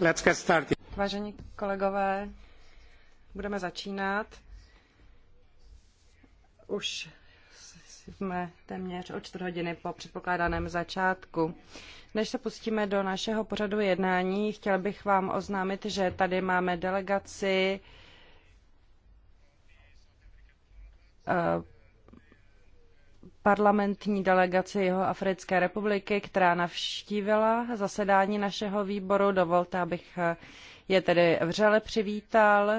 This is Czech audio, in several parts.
let's get started. Vážení kolegové, budeme začínat. Už jsme téměř o čtvrt hodiny po předpokládaném začátku. Než se pustíme do našeho pořadu jednání, chtěl bych vám oznámit, že tady máme delegaci eh, parlamentní delegaci jeho Africké republiky, která navštívila zasedání našeho výboru. Dovolte, abych je tedy vřele přivítal.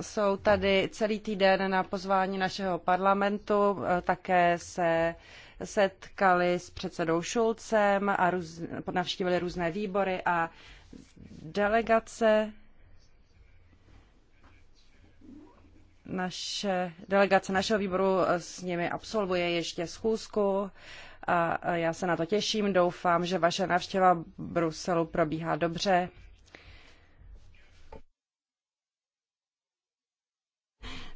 Jsou tady celý týden na pozvání našeho parlamentu, také se setkali s předsedou Šulcem a růz, navštívili různé výbory a delegace naše delegace našeho výboru eh, s nimi absolvuje ještě schůzku a já se na to těším. Doufám, že vaše návštěva Bruselu probíhá dobře.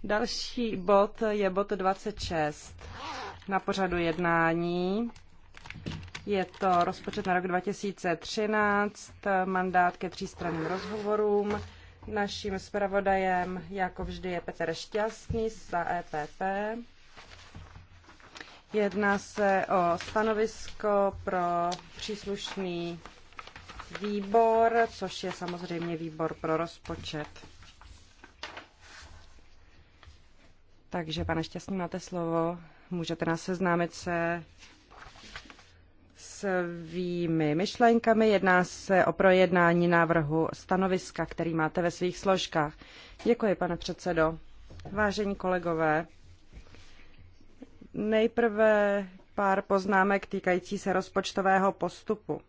Další bod je bod 26 na pořadu jednání. Je to rozpočet na rok 2013, mandát ke třístranným rozhovorům. Naším zpravodajem, jako vždy, je Petr Šťastný z EPP. Jedná se o stanovisko pro příslušný výbor, což je samozřejmě výbor pro rozpočet. Takže, pane Šťastný, máte slovo. Můžete nás seznámit se svými myšlenkami. Jedná se o projednání návrhu stanoviska, který máte ve svých složkách. Děkuji, pane předsedo. Vážení kolegové, nejprve pár poznámek týkající se rozpočtového postupu.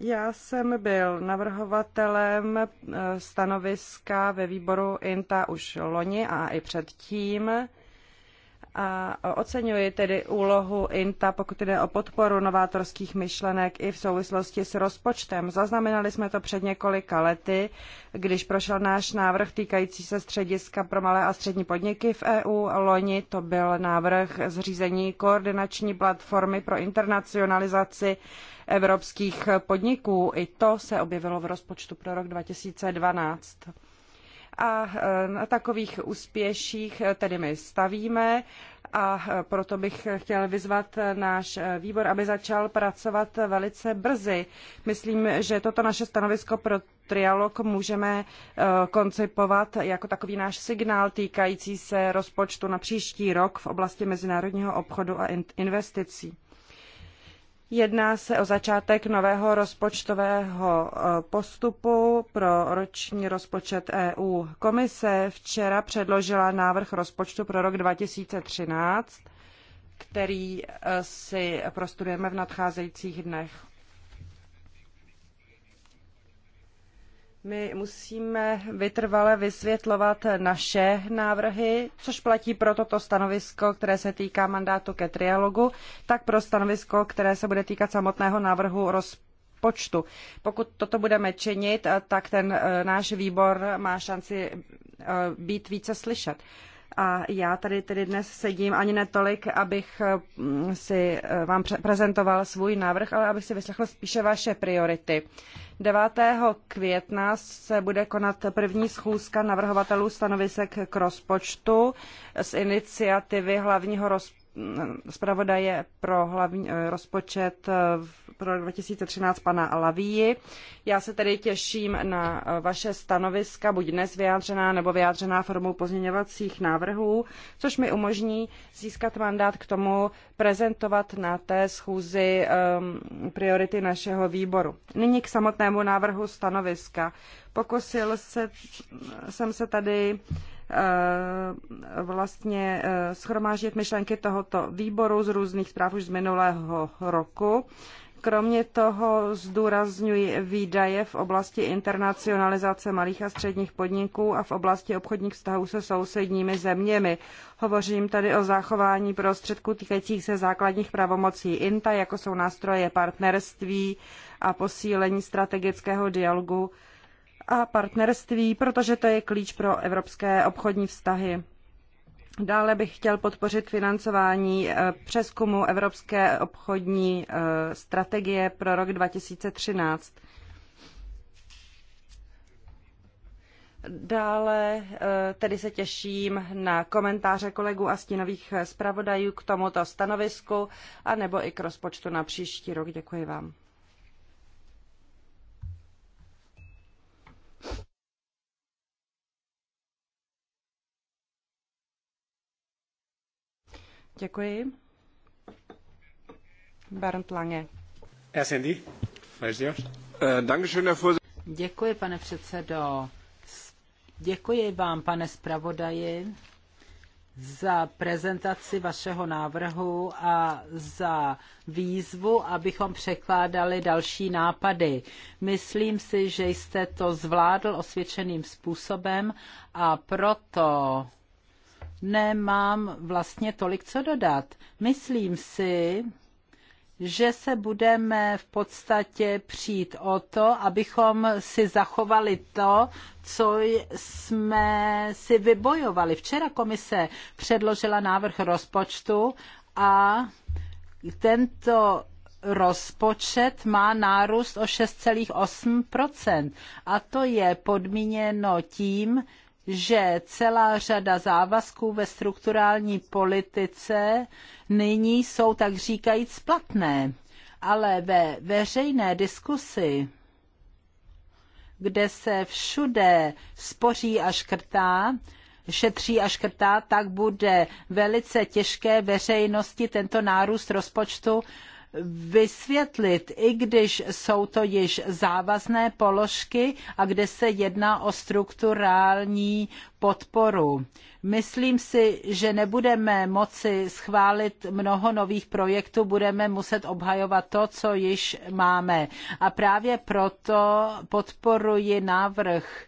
Já jsem byl navrhovatelem eh, stanoviska ve výboru INTA už loni a i předtím a oceňuji tedy úlohu INTA, pokud jde o podporu novátorských myšlenek i v souvislosti s rozpočtem. Zaznamenali jsme to před několika lety, když prošel náš návrh týkající se střediska pro malé a střední podniky v EU. Loni to byl návrh zřízení koordinační platformy pro internacionalizaci evropských podniků. I to se objevilo v rozpočtu pro rok 2012 a eh, na takových úspěších eh, tedy my stavíme a eh, proto bych chtěl vyzvat náš výbor, aby začal pracovat velice brzy. Myslím, že toto naše stanovisko pro trialog můžeme koncipovat jako takový náš signál týkající se rozpočtu na příští rok v oblasti mezinárodního obchodu a investicí. Jedná se o začátek nového rozpočtového eh, postupu pro roční rozpočet EU. Komise včera předložila návrh rozpočtu pro rok 2013, který eh, si prostudujeme v nadcházejících dnech. My musíme vytrvale vysvětlovat naše návrhy, což platí pro toto stanovisko, které se týká mandátu ke trialogu, tak pro stanovisko, které se bude týkat samotného návrhu rozpočtu. Pokud toto budeme činit, tak ten eh, náš výbor má šanci eh, být více slyšet. A já tady tedy dnes sedím ani netolik, abych eh, si vám prezentoval svůj návrh, ale abych si vyslechl spíše vaše priority. 9. května se bude konat první schůzka navrhovatelů stanovisek k rozpočtu z iniciativy hlavního rozpočtu zpravodaje pro hlavní eh, rozpočet eh, pro 2013 pana Lavíji. Já se tedy těším na eh, vaše stanoviska, buď dnes vyjádřená nebo vyjádřená formou pozměňovacích návrhů, což mi umožní získat mandát k tomu prezentovat na té schůzi um, priority našeho výboru. Nyní k samotnému návrhu stanoviska. Pokusil se, jsem se tady Eh, vlastně eh, schromáždit myšlenky tohoto výboru z různých zpráv už z minulého roku. Kromě toho zdůrazňuji výdaje v oblasti internacionalizace malých a středních podniků a v oblasti obchodních vztahů se sousedními zeměmi. Hovořím tady o zachování prostředků týkajících se základních pravomocí INTA, jako jsou nástroje partnerství a posílení strategického dialogu a partnerství, protože to je klíč pro evropské obchodní vztahy. Dále bych chtěl podpořit financování eh, přeskumu Evropské obchodní eh, strategie pro rok 2013. Dále eh, tedy se těším na komentáře kolegů a stínových zpravodajů k tomuto stanovisku a nebo i k rozpočtu na příští rok. Děkuji vám. Děkuji. Bernd Lange. Äh, Děkuji, pane předsedo. Děkuji vám, pane zpravodaji, za prezentaci vašeho návrhu a za výzvu, abychom překládali další nápady. Myslím si, že jste to zvládl osvědčeným způsobem a proto nemám vlastně tolik co dodat. Myslím si, že se budeme v podstatě přijít o to, abychom si zachovali to, co jsme si vybojovali. Včera komise předložila návrh rozpočtu a tento rozpočet má nárůst o 6,8 a to je podmíněno tím, že celá řada závazků ve strukturální politice nyní jsou tak říkajíc platné, ale ve veřejné diskusi, kde se všude spoří a škrtá, šetří a škrtá, tak bude velice těžké veřejnosti tento nárůst rozpočtu vysvětlit, i když jsou to již závazné položky a kde se jedná o strukturální podporu. Myslím si, že nebudeme moci schválit mnoho nových projektů, budeme muset obhajovat to, co již máme. A právě proto podporuji návrh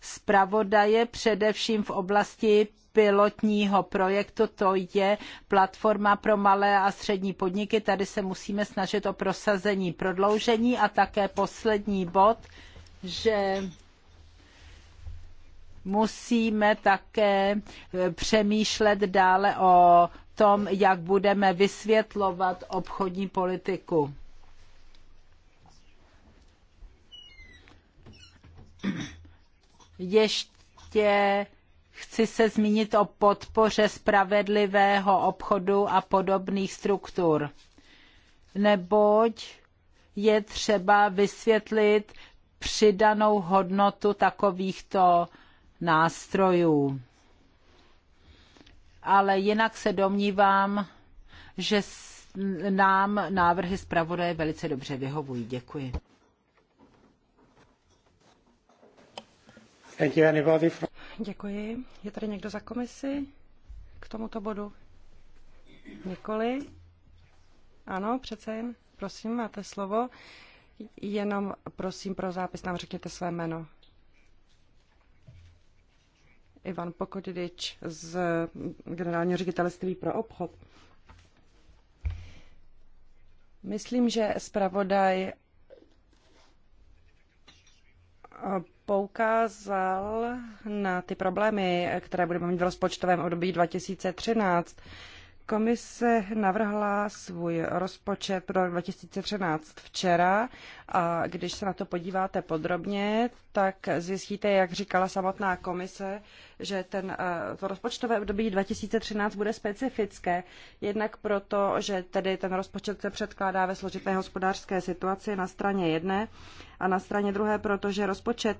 zpravodaje především v oblasti pilotního projektu, to je platforma pro malé a střední podniky. Tady se musíme snažit o prosazení prodloužení a také poslední bod, že musíme také eh, přemýšlet dále o tom, jak budeme vysvětlovat obchodní politiku. Ještě Chci se zmínit o podpoře spravedlivého obchodu a podobných struktur, neboť je třeba vysvětlit přidanou hodnotu takovýchto nástrojů. Ale jinak se domnívám, že nám návrhy zpravodaje velice dobře vyhovují. Děkuji. Děkuji. Je tady někdo za komisi k tomuto bodu? Nikoli. Ano, přece jen. Prosím, máte slovo. Jenom prosím pro zápis nám řekněte své jméno. Ivan Pokodidič z Generálního ředitelství pro obchod. Myslím, že zpravodaj poukázal na ty problémy, které budeme mít v rozpočtovém období 2013. Komise navrhla svůj rozpočet pro rok 2013 včera a když se na to podíváte podrobně, tak zjistíte, jak říkala samotná komise, že ten, eh, to rozpočtové období 2013 bude specifické, jednak proto, že tedy ten rozpočet se předkládá ve složité hospodářské situaci na straně jedné a na straně druhé, protože rozpočet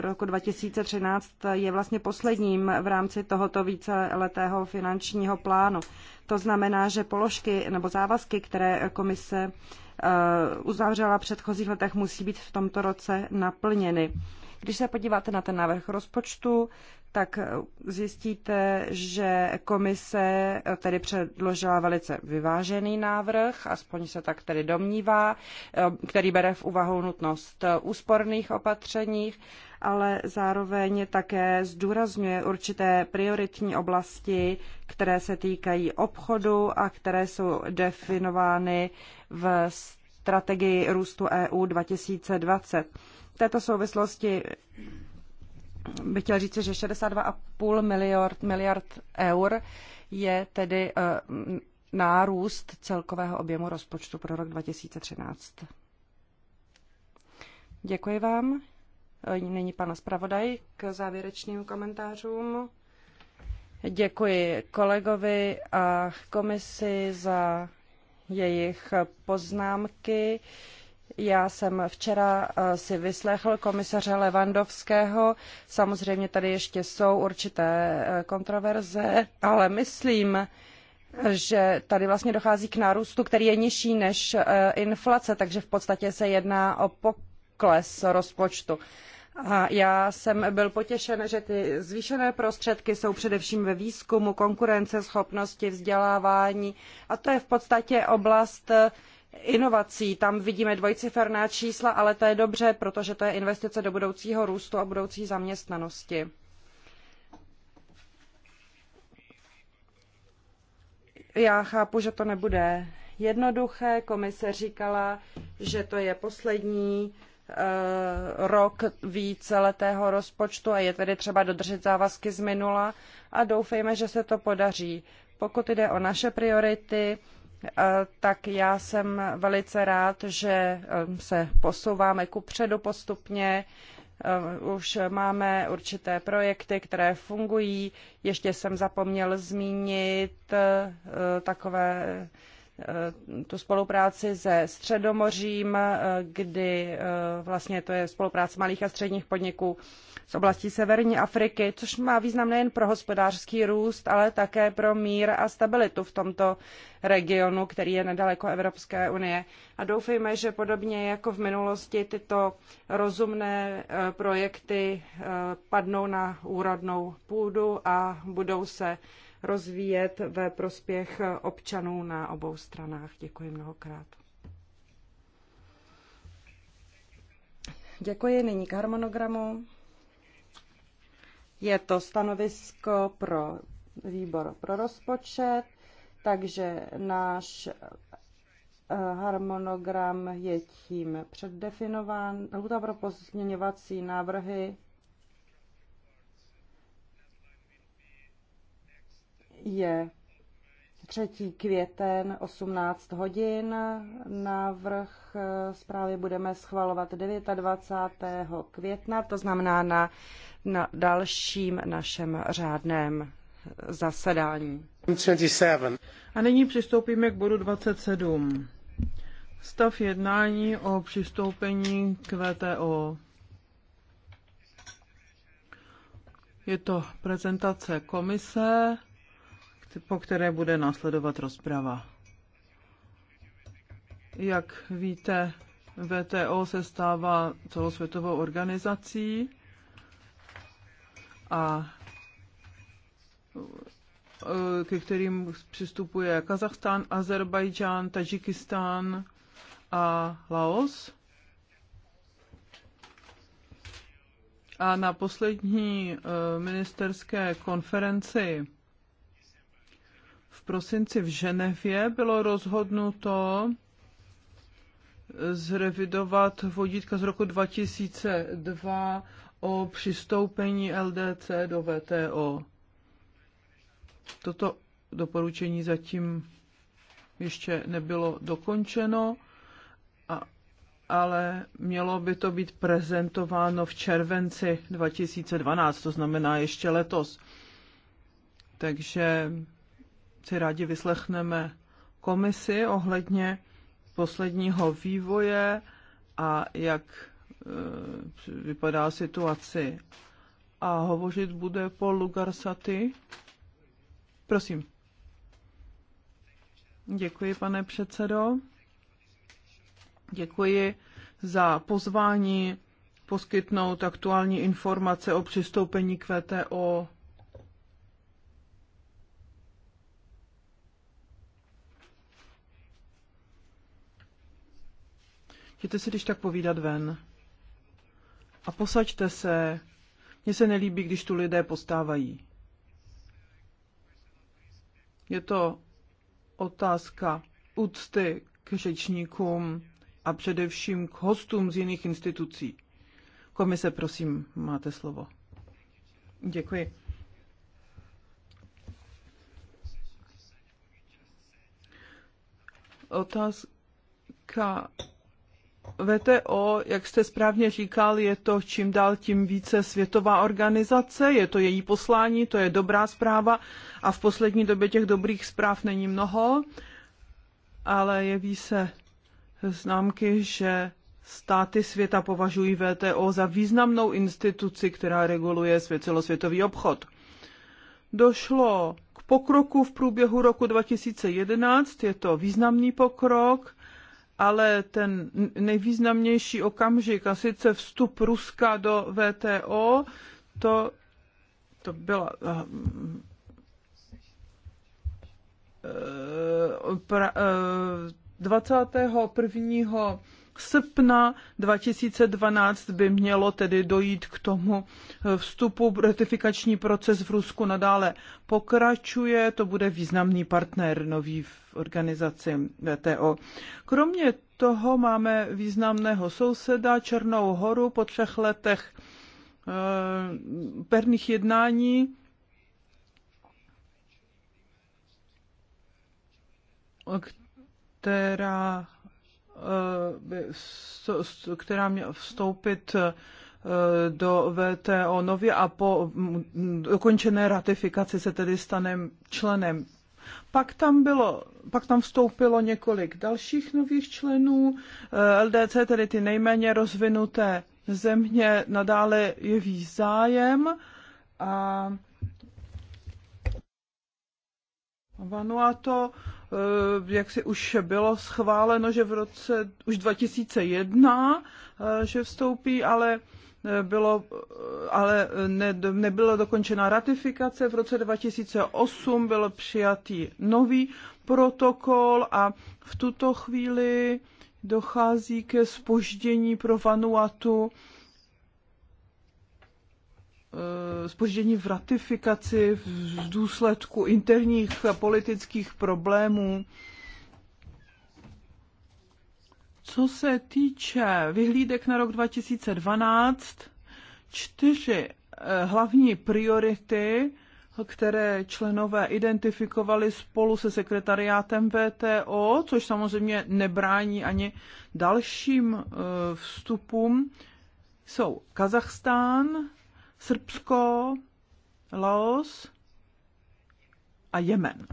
roku 2013 je vlastně posledním v rámci tohoto víceletého finančního plánu. To znamená, že položky nebo závazky, které komise eh, uzavřela v předchozích letech, musí být v tomto roce naplněny. Když se podíváte na ten návrh rozpočtu, tak zjistíte, že komise tedy předložila velice vyvážený návrh, aspoň se tak tedy domnívá, který bere v úvahu nutnost úsporných opatřeních, ale zároveň také zdůrazňuje určité prioritní oblasti, které se týkají obchodu a které jsou definovány v strategii růstu EU 2020. V této souvislosti bych chtěl říct, že 62,5 miliard, miliard eur je tedy eh, nárůst celkového objemu rozpočtu pro rok 2013. Děkuji vám. Eh, nyní pana zpravodaj k závěrečným komentářům. Děkuji kolegovi a komisi za jejich poznámky. Já jsem včera eh, si vyslechl komisaře Levandovského. Samozřejmě tady ještě jsou určité eh, kontroverze, ale myslím, že tady vlastně dochází k nárůstu, který je nižší než eh, inflace, takže v podstatě se jedná o pokles rozpočtu. A já jsem byl potěšen, že ty zvýšené prostředky jsou především ve výzkumu, konkurenceschopnosti, vzdělávání a to je v podstatě oblast, inovací. Tam vidíme dvojciferná čísla, ale to je dobře, protože to je investice do budoucího růstu a budoucí zaměstnanosti. Já chápu, že to nebude jednoduché. Komise říkala, že to je poslední eh, rok víceletého rozpočtu a je tedy třeba dodržet závazky z minula a doufejme, že se to podaří. Pokud jde o naše priority, Eh, tak já jsem velice rád, že eh, se posouváme ku předu postupně. Eh, už máme určité projekty, které fungují. Ještě jsem zapomněl zmínit takové Eh, tu spolupráci se Středomořím, eh, kdy eh, vlastně to je spolupráce malých a středních podniků z oblasti severní Afriky, což má význam nejen pro hospodářský růst, ale také pro mír a stabilitu v tomto regionu, který je nedaleko Evropské unie. A doufejme, že podobně jako v minulosti tyto rozumné projekty padnou na úrodnou půdu a budou se rozvíjet ve prospěch občanů na obou stranách. Děkuji mnohokrát. Děkuji. Nyní k harmonogramu. Je to stanovisko pro výbor pro rozpočet, takže náš eh, harmonogram je tím předdefinován. Lhuta pro pozměňovací návrhy je 3. květen 18 hodin. Návrh eh, zprávy budeme schvalovat 29. května, to znamená na, na dalším našem řádném zasedání. 27. A nyní přistoupíme k bodu 27. Stav jednání o přistoupení k VTO. Je to prezentace komise po které bude následovat rozprava. Jak víte, VTO se stává celosvětovou organizací a e, ke kterým přistupuje Kazachstán, Azerbajdžán, Tadžikistán a Laos. A na poslední e, ministerské konferenci prosinci v Ženevě bylo rozhodnuto zrevidovat vodítka z roku 2002 o přistoupení LDC do VTO. Toto doporučení zatím ještě nebylo dokončeno, a, ale mělo by to být prezentováno v červenci 2012, to znamená ještě letos. Takže si rádi vyslechneme komisi ohledně posledního vývoje a jak eh, vypadá situaci. A hovořit bude Paul Lugarsaty. Prosím. Děkuji, pane předsedo. Děkuji za pozvání poskytnout aktuální informace o přistoupení k VTO Jděte si když tak povídat ven. A posaďte se. Mně se nelíbí, když tu lidé postávají. Je to otázka úcty k řečníkům a především k hostům z jiných institucí. Komise, prosím, máte slovo. Děkuji. Otázka VTO, jak jste správně říkal, je to čím dál tím více světová organizace, je to její poslání, to je dobrá zpráva a v poslední době těch dobrých zpráv není mnoho, ale jeví se známky, že státy světa považují VTO za významnou instituci, která reguluje svět, celosvětový obchod. Došlo k pokroku v průběhu roku 2011, je to významný pokrok, ale ten nejvýznamnější okamžik, a sice vstup Ruska do VTO, to, to byla eh, eh, pra, 21. Eh, srpna 2012 by mělo tedy dojít k tomu eh, vstupu. Ratifikační proces v Rusku nadále pokračuje, to bude významný partner nový v organizaci VTO. Kromě toho máme významného souseda Černou horu po třech letech eh, perných jednání. která Eh, která měla vstoupit eh, do VTO nově a po dokončené ratifikaci se tedy stane členem. Pak tam, bylo, pak tam vstoupilo několik dalších nových členů. Eh, LDC, tedy ty nejméně rozvinuté země, nadále jeví zájem a Vanuatu, eh, jak si už bylo schváleno, že v roce už 2001, eh, že vstoupí, ale eh, bylo, ale ne, nebyla dokončena ratifikace. V roce 2008 byl přijatý nový protokol a v tuto chvíli dochází ke spoždění pro Vanuatu spoždění eh, v ratifikaci v důsledku interních a politických problémů. Co se týče vyhlídek na rok 2012, čtyři eh, hlavní priority, které členové identifikovali spolu se sekretariátem VTO, což samozřejmě nebrání ani dalším eh, vstupům, jsou Kazachstán, Srbsko, Laos a Jemen.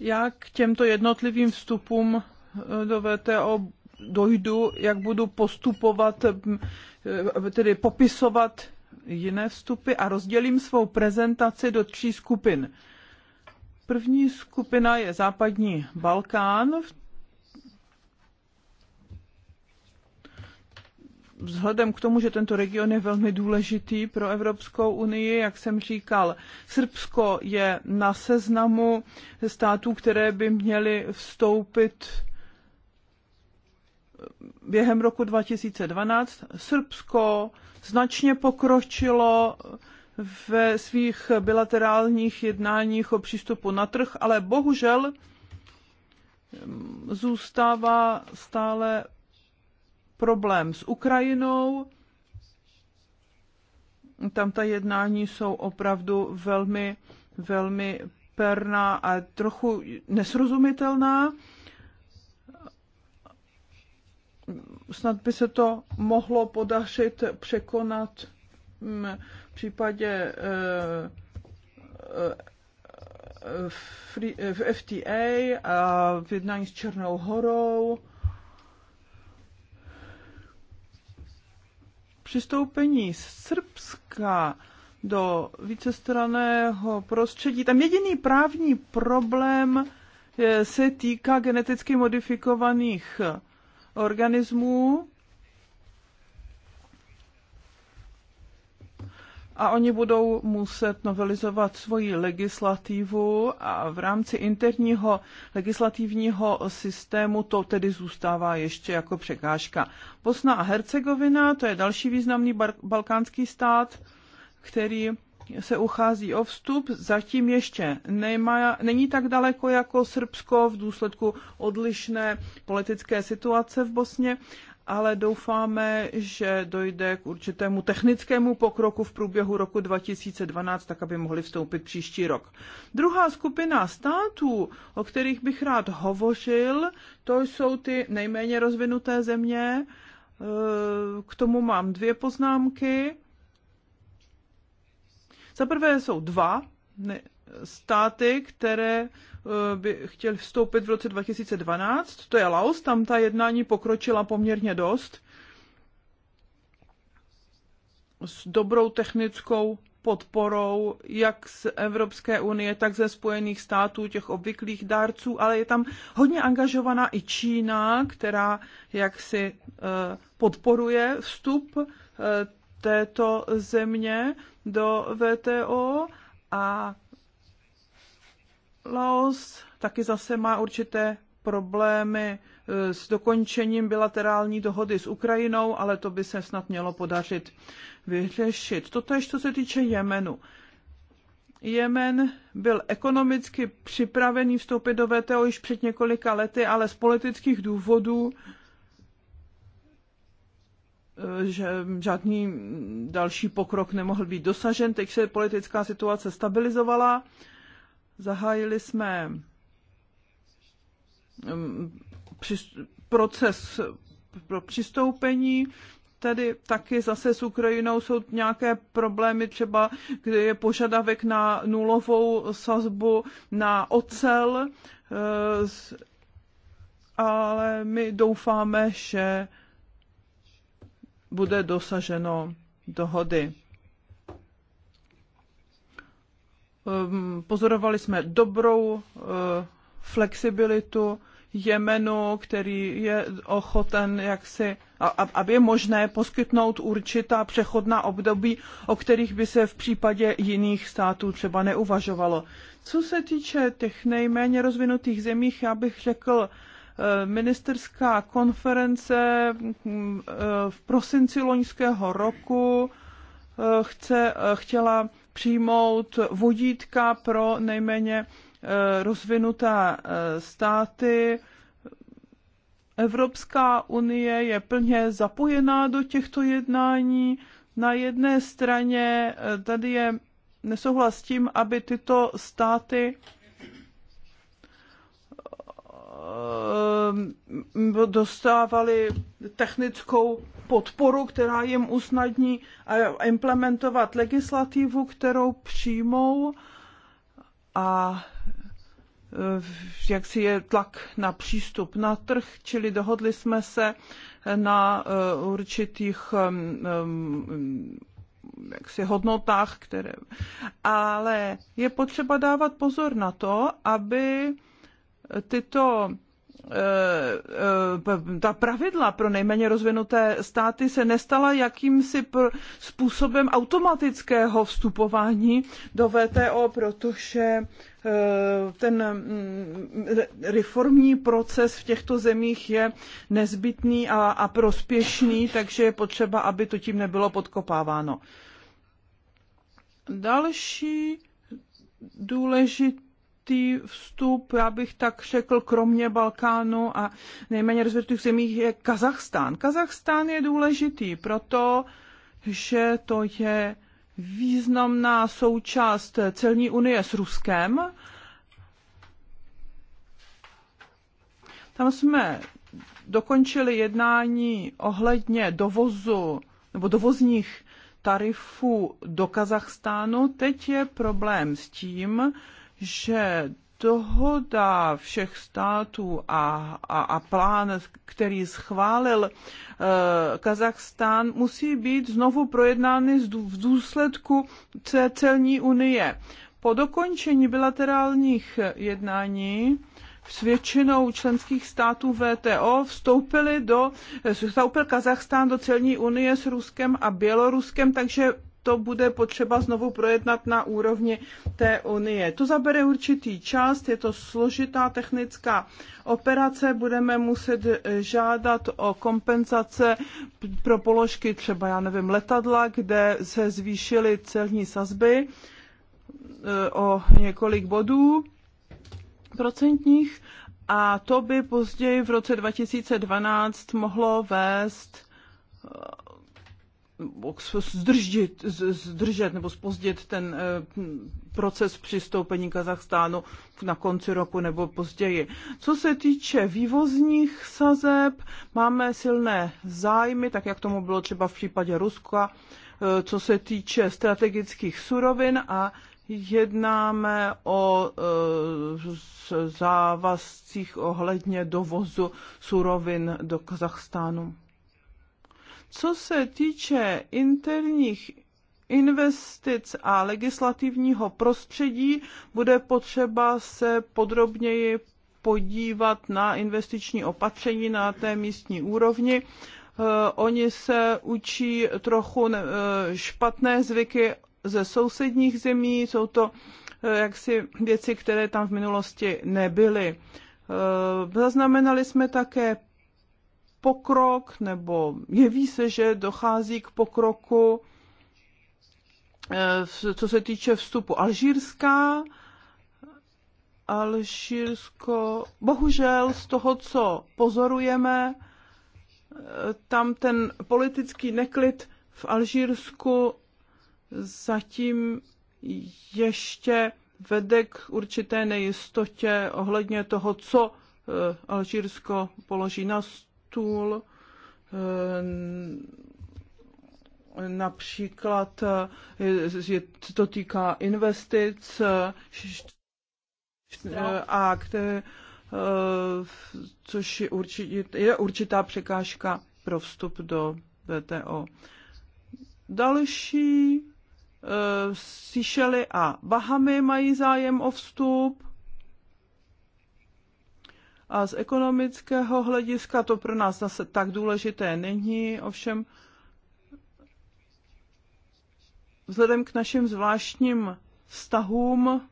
Já k těmto jednotlivým vstupům eh, do VTO dojdu, jak budu postupovat, eh, tedy popisovat jiné vstupy a rozdělím svou prezentaci do tří skupin. První skupina je západní Balkán, v vzhledem k tomu, že tento region je velmi důležitý pro Evropskou unii, jak jsem říkal, Srbsko je na seznamu států, které by měly vstoupit eh, během roku 2012. Srbsko značně pokročilo ve svých bilaterálních jednáních o přístupu na trh, ale bohužel mm, zůstává stále problém s Ukrajinou. Tam ta jednání jsou opravdu velmi, velmi perná a trochu nesrozumitelná. Snad by se to mohlo podařit překonat mm, v případě eh, eh, eh, v FTA a v jednání s Černou horou přistoupení Srbska do vícestraného prostředí. Tam jediný právní problém eh, se týká geneticky modifikovaných eh, organismů a oni budou muset novelizovat svoji legislativu a v rámci interního legislativního systému to tedy zůstává ještě jako překážka. Bosna a Hercegovina, to je další významný balkánský stát, který se uchází o vstup, zatím ještě nemá, není tak daleko jako Srbsko v důsledku odlišné politické situace v Bosně, ale doufáme, že dojde k určitému technickému pokroku v průběhu roku 2012, tak aby mohli vstoupit příští rok. Druhá skupina států, o kterých bych rád hovořil, to jsou ty nejméně rozvinuté země. E, k tomu mám dvě poznámky. Za prvé jsou dva státy, které eh, by chtěli vstoupit v roce 2012, to je Laos, tam ta jednání pokročila poměrně dost s dobrou technickou podporou jak z Evropské unie, tak ze Spojených států, těch obvyklých dárců, ale je tam hodně angažovaná i Čína, která jaksi eh, podporuje vstup eh, této země do VTO a Laos taky zase má určité problémy e, s dokončením bilaterální dohody s Ukrajinou, ale to by se snad mělo podařit vyřešit. Toto ještě co se týče Jemenu. Jemen byl ekonomicky připravený vstoupit do VTO již před několika lety, ale z politických důvodů e, že žádný další pokrok nemohl být dosažen. Teď se politická situace stabilizovala Zahájili jsme mm, proces pro přistoupení. Tady taky zase s Ukrajinou jsou nějaké problémy, třeba kde je požadavek na nulovou sazbu na ocel, e, ale my doufáme, že bude dosaženo dohody. Ehm, pozorovali jsme dobrou eh, flexibilitu Jemenu, který je ochoten jaksi, aby je možné poskytnout určitá přechodná období, o kterých by se v případě jiných států třeba neuvažovalo. Co se týče těch nejméně rozvinutých zemích, já bych řekl, eh, ministerská konference hm, eh, v prosinci loňského roku chce, chtěla přijmout vodítka pro nejméně eh, rozvinuté eh, státy. Evropská unie je plně zapojená do těchto jednání. Na jedné straně eh, tady je nesouhlas tím, aby tyto státy Ehm, dostávali technickou podporu, která jim usnadní implementovat legislativu, kterou přijmou a eh, jak si je tlak na přístup na trh, čili dohodli jsme se na eh, určitých ehm, ehm, jaksi hodnotách, které... Ale je potřeba dávat pozor na to, aby tyto eh, eh, ta pravidla pro nejméně rozvinuté státy se nestala jakýmsi způsobem automatického vstupování do VTO, protože eh, ten mm, reformní proces v těchto zemích je nezbytný a, a prospěšný, takže je potřeba, aby to tím nebylo podkopáváno. Další důležitý rozvinutý vstup, já bych tak řekl, kromě Balkánu a nejméně rozvinutých zemích je Kazachstán. Kazachstán je důležitý, proto že to je významná součást celní unie s Ruskem. Tam jsme dokončili jednání ohledně dovozu nebo dovozních tarifů do Kazachstánu. Teď je problém s tím, že dohoda všech států a, a, a plán, který schválil eh, Kazachstán, musí být znovu projednány v důsledku celní unie. Po dokončení bilaterálních jednání s většinou členských států VTO vstoupili do, vstoupil Kazachstán do celní unie s Ruskem a Běloruskem, takže to bude potřeba znovu projednat na úrovni té unie. To zabere určitý čas, je to složitá technická operace, budeme muset eh, žádat o kompenzace pro položky třeba, já nevím, letadla, kde se zvýšily celní sazby eh, o několik bodů procentních a to by později v roce 2012 mohlo vést eh, zdržit, zdržet nebo spozdit ten eh, proces přistoupení Kazachstánu na konci roku nebo později. Co se týče vývozních sazeb, máme silné zájmy, tak jak tomu bylo třeba v případě Ruska, eh, co se týče strategických surovin a jednáme o eh, závazcích ohledně dovozu surovin do Kazachstánu. Co se týče interních investic a legislativního prostředí, bude potřeba se podrobněji podívat na investiční opatření na té místní úrovni. Eh, oni se učí trochu eh, špatné zvyky ze sousedních zemí, jsou to eh, jaksi věci, které tam v minulosti nebyly. Zaznamenali jsme také pokrok, nebo jeví se, že dochází k pokroku, eh, co se týče vstupu Alžírska. Alžírsko, bohužel z toho, co pozorujeme, eh, tam ten politický neklid v Alžírsku zatím ještě vede k určité nejistotě ohledně toho, co eh, Alžírsko položí na stůl stůl eh, například eh, je, to týká investic eh, a které, což je, určitě, je určitá překážka pro vstup do VTO. Další Sišely a Bahamy mají zájem o vstup a z ekonomického hlediska to pro nás zase tak důležité není, ovšem vzhledem k našim zvláštním vztahům,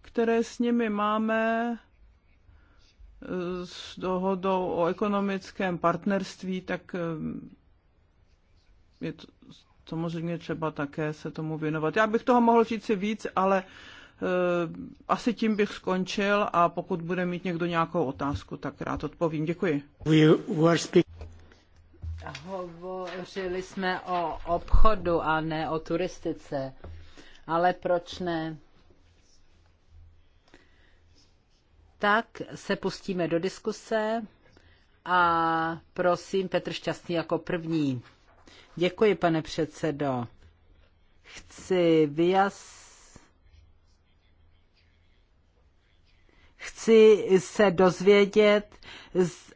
které s nimi máme, eh, s dohodou o ekonomickém partnerství, tak eh, je to, samozřejmě třeba také se tomu věnovat. Já bych toho mohl říct si víc, ale Eh, asi tím bych skončil a pokud bude mít někdo nějakou otázku, tak rád odpovím. Děkuji. Hovořili jsme o obchodu a ne o turistice, ale proč ne? Tak se pustíme do diskuse a prosím Petr Šťastný jako první. Děkuji, pane předsedo. Chci vyjasnit, chci se dozvědět,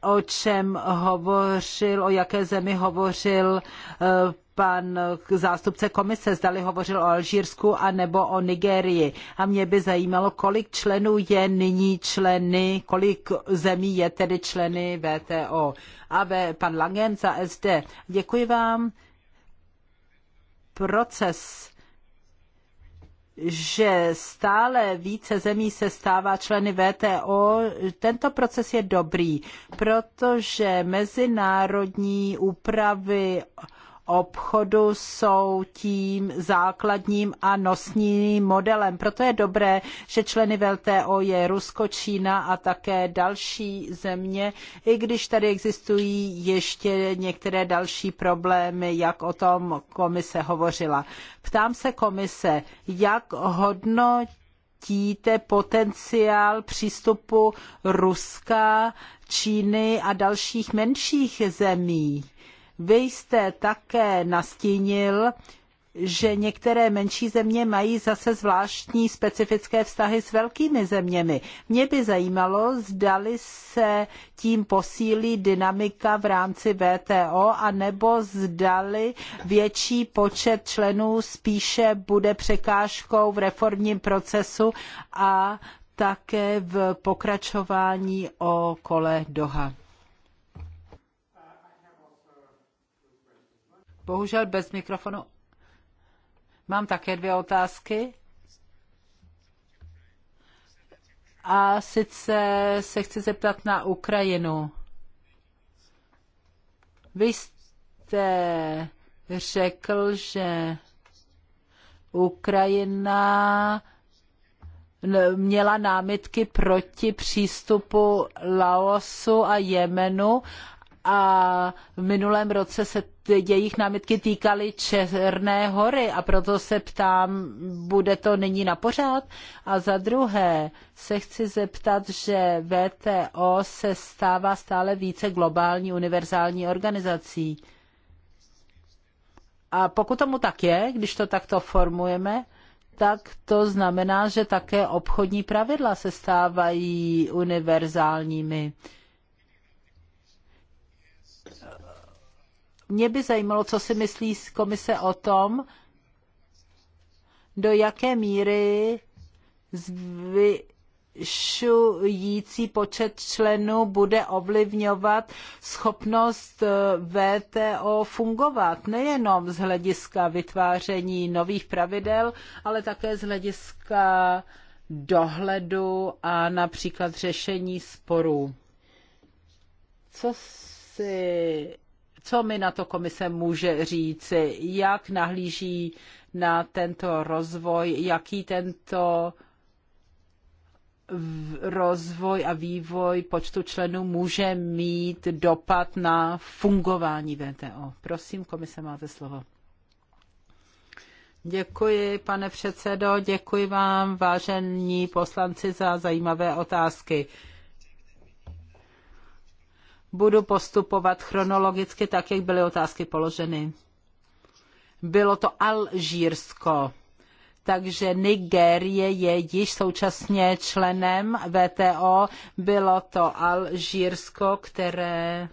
o čem hovořil, o jaké zemi hovořil eh, pan zástupce komise, zdali hovořil o Alžírsku a nebo o Nigérii. A mě by zajímalo, kolik členů je nyní členy, kolik zemí je tedy členy VTO. A pan Langen za SD. Děkuji vám. Proces že stále více zemí se stává členy VTO, tento proces je dobrý, protože mezinárodní úpravy obchodu jsou tím základním a nosním modelem. Proto je dobré, že členy VLTO je Rusko, Čína a také další země, i když tady existují ještě některé další problémy, jak o tom komise hovořila. Ptám se komise, jak hodnotíte potenciál přístupu Ruska, Číny a dalších menších zemí? Vy jste také nastínil, že některé menší země mají zase zvláštní specifické vztahy s velkými zeměmi. Mě by zajímalo, zdali se tím posílí dynamika v rámci VTO, anebo zdali větší počet členů spíše bude překážkou v reformním procesu a také v pokračování o kole Doha. Bohužel bez mikrofonu. Mám také dvě otázky. A sice se chci zeptat na Ukrajinu. Vy jste řekl, že Ukrajina měla námitky proti přístupu Laosu a Jemenu a v minulém roce se jejich námitky týkaly Černé hory a proto se ptám, bude to nyní na pořád? A za druhé se chci zeptat, že VTO se stává stále více globální univerzální organizací. A pokud tomu tak je, když to takto formujeme, tak to znamená, že také obchodní pravidla se stávají univerzálními. Uh, Mě by zajímalo, co si myslí z komise o tom, do jaké míry zvyšující počet členů bude ovlivňovat schopnost eh, VTO fungovat, nejenom z hlediska vytváření nových pravidel, ale také z hlediska dohledu a například řešení sporů. Co si co mi na to komise může říci? Jak nahlíží na tento rozvoj? Jaký tento rozvoj a vývoj počtu členů může mít dopad na fungování VTO. Prosím, komise, máte slovo. Děkuji, pane předsedo, děkuji vám, vážení poslanci, za zajímavé otázky. Budu postupovat chronologicky tak, jak byly otázky položeny. Bylo to Alžírsko, takže Nigérie je již současně členem VTO. Bylo to Alžírsko, které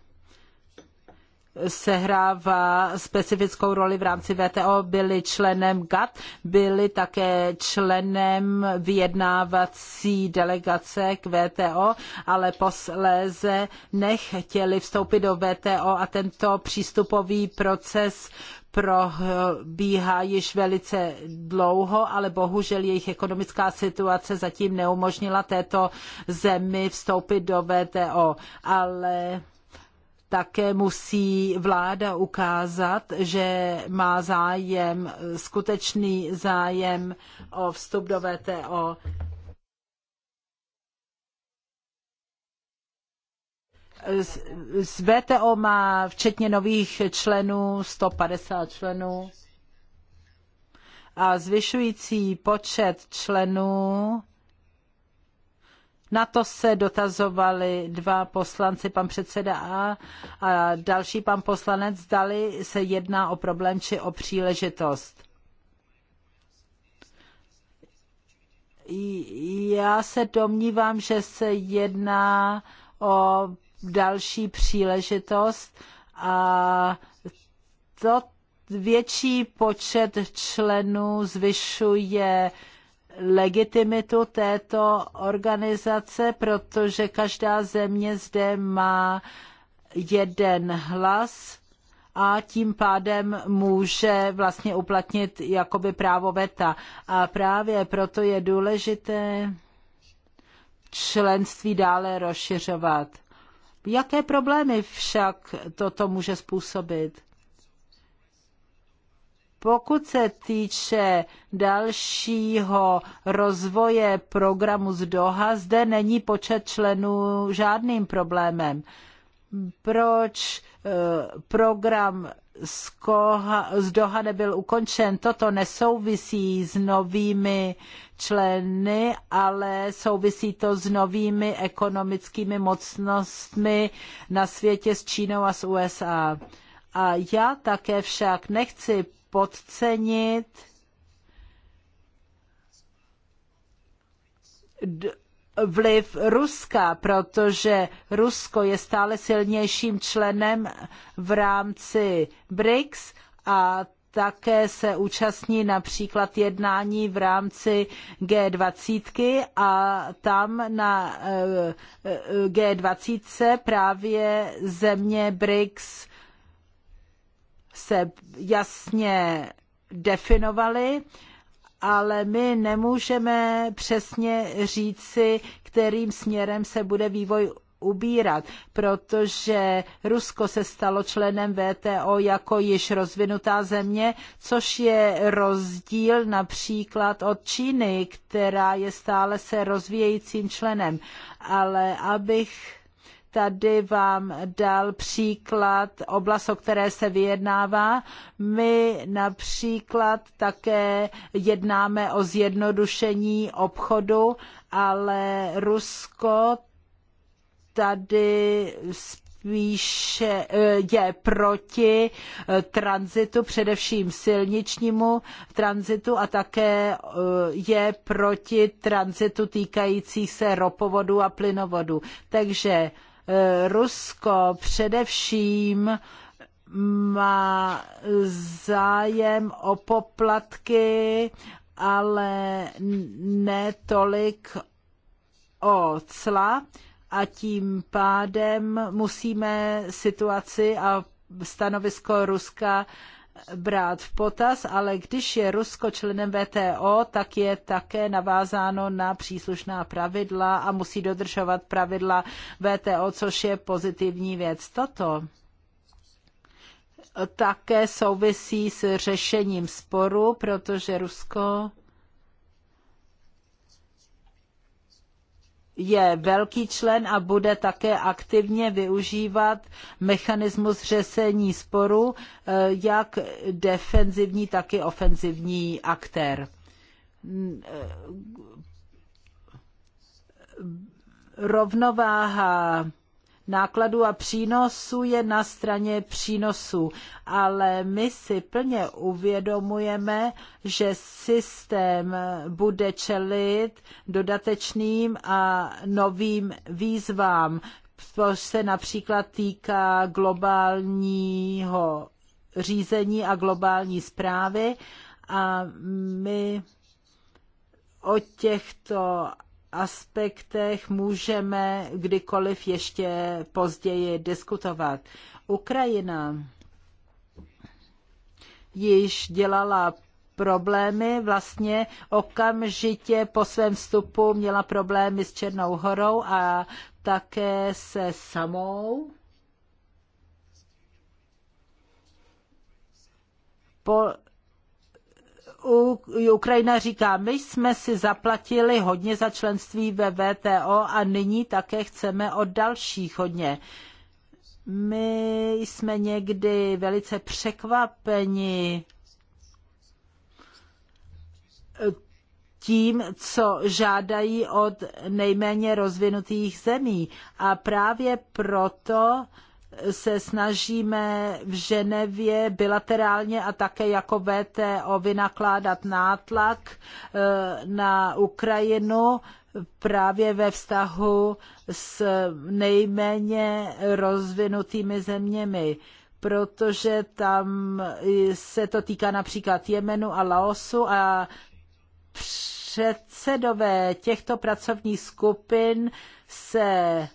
sehrává specifickou roli v rámci VTO, byli členem GATT, byli také členem vyjednávací delegace k VTO, ale posléze nechtěli vstoupit do VTO a tento přístupový proces probíhá již velice dlouho, ale bohužel jejich ekonomická situace zatím neumožnila této zemi vstoupit do VTO. Ale také musí vláda ukázat, že má zájem, skutečný zájem o vstup do VTO. Z VTO má včetně nových členů 150 členů a zvyšující počet členů na to se dotazovali dva poslanci, pan předseda A a další pan poslanec, zdali se jedná o problém či o příležitost. Já se domnívám, že se jedná o další příležitost a to větší počet členů zvyšuje legitimitu této organizace, protože každá země zde má jeden hlas a tím pádem může vlastně uplatnit jakoby právo veta. A právě proto je důležité členství dále rozšiřovat. Jaké problémy však toto může způsobit? Pokud se týče dalšího rozvoje programu z Doha, zde není počet členů žádným problémem. Proč eh, program z, Koha, z Doha nebyl ukončen. Toto nesouvisí s novými členy, ale souvisí to s novými ekonomickými mocnostmi na světě s Čínou a s USA. A já také však nechci podcenit vliv Ruska, protože Rusko je stále silnějším členem v rámci BRICS a také se účastní například jednání v rámci G20 a tam na eh, eh, G20 právě země BRICS se jasně definovaly, ale my nemůžeme přesně říci, kterým směrem se bude vývoj ubírat, protože Rusko se stalo členem VTO jako již rozvinutá země, což je rozdíl například od Číny, která je stále se rozvíjejícím členem. Ale abych tady vám dal příklad oblast, o které se vyjednává. My například také jednáme o zjednodušení obchodu, ale Rusko tady spíše eh, je proti eh, tranzitu, především silničnímu tranzitu a také eh, je proti tranzitu týkající se ropovodu a plynovodu. Takže Rusko především má zájem o poplatky, ale ne tolik o cla a tím pádem musíme situaci a stanovisko Ruska brát v potaz, ale když je Rusko členem VTO, tak je také navázáno na příslušná pravidla a musí dodržovat pravidla VTO, což je pozitivní věc. Toto také souvisí s řešením sporu, protože Rusko je velký člen a bude také aktivně využívat mechanismus řešení sporu, eh, jak defenzivní, tak i ofenzivní aktér. Eh, rovnováha nákladů a přínosů je na straně přínosů. Ale my si plně uvědomujeme, že systém bude čelit dodatečným a novým výzvám. což se například týká globálního řízení a globální zprávy a my o těchto aspektech můžeme kdykoliv ještě později diskutovat. Ukrajina již dělala problémy vlastně okamžitě po svém vstupu měla problémy s Černou horou a také se samou. Po, Ukrajina říká, my jsme si zaplatili hodně za členství ve VTO a nyní také chceme od dalších hodně. My jsme někdy velice překvapeni tím, co žádají od nejméně rozvinutých zemí. A právě proto se snažíme v Ženevě bilaterálně a také jako VTO vynakládat nátlak eh, na Ukrajinu právě ve vztahu s nejméně rozvinutými zeměmi protože tam se to týká například Jemenu a Laosu a předsedové těchto pracovních skupin se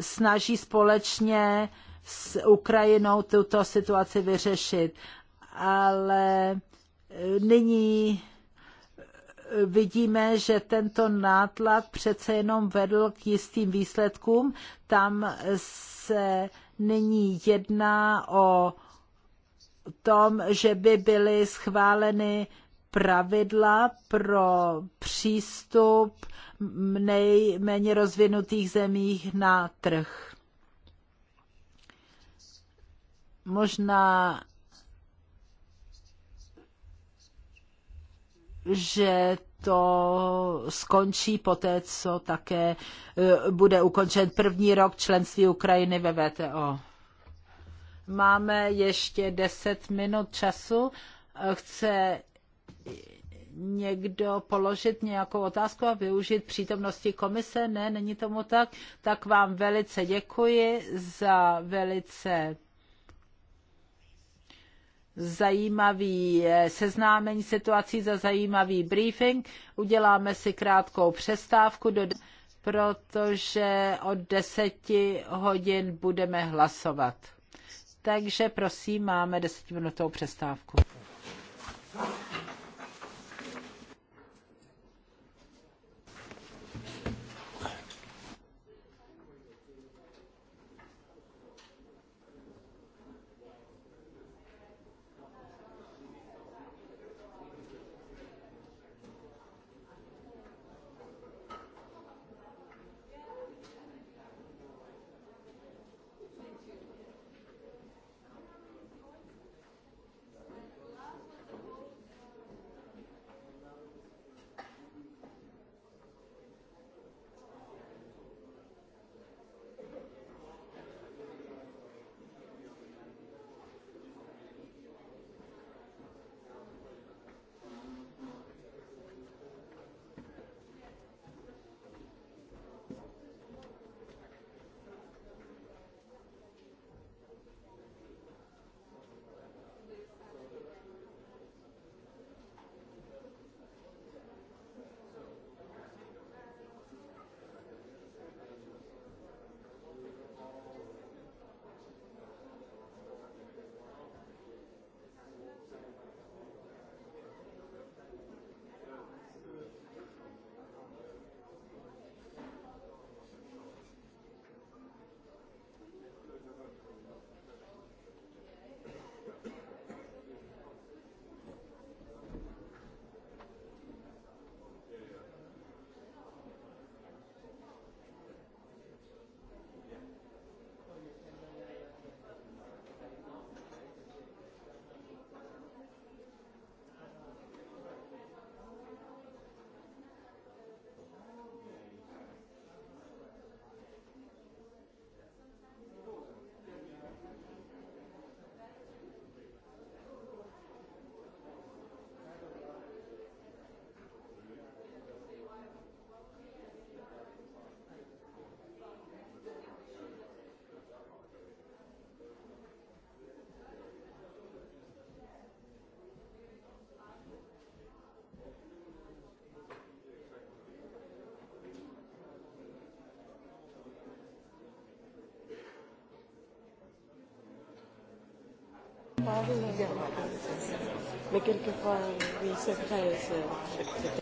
snaží společně s Ukrajinou tuto situaci vyřešit. Ale e, nyní e, vidíme, že tento nátlak přece jenom vedl k jistým výsledkům. Tam se nyní jedná o tom, že by byly schváleny pravidla pro přístup nejméně rozvinutých zemích na trh. Možná, že to skončí poté, co také e, bude ukončen první rok členství Ukrajiny ve VTO. Máme ještě deset minut času. Chce někdo položit nějakou otázku a využít přítomnosti komise? Ne, není tomu tak. Tak vám velice děkuji za velice zajímavý eh, seznámení situací, za zajímavý briefing. Uděláme si krátkou přestávku, do, protože od deseti hodin budeme hlasovat. Takže prosím, máme desetiminutovou přestávku. mais quelquefois, oui, c'est vrai, c'est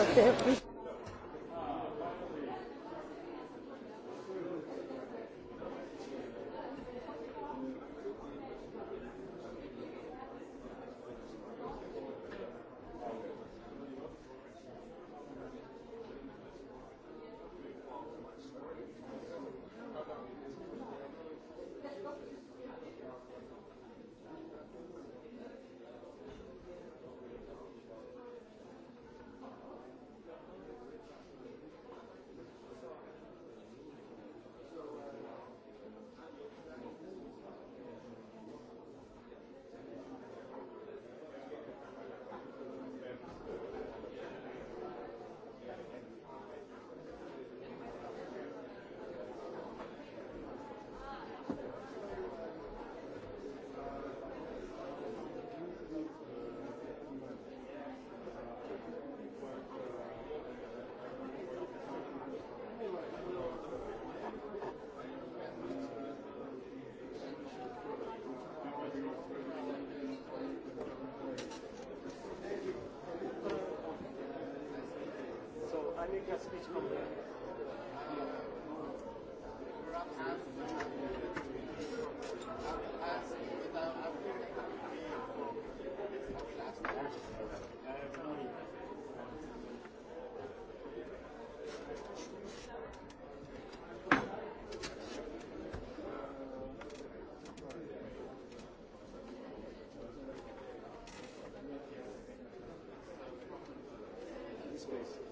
tak to je v space.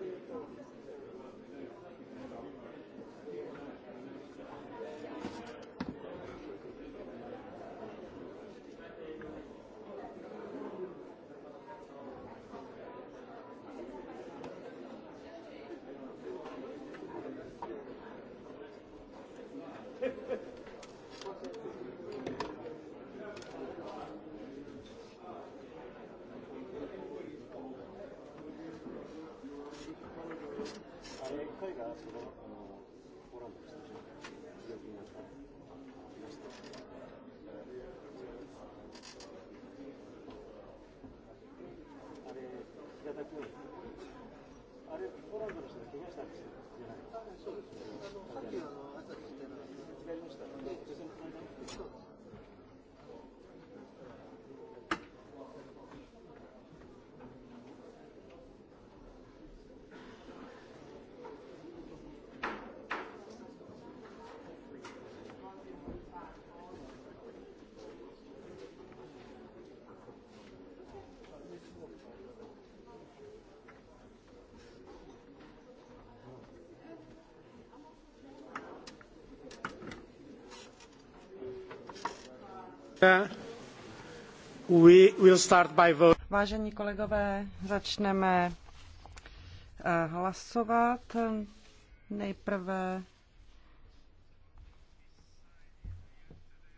Thank you. そうですね。さっきあの朝来てなかった。違いました。Vážení kolegové, začneme eh, hlasovat. Nejprve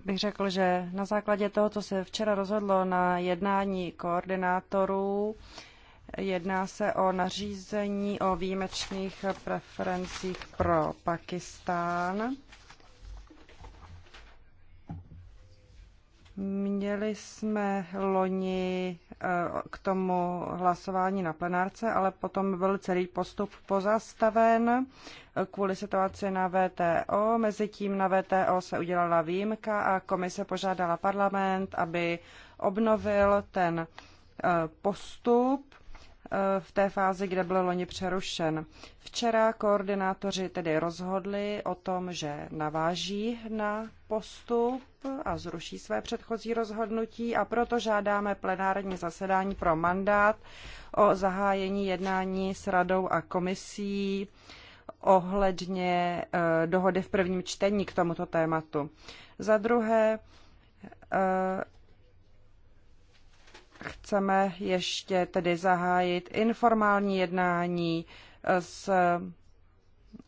bych řekl, že na základě toho, co se včera rozhodlo na jednání koordinátorů, jedná se o nařízení o výjimečných preferencích pro Pakistán. Měli jsme loni eh, k tomu hlasování na plenárce, ale potom byl celý postup pozastaven kvůli situaci na VTO. Mezitím na VTO se udělala výjimka a komise požádala parlament, aby obnovil ten eh, postup v té fázi, kde byl loni přerušen. Včera koordinátoři tedy rozhodli o tom, že naváží na postup a zruší své předchozí rozhodnutí a proto žádáme plenární zasedání pro mandát o zahájení jednání s radou a komisí ohledně eh, dohody v prvním čtení k tomuto tématu. Za druhé, eh, chceme ještě tedy zahájit informální jednání s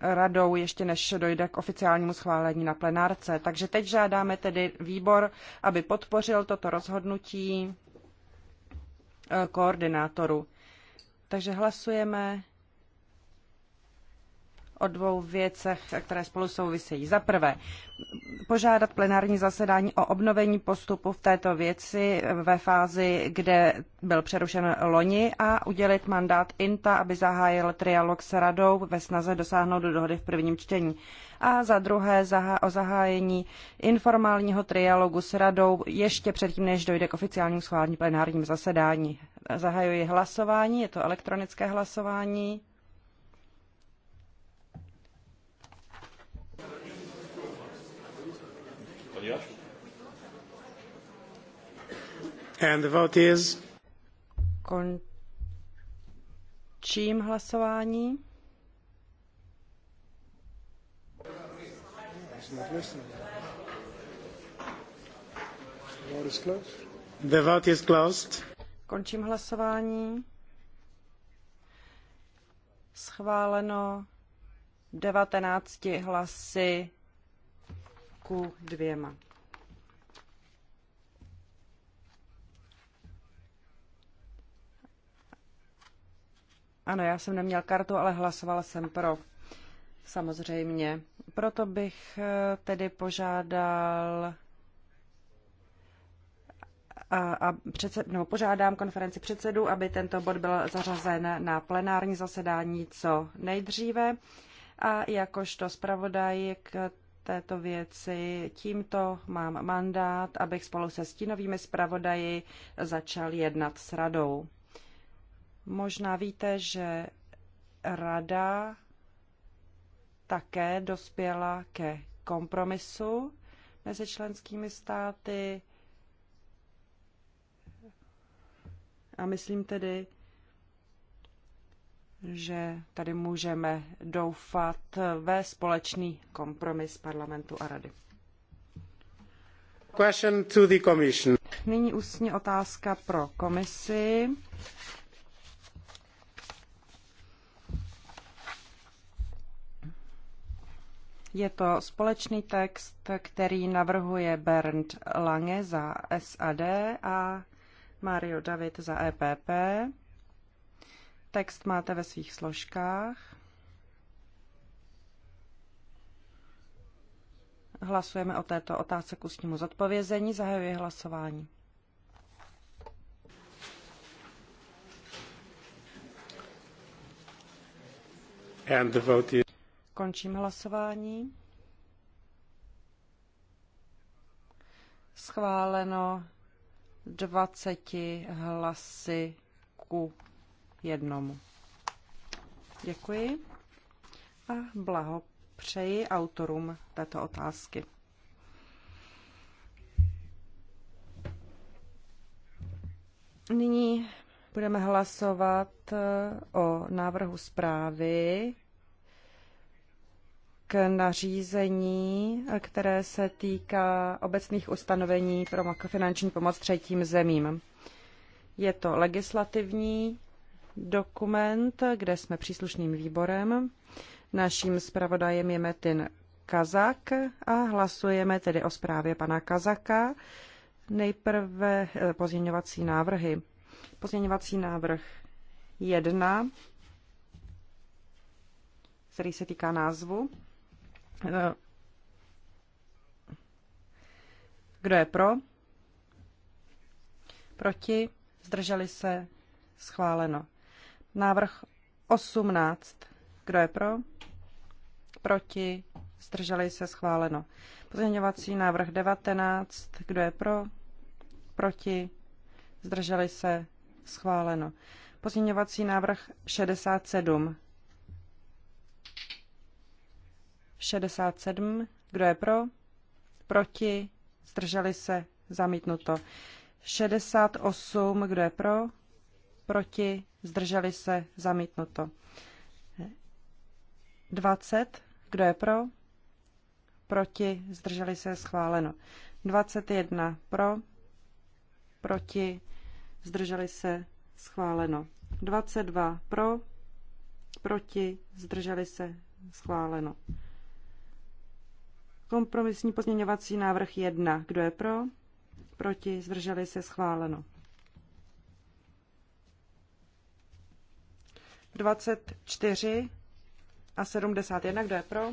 radou, ještě než dojde k oficiálnímu schválení na plenárce. Takže teď žádáme tedy výbor, aby podpořil toto rozhodnutí eh, koordinátoru. Takže hlasujeme o dvou věcech, které spolu souvisejí. Za prvé, požádat plenární zasedání o obnovení postupu v této věci ve fázi, kde byl přerušen loni a udělit mandát INTA, aby zahájil trialog s radou ve snaze dosáhnout do dohody v prvním čtení. A za druhé o zahájení informálního trialogu s radou ještě předtím, než dojde k oficiálnímu schválení plenárním zasedání. Zahajuji hlasování, je to elektronické hlasování. Končím hlasování. The vote is closed. Končím hlasování. Schváleno 19 hlasy ku dvěma. Ano, já jsem neměl kartu, ale hlasovala jsem pro. Samozřejmě. Proto bych eh, tedy požádal a, a předsed, no, požádám konferenci předsedů, aby tento bod byl zařazen na plenární zasedání co nejdříve. A jakožto zpravodaj k této věci. Tímto mám mandát, abych spolu se stínovými zpravodaji začal jednat s radou. Možná víte, že rada také dospěla ke kompromisu mezi členskými státy. A myslím tedy, že tady můžeme doufat ve společný kompromis parlamentu a rady. Question to the commission. Nyní ústní otázka pro komisi. Je to společný text, který navrhuje Bernd Lange za SAD a Mario David za EPP. Text máte ve svých složkách. Hlasujeme o této otázce k ústnímu zodpovězení. Zahajuji hlasování. And the vote is... Končím hlasování. Schváleno 20 hlasy ku jednomu. Děkuji a blahopřeji autorům této otázky. Nyní budeme hlasovat o návrhu zprávy nařízení, které se týká obecných ustanovení pro makrofinanční pomoc třetím zemím. Je to legislativní dokument, kde jsme příslušným výborem. Naším zpravodajem je Metin Kazak a hlasujeme tedy o zprávě pana Kazaka. Nejprve eh, pozměňovací návrhy. Pozměňovací návrh 1, který se týká názvu. Eh, kdo je pro? Proti? Zdrželi se? Schváleno. Návrh 18. Kdo je pro? Proti? Zdrželi se? Schváleno. Pozměňovací návrh 19. Kdo je pro? Proti? Zdrželi se? Schváleno. Pozměňovací návrh 67. 67. Kdo je pro? Proti? Zdrželi se? Zamítnuto. 68. Kdo je pro? Proti? Zdrželi se? Zamítnuto. 20. Kdo je pro? Proti? Zdrželi se? Schváleno. 21. Pro? Proti? Zdrželi se? Schváleno. 22. Pro? Proti? Zdrželi se? Schváleno. Kompromisní pozměňovací návrh 1. Kdo je pro? Proti? Zdrželi se? Schváleno. 24 a 71. Kdo je pro?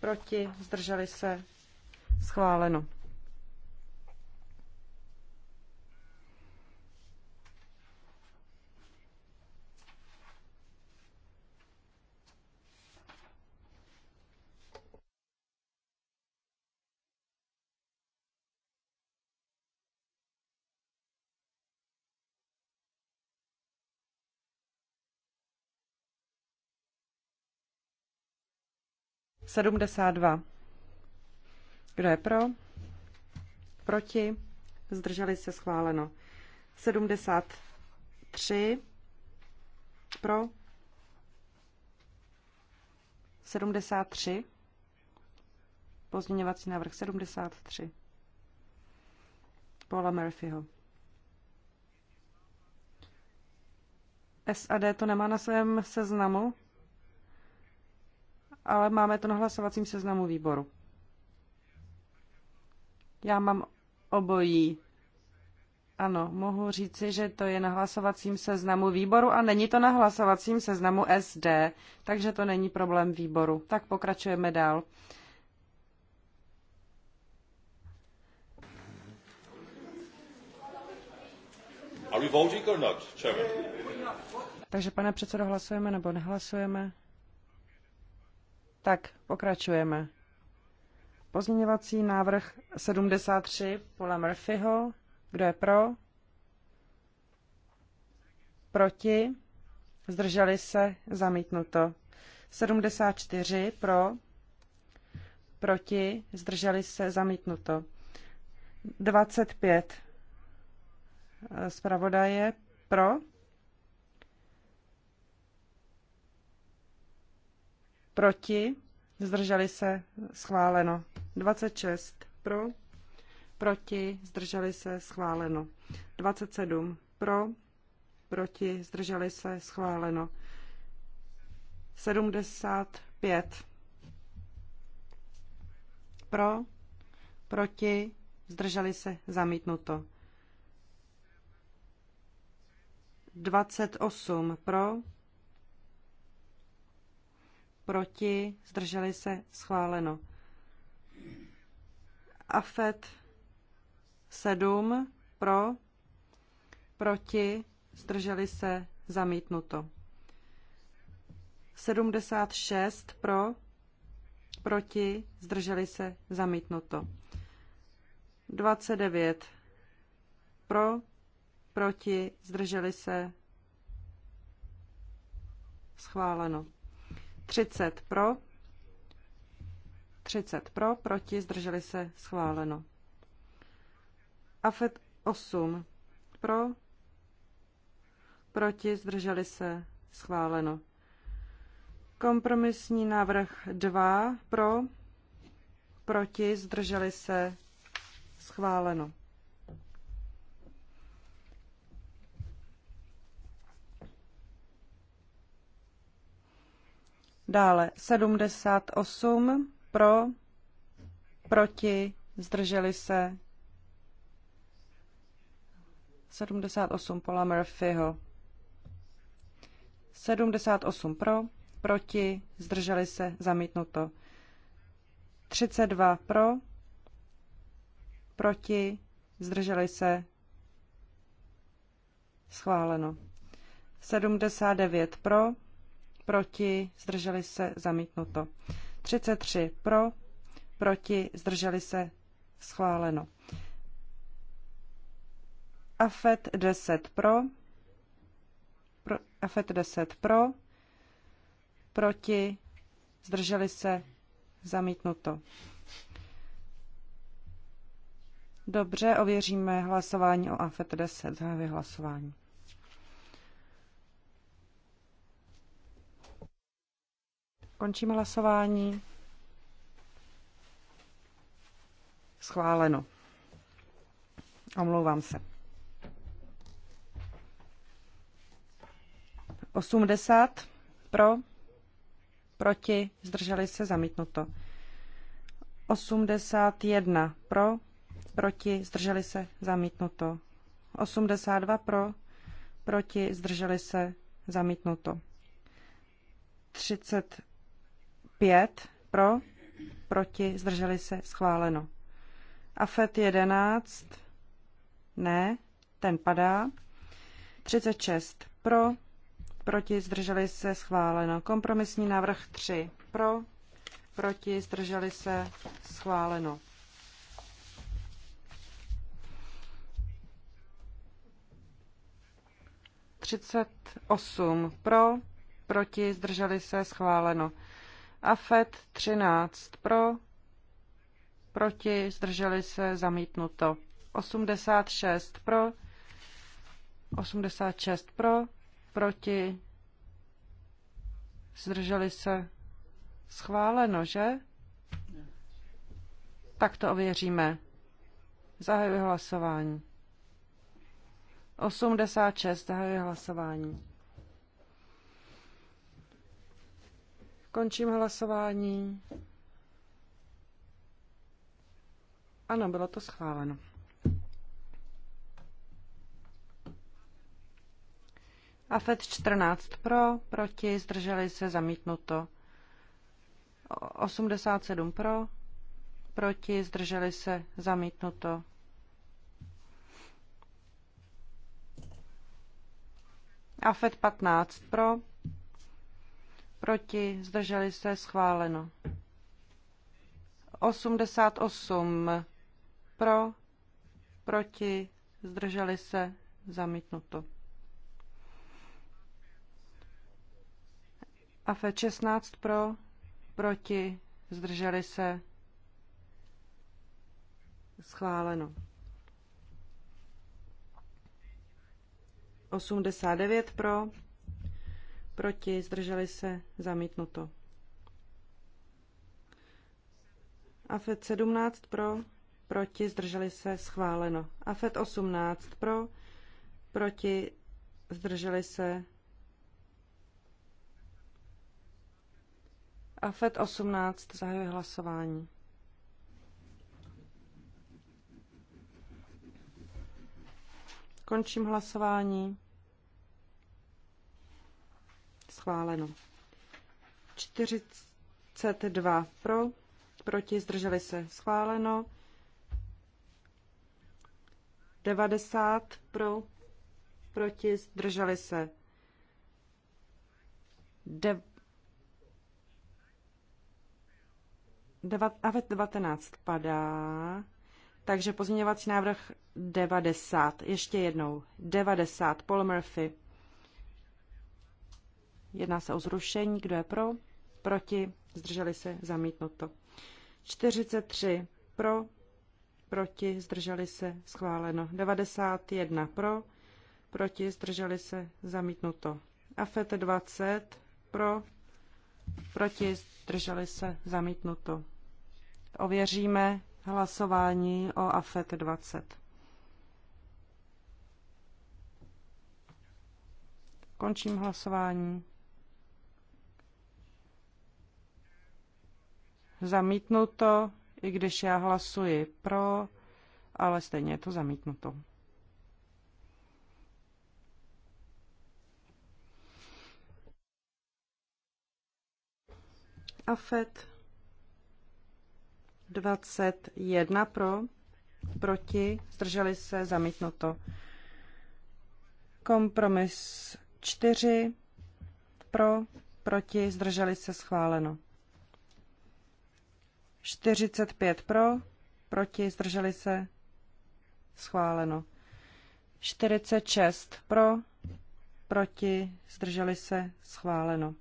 Proti? Zdrželi se? Schváleno. 72. Kdo je pro? Proti? Zdrželi se schváleno. 73. Pro? 73. Pozměňovací návrh 73. Paula Murphyho. SAD to nemá na svém seznamu ale máme to na hlasovacím seznamu výboru. Já mám obojí. Ano, mohu říci, že to je na hlasovacím seznamu výboru a není to na hlasovacím seznamu SD, takže to není problém výboru. Tak pokračujeme dál. Takže pane předsedo, hlasujeme nebo nehlasujeme? Tak, pokračujeme. Pozměňovací návrh 73 Paula Murphyho. Kdo je pro? Proti? Zdrželi se? Zamítnuto. 74 pro? Proti? Zdrželi se? Zamítnuto. 25 zpravodaje pro? Proti? Zdrželi se? Schváleno. 26. Pro? Proti? Zdrželi se? Schváleno. 27. Pro? Proti? Zdrželi se? Schváleno. 75. Pro? Proti? Zdrželi se? Zamítnuto. 28. Pro? proti, zdrželi se, schváleno. AFET 7 pro, proti, zdrželi se, zamítnuto. 76 pro, proti, zdrželi se, zamítnuto. 29 pro, proti, zdrželi se, schváleno. 30 pro, 30 pro, proti, zdrželi se, schváleno. AFET 8 pro, proti, zdrželi se, schváleno. Kompromisní návrh 2 pro, proti, zdrželi se, schváleno. Dále 78 pro, proti, zdrželi se. 78 Paula Murphyho. 78 pro, proti, zdrželi se, zamítnuto. 32 pro, proti, zdrželi se, schváleno. 79 pro, proti, zdrželi se, zamítnuto. 33 pro, proti, zdrželi se, schváleno. AFET 10 pro, pro AFET 10 pro, proti, zdrželi se, zamítnuto. Dobře, ověříme hlasování o AFET 10, zahajuji hlasování. Končím hlasování. Schváleno. Omlouvám se. 80 pro, proti, zdrželi se, zamítnuto. 81 pro, proti, zdrželi se, zamítnuto. 82 pro, proti, zdrželi se, zamítnuto. 30 5 pro, proti, zdrželi se, schváleno. AFET 11, ne, ten padá. 36 pro, proti, zdrželi se, schváleno. Kompromisní návrh 3 pro, proti, zdrželi se, schváleno. Třicet osm pro, proti, zdrželi se, schváleno. AFET 13 pro, proti, zdrželi se, zamítnuto. 86 pro, 86 pro, proti, zdrželi se, schváleno, že? Tak to ověříme. Zahajuji hlasování. 86. Zahajuji hlasování. Končím hlasování. Ano, bylo to schváleno. Afet 14 pro, proti, zdrželi se, zamítnuto. 87 pro, proti, zdrželi se, zamítnuto. Afet 15 pro, Proti? Zdrželi se? Schváleno. 88. Pro? Proti? Zdrželi se? Zamítnuto. AFE 16 pro, proti, zdrželi se, schváleno. 89 pro, proti, zdrželi se, zamítnuto. AFET 17 pro, proti, zdrželi se, schváleno. AFET 18 pro, proti, zdrželi se. AFED 18 zahajuje hlasování. Končím hlasování. Schváleno. 42 pro, proti, zdrželi se. Schváleno. 90 pro, proti, zdrželi se. De... Deva... AVET 19 padá, takže pozměňovací návrh 90. Ještě jednou. 90. Paul Murphy. Jedná se o zrušení. Kdo je pro? Proti? Zdrželi se? Zamítnuto. 43 pro, proti, zdrželi se, schváleno. 91 pro, proti, zdrželi se, zamítnuto. AFET 20 pro, proti, zdrželi se, zamítnuto. Ověříme hlasování o AFET 20. Končím hlasování. Zamítnuto, i když já hlasuji pro, ale stejně je to zamítnuto. AFET 21 pro, proti, zdrželi se, zamítnuto. Kompromis 4 pro, proti, zdrželi se, schváleno. 45 pro, proti, zdrželi se, schváleno. 46 pro, proti, zdrželi se, schváleno.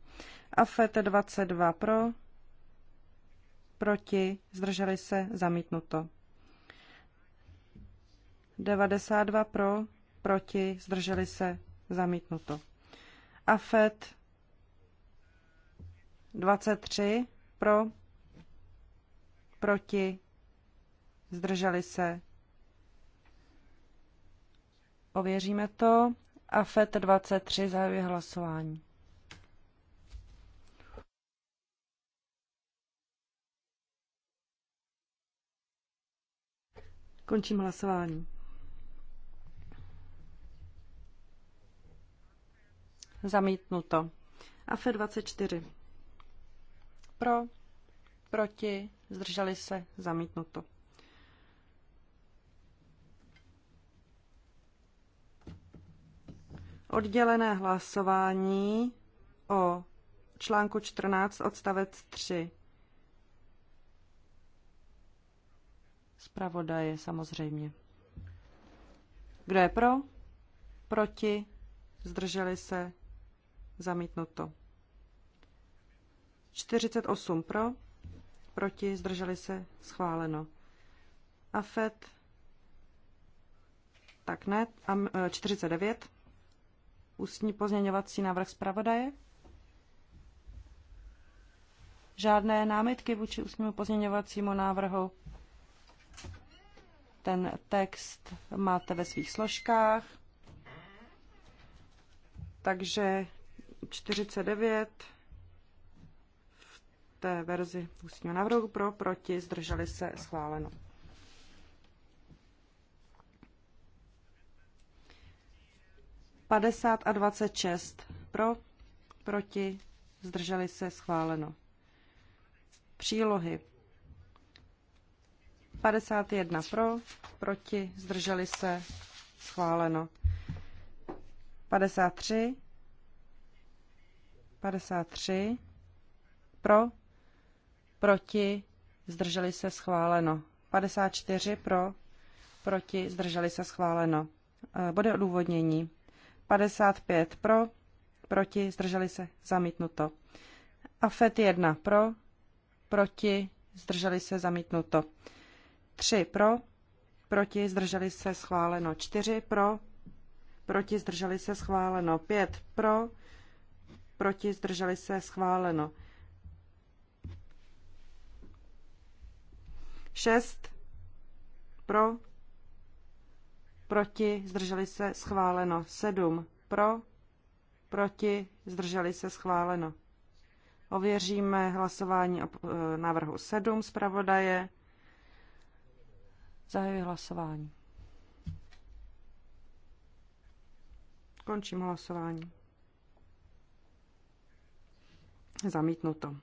AFET 22 pro, proti, zdrželi se, zamítnuto. 92 pro, proti, zdrželi se, zamítnuto. AFET 23 pro, proti, zdrželi se. Ověříme to. A FET 23 zahajuje hlasování. Končím hlasování. Zamítnuto. AFE 24. Pro, proti, zdrželi se, zamítnuto. Oddělené hlasování o článku 14 odstavec 3. Zpravodaje samozřejmě. Kdo je pro? Proti? Zdrželi se? Zamítnuto. 48 pro, proti, zdrželi se, schváleno. AFET, tak ne, A 49, eh, ústní pozměňovací návrh zpravodaje. Žádné námitky vůči ústnímu pozměňovacímu návrhu. Ten text máte ve svých složkách. Takže 49 té verzi ústního návrhu pro, proti, zdrželi se, schváleno. Padesát a dvacet šest pro, proti, zdrželi se, schváleno. Přílohy 51 pro, proti, zdrželi se, schváleno. 53, 53 pro, proti, zdrželi se schváleno. 54 pro, proti, zdrželi se schváleno. Eh, Bude odůvodnění. 55 pro, proti, zdrželi se zamítnuto. AFET 1 pro, proti, zdrželi se zamítnuto. 3 pro, proti, zdrželi se schváleno. 4 pro, proti, zdrželi se schváleno. 5 pro, proti, zdrželi se schváleno. 6 pro, proti, zdrželi se, schváleno. 7 pro, proti, zdrželi se, schváleno. Ověříme hlasování o e, návrhu 7 zpravodaje. Zahajuji hlasování. Končím hlasování. Zamítnuto.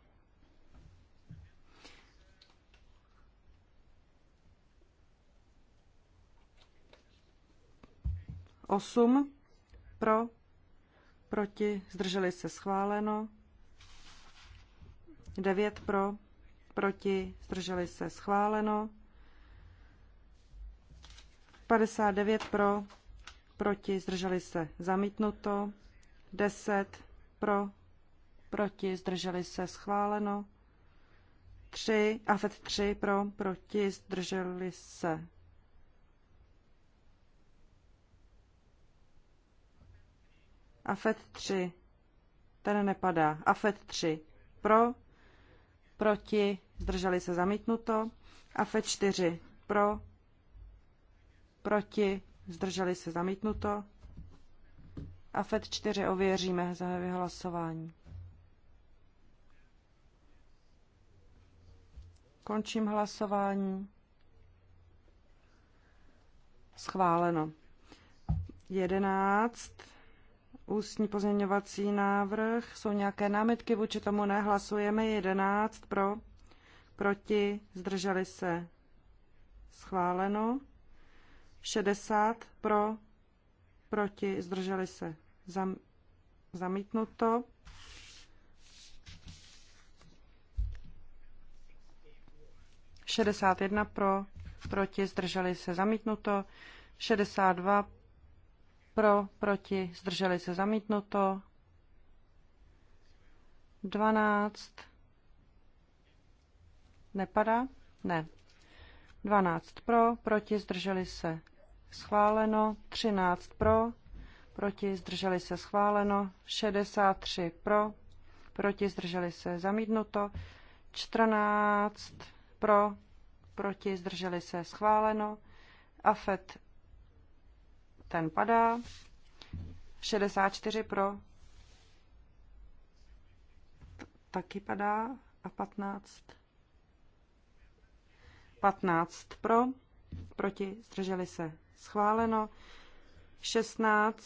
8 pro, proti, zdrželi se schváleno. 9 pro, proti, zdrželi se schváleno. 59 pro, proti, zdrželi se zamítnuto. 10 pro, proti, zdrželi se schváleno. 3, AFET 3 pro, proti, zdrželi se AFET 3. Ten nepadá. AFET 3. Pro, proti, zdrželi se zamítnuto. AFET 4. Pro, proti, zdrželi se zamítnuto. AFET 4 ověříme, za vyhlasování. Končím hlasování. Schváleno. 11 ústní pozměňovací návrh. Jsou nějaké námitky, vůči tomu nehlasujeme. 11 pro, proti, zdrželi se. Schváleno. 60 pro, proti, zdrželi se. Zam, zamítnuto. Šedesát jedna pro, proti, zdrželi se, zamítnuto. šedesát dva. Pro, proti, zdrželi se zamítnuto. 12. Nepadá? Ne. 12 pro, proti, zdrželi se. Schváleno. 13 pro, proti, zdrželi se. Schváleno. 63 pro, proti, zdrželi se. Zamítnuto. 14 pro, proti, zdrželi se. Schváleno. AFET ten padá. 64 pro, taky padá. A 15. 15 pro, proti, zdrželi se, schváleno. 16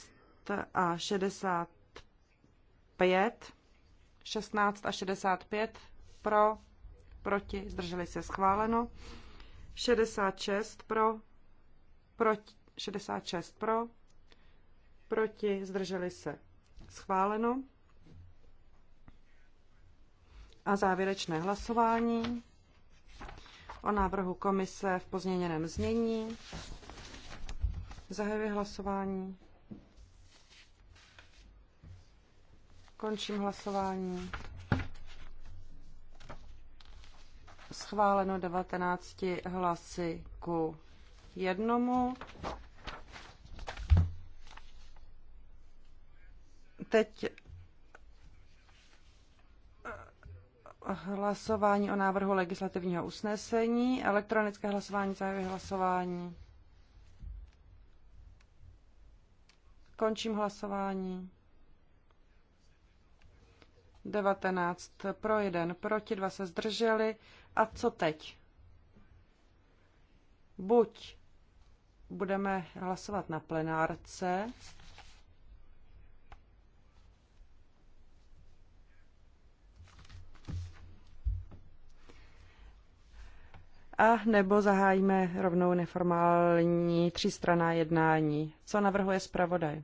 a 65. 16 a 65 pro, proti, zdrželi se schváleno. 66 pro, proti, 66 pro, proti, zdrželi se. Schváleno. A závěrečné hlasování o návrhu komise v pozměněném znění. Zahajuji hlasování. Končím hlasování. Schváleno 19 hlasy ku jednomu. Teď eh, hlasování o návrhu legislativního usnesení, elektronické hlasování, zahajuje hlasování. Končím hlasování. 19 pro 1 proti, 2 se zdrželi. A co teď? Buď budeme hlasovat na plenárce. A nebo zahájíme rovnou neformální třístraná jednání. Co navrhuje zpravodaj?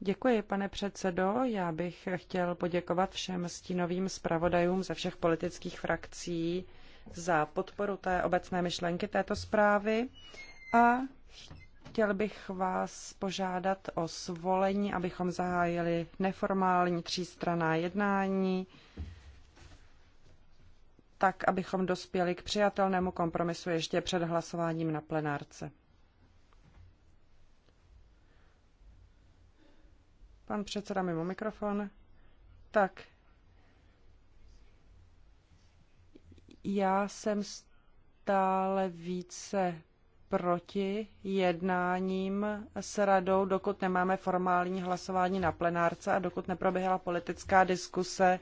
Děkuji, pane předsedo. Já bych chtěl poděkovat všem stínovým zpravodajům ze všech politických frakcí za podporu té obecné myšlenky této zprávy a chtěl bych vás požádat o svolení, abychom zahájili neformální třístraná jednání, tak abychom dospěli k přijatelnému kompromisu ještě před hlasováním na plenárce. Pan předseda mimo mikrofon. Tak, Já jsem stále více proti jednáním s radou, dokud nemáme formální hlasování na plenárce a dokud neproběhla politická diskuse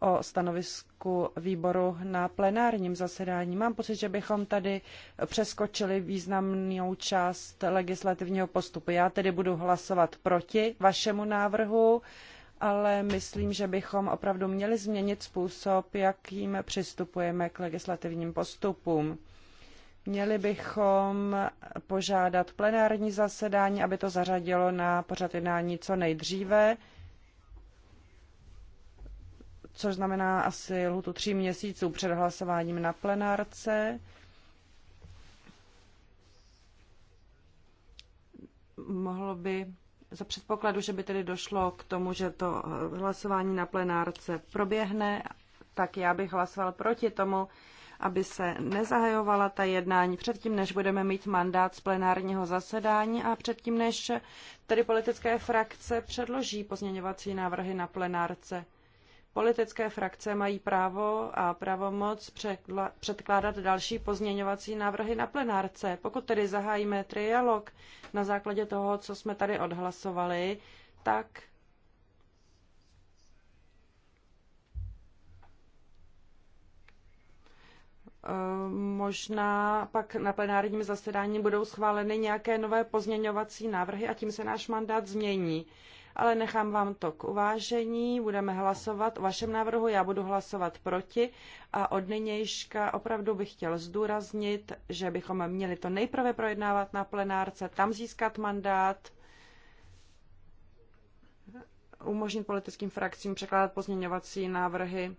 o stanovisku výboru na plenárním zasedání. Mám pocit, že bychom tady přeskočili významnou část legislativního postupu. Já tedy budu hlasovat proti vašemu návrhu ale myslím, že bychom opravdu měli změnit způsob, jakým přistupujeme k legislativním postupům. Měli bychom požádat plenární zasedání, aby to zařadilo na pořad jednání co nejdříve, což znamená asi lhutu tří měsíců před hlasováním na plenárce. Mohlo by za předpokladu, že by tedy došlo k tomu, že to eh, hlasování na plenárce proběhne, tak já bych hlasoval proti tomu, aby se nezahajovala ta jednání předtím, než budeme mít mandát z plenárního zasedání a předtím, než tedy politické frakce předloží pozměňovací návrhy na plenárce. Politické frakce mají právo a pravomoc předkládat další pozměňovací návrhy na plenárce. Pokud tedy zahájíme trialog na základě toho, co jsme tady odhlasovali, tak ehm, možná pak na plenárním zasedání budou schváleny nějaké nové pozměňovací návrhy a tím se náš mandát změní ale nechám vám to k uvážení. Budeme hlasovat o vašem návrhu, já budu hlasovat proti a od nynějška opravdu bych chtěl zdůraznit, že bychom měli to nejprve projednávat na plenárce, tam získat mandát, umožnit politickým frakcím překládat pozměňovací návrhy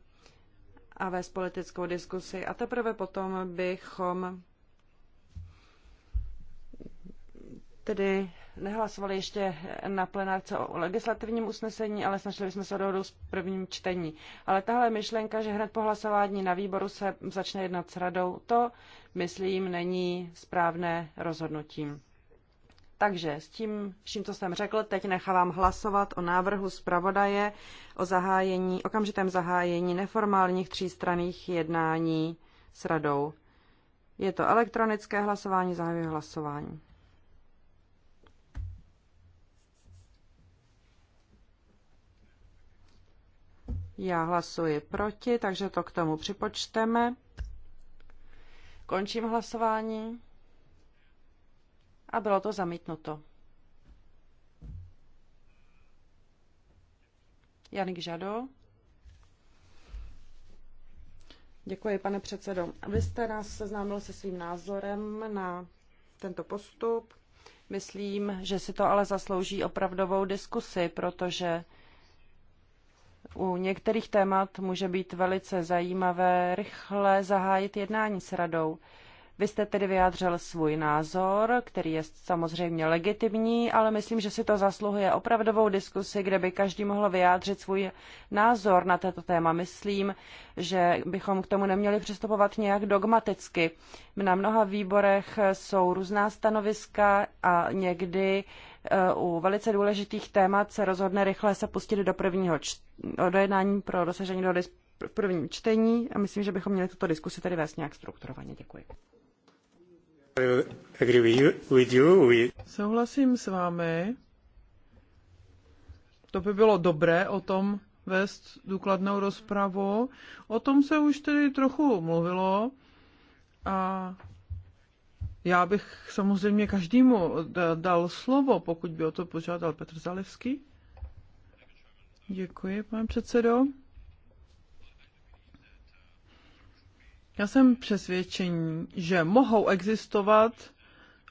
a vést politickou diskusi. A teprve potom bychom tedy nehlasovali ještě na plenárce o legislativním usnesení, ale snažili jsme se dohodu s prvním čtení. Ale tahle myšlenka, že hned po hlasování na výboru se začne jednat s radou, to, myslím, není správné rozhodnutí. Takže s tím vším, co jsem řekl, teď nechávám hlasovat o návrhu zpravodaje o zahájení, okamžitém zahájení neformálních třístranných jednání s radou. Je to elektronické hlasování, zahajuji hlasování. Já hlasuji proti, takže to k tomu připočteme. Končím hlasování. A bylo to zamítnuto. Janik Žado. Děkuji, pane předsedo. Vy jste nás seznámil se svým názorem na tento postup. Myslím, že si to ale zaslouží opravdovou diskusi, protože u některých témat může být velice zajímavé rychle zahájit jednání s radou. Vy jste tedy vyjádřil svůj názor, který je samozřejmě legitimní, ale myslím, že si to zasluhuje opravdovou diskusi, kde by každý mohl vyjádřit svůj názor na této téma. Myslím, že bychom k tomu neměli přistupovat nějak dogmaticky. Na mnoha výborech jsou různá stanoviska a někdy eh, u velice důležitých témat se rozhodne rychle se pustit do prvního č- dojednání pro dosažení dohody v prvním čtení a myslím, že bychom měli tuto diskusi tedy vést nějak strukturovaně. Děkuji. Souhlasím s vámi. To by bylo dobré o tom vést důkladnou rozpravu. O tom se už tedy trochu mluvilo a já bych samozřejmě každému dal slovo, pokud by o to požádal Petr Zalevský. Děkuji, pane předsedo. Já jsem přesvědčen, že mohou existovat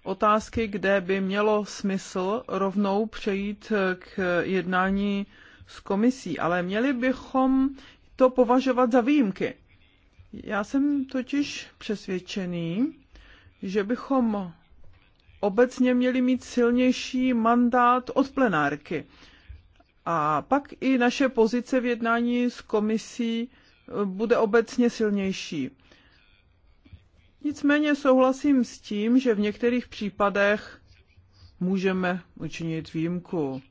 otázky, kde by mělo smysl rovnou přejít k jednání s komisí, ale měli bychom to považovat za výjimky. Já jsem totiž přesvědčený, že bychom obecně měli mít silnější mandát od plenárky. A pak i naše pozice v jednání s komisí bude obecně silnější. Nicméně souhlasím s tím, že v některých případech můžeme učinit výjimku.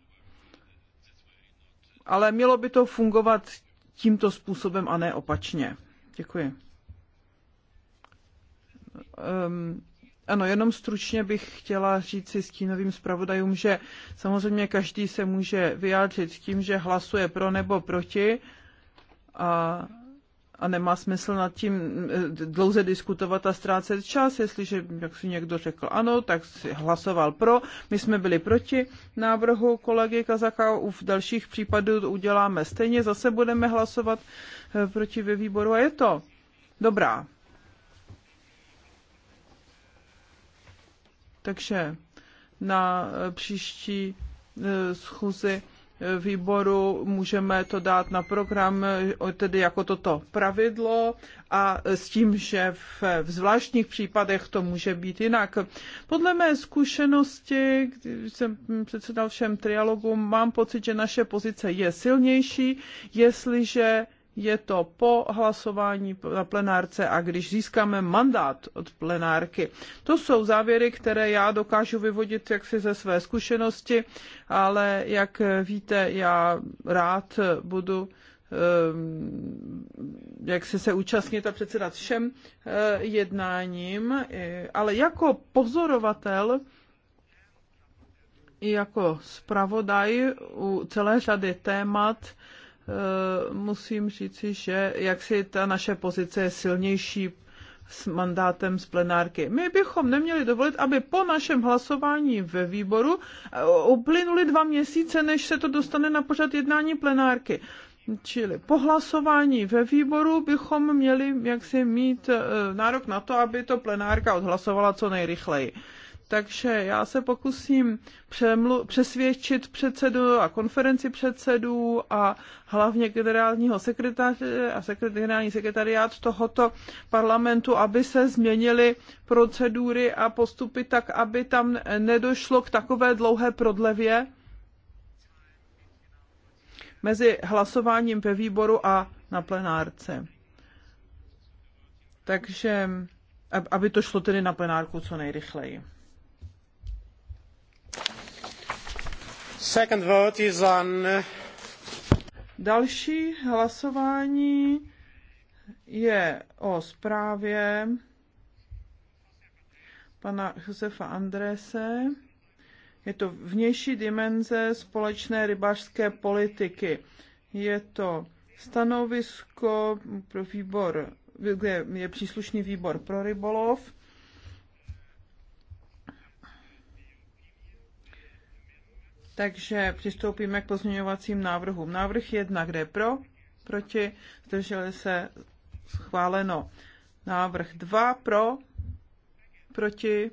Ale mělo by to fungovat tímto způsobem a ne opačně. Děkuji. Um, ano, jenom stručně bych chtěla říct si stínovým zpravodajům, že samozřejmě každý se může vyjádřit tím, že hlasuje pro nebo proti. A a nemá smysl nad tím eh, dlouze diskutovat a ztrácet čas. Jestliže, jak si někdo řekl ano, tak si hlasoval pro. My jsme byli proti návrhu kolegy Kazaka. V dalších případů uděláme stejně. Zase budeme hlasovat eh, proti ve výboru a je to dobrá. Takže na eh, příští schůzi výboru můžeme to dát na program, tedy jako toto pravidlo a s tím, že v, v zvláštních případech to může být jinak. Podle mé zkušenosti, když jsem předsedal všem trialogům, mám pocit, že naše pozice je silnější, jestliže je to po hlasování na plenárce a když získáme mandát od plenárky. To jsou závěry, které já dokážu vyvodit jaksi ze své zkušenosti, ale jak víte, já rád budu ehm, jak se se účastnit a předsedat všem eh, jednáním, ale jako pozorovatel i jako zpravodaj u celé řady témat, Eh, musím říci, že jak si ta naše pozice je silnější s mandátem z plenárky. My bychom neměli dovolit, aby po našem hlasování ve výboru eh, uplynuly dva měsíce, než se to dostane na pořad jednání plenárky. Čili po hlasování ve výboru bychom měli jaksi mít eh, nárok na to, aby to plenárka odhlasovala co nejrychleji. Takže já se pokusím přemlu- přesvědčit předsedu a konferenci předsedů a hlavně generálního sekretáře a sekret- generální sekretariát tohoto parlamentu, aby se změnily procedury a postupy tak, aby tam nedošlo k takové dlouhé prodlevě mezi hlasováním ve výboru a na plenárce. Takže aby to šlo tedy na plenárku co nejrychleji. Uh, Další hlasování je o zprávě pana Josefa Andrese. Je to vnější dimenze společné rybářské politiky. Je to stanovisko pro výbor, je příslušný výbor pro rybolov. Takže přistoupíme k pozměňovacím návrhům. Návrh 1, kde je pro, proti, zdrželi se, schváleno. Návrh 2, pro, proti,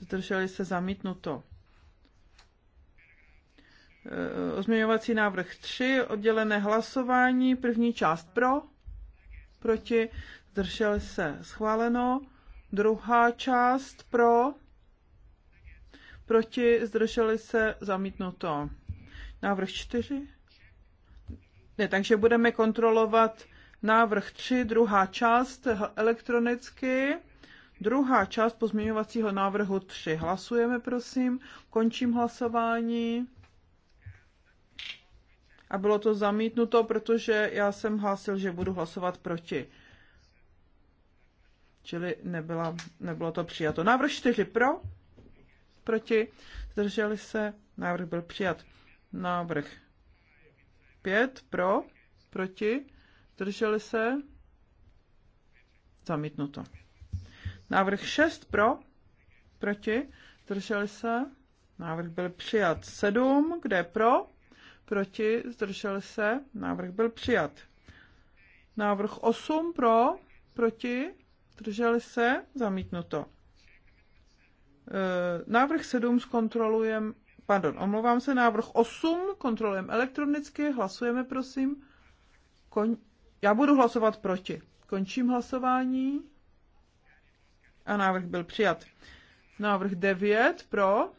zdrželi se, zamítnuto. E, Ozměňovací návrh 3, oddělené hlasování, první část pro, proti, zdrželi se, schváleno. Druhá část pro, proti, zdrželi se, zamítnuto. Návrh 4? Ne, takže budeme kontrolovat návrh 3, druhá část eh, elektronicky. Druhá část pozměňovacího návrhu 3. Hlasujeme, prosím. Končím hlasování. A bylo to zamítnuto, protože já jsem hlásil, že budu hlasovat proti. Čili nebyla, nebylo to přijato. Návrh 4 pro, proti, zdrželi se, návrh byl přijat. Návrh 5 pro, proti, zdrželi se, zamítnuto. Návrh 6 pro, proti, zdrželi se, návrh byl přijat. 7, kde pro, proti, zdrželi se, návrh byl přijat. Návrh 8 pro, proti, zdrželi se, zamítnuto. Eh, návrh 7 zkontrolujeme, pardon, omlouvám se, návrh 8 kontrolujeme elektronicky, hlasujeme prosím. Kon, já budu hlasovat proti. Končím hlasování. A návrh byl přijat. Návrh 9 pro,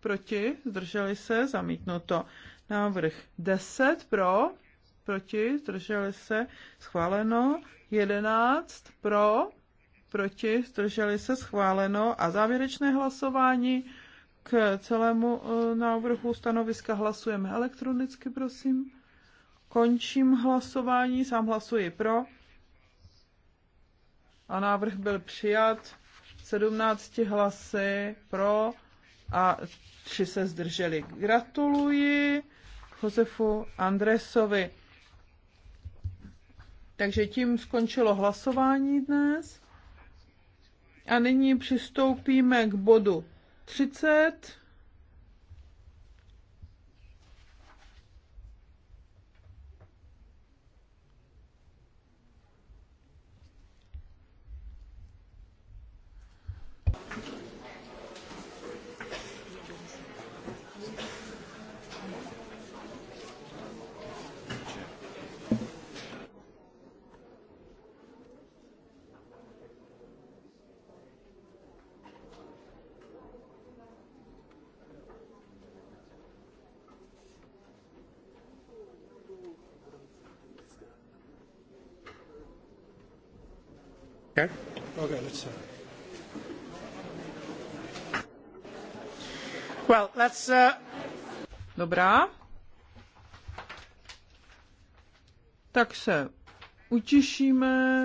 proti, zdrželi se, zamítnuto. Návrh 10 pro, proti, zdrželi se, schváleno. 11 pro, proti, zdrželi se schváleno a závěrečné hlasování k celému eh, návrhu stanoviska hlasujeme elektronicky, prosím. Končím hlasování, sám hlasuji pro. A návrh byl přijat 17 hlasy pro a 3 se zdrželi. Gratuluji Josefu Andresovi. Takže tím skončilo hlasování dnes. A nyní přistoupíme k bodu 30. Uh, Dobrá. Tak se utišíme.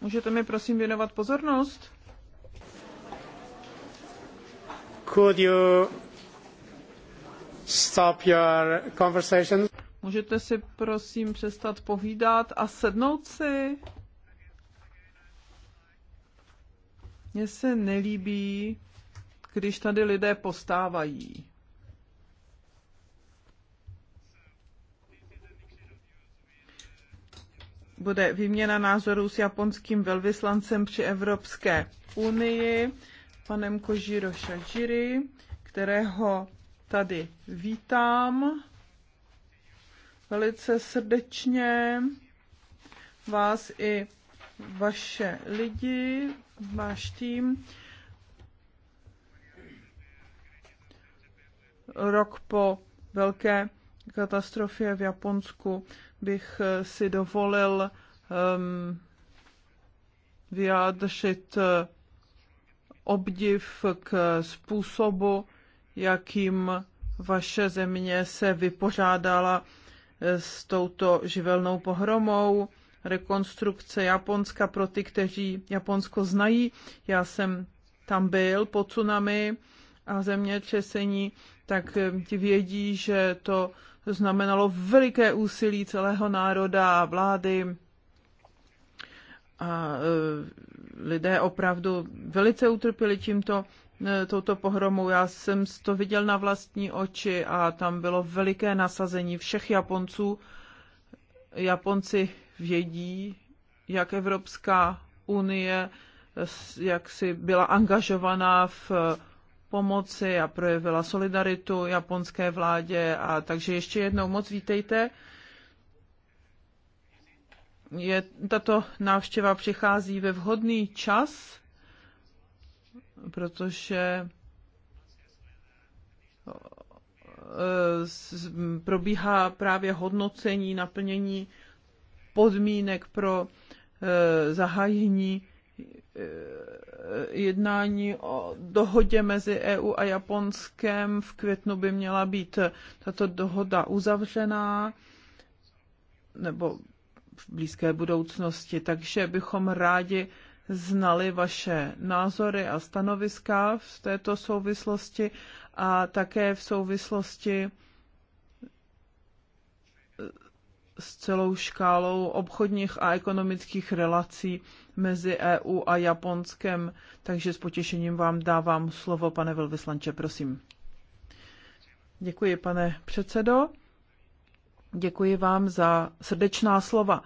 Můžete mi prosím věnovat pozornost? Could you stop your conversation? Můžete si prosím přestat povídat a sednout si? Mně se nelíbí, když tady lidé postávají. Bude výměna názorů s japonským velvyslancem při Evropské unii, panem Kožiro Shajiri, kterého tady vítám velice srdečně vás i vaše lidi, váš tým. rok po velké katastrofě v Japonsku bych eh, si dovolil um, vyjádřit eh, obdiv k způsobu, jakým vaše země se vypořádala eh, s touto živelnou pohromou. Rekonstrukce Japonska pro ty, kteří Japonsko znají. Já jsem tam byl po tsunami a zemětřesení tak eh, ti vědí, že to znamenalo veliké úsilí celého národa a vlády. A eh, lidé opravdu velice utrpěli tímto eh, touto pohromou. Já jsem to viděl na vlastní oči a tam bylo veliké nasazení všech Japonců. Japonci vědí, jak Evropská unie jak si byla angažovaná v pomoci a projevila solidaritu japonské vládě. A takže ještě jednou moc vítejte. Je, tato návštěva přichází ve vhodný čas, protože eh, probíhá právě hodnocení, naplnění podmínek pro eh, zahájení Eh, jednání o dohodě mezi EU a Japonskem. V květnu by měla být tato dohoda uzavřená nebo v blízké budoucnosti, takže bychom rádi znali vaše názory a stanoviska v této souvislosti a také v souvislosti s celou škálou obchodních a ekonomických relací mezi EU a Japonskem, takže s potěšením vám dávám slovo, pane velvyslanče, prosím. Děkuji, pane předsedo. Děkuji vám za srdečná slova.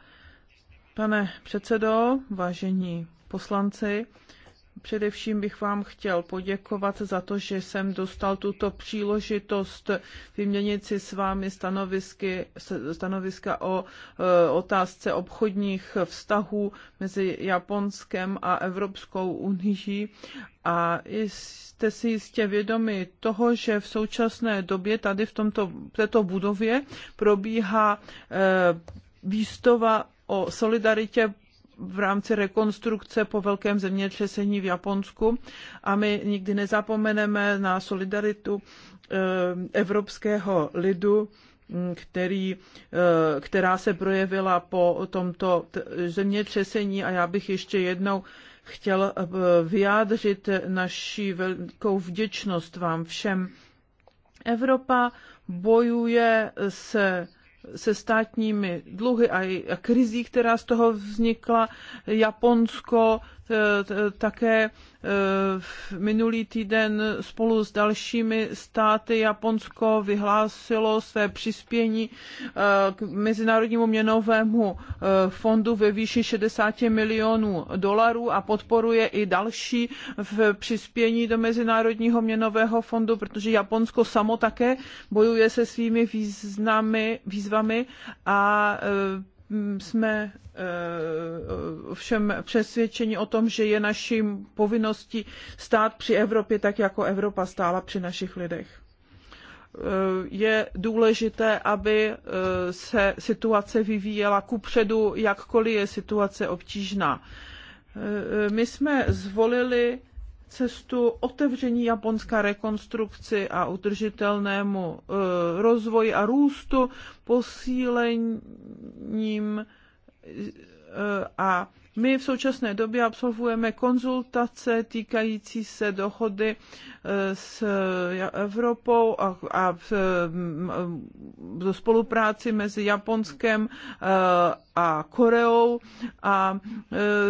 Pane předsedo, vážení poslanci, Především bych vám chtěl poděkovat za to, že jsem dostal tuto příležitost vyměnit si s vámi stanovisky, stanoviska o e, otázce obchodních vztahů mezi Japonskem a Evropskou unii. A jste si jistě vědomi toho, že v současné době tady v tomto, této budově probíhá e, výstava o solidaritě v rámci rekonstrukce po velkém zemětřesení v Japonsku a my nikdy nezapomeneme na solidaritu eh, evropského lidu, mm, který, eh, která se projevila po tomto zemětřesení a já bych ještě jednou chtěl eh, vyjádřit naši velkou vděčnost vám všem. Evropa bojuje se se státními dluhy a krizí, která z toho vznikla, Japonsko Eh, také eh, minulý týden spolu s dalšími státy Japonsko vyhlásilo své přispění eh, k Mezinárodnímu měnovému fondu ve výši 60 milionů dolarů a podporuje i další v přispění do Mezinárodního měnového fondu, protože Japonsko samo také bojuje se svými významy, výzvami a Mm, jsme eh, všem přesvědčeni o tom, že je naším povinností stát při Evropě tak, jako Evropa stála při našich lidech. Eh, je důležité, aby eh, se situace vyvíjela kupředu, jakkoliv je situace obtížná. My jsme zvolili cestu otevření Japonska rekonstrukci a udržitelnému eh, rozvoji a růstu posílením eh, a my v současné době absolvujeme konzultace týkající se dohody eh, s Evropou a, a mm, spolupráci mezi Japonskem a Koreou a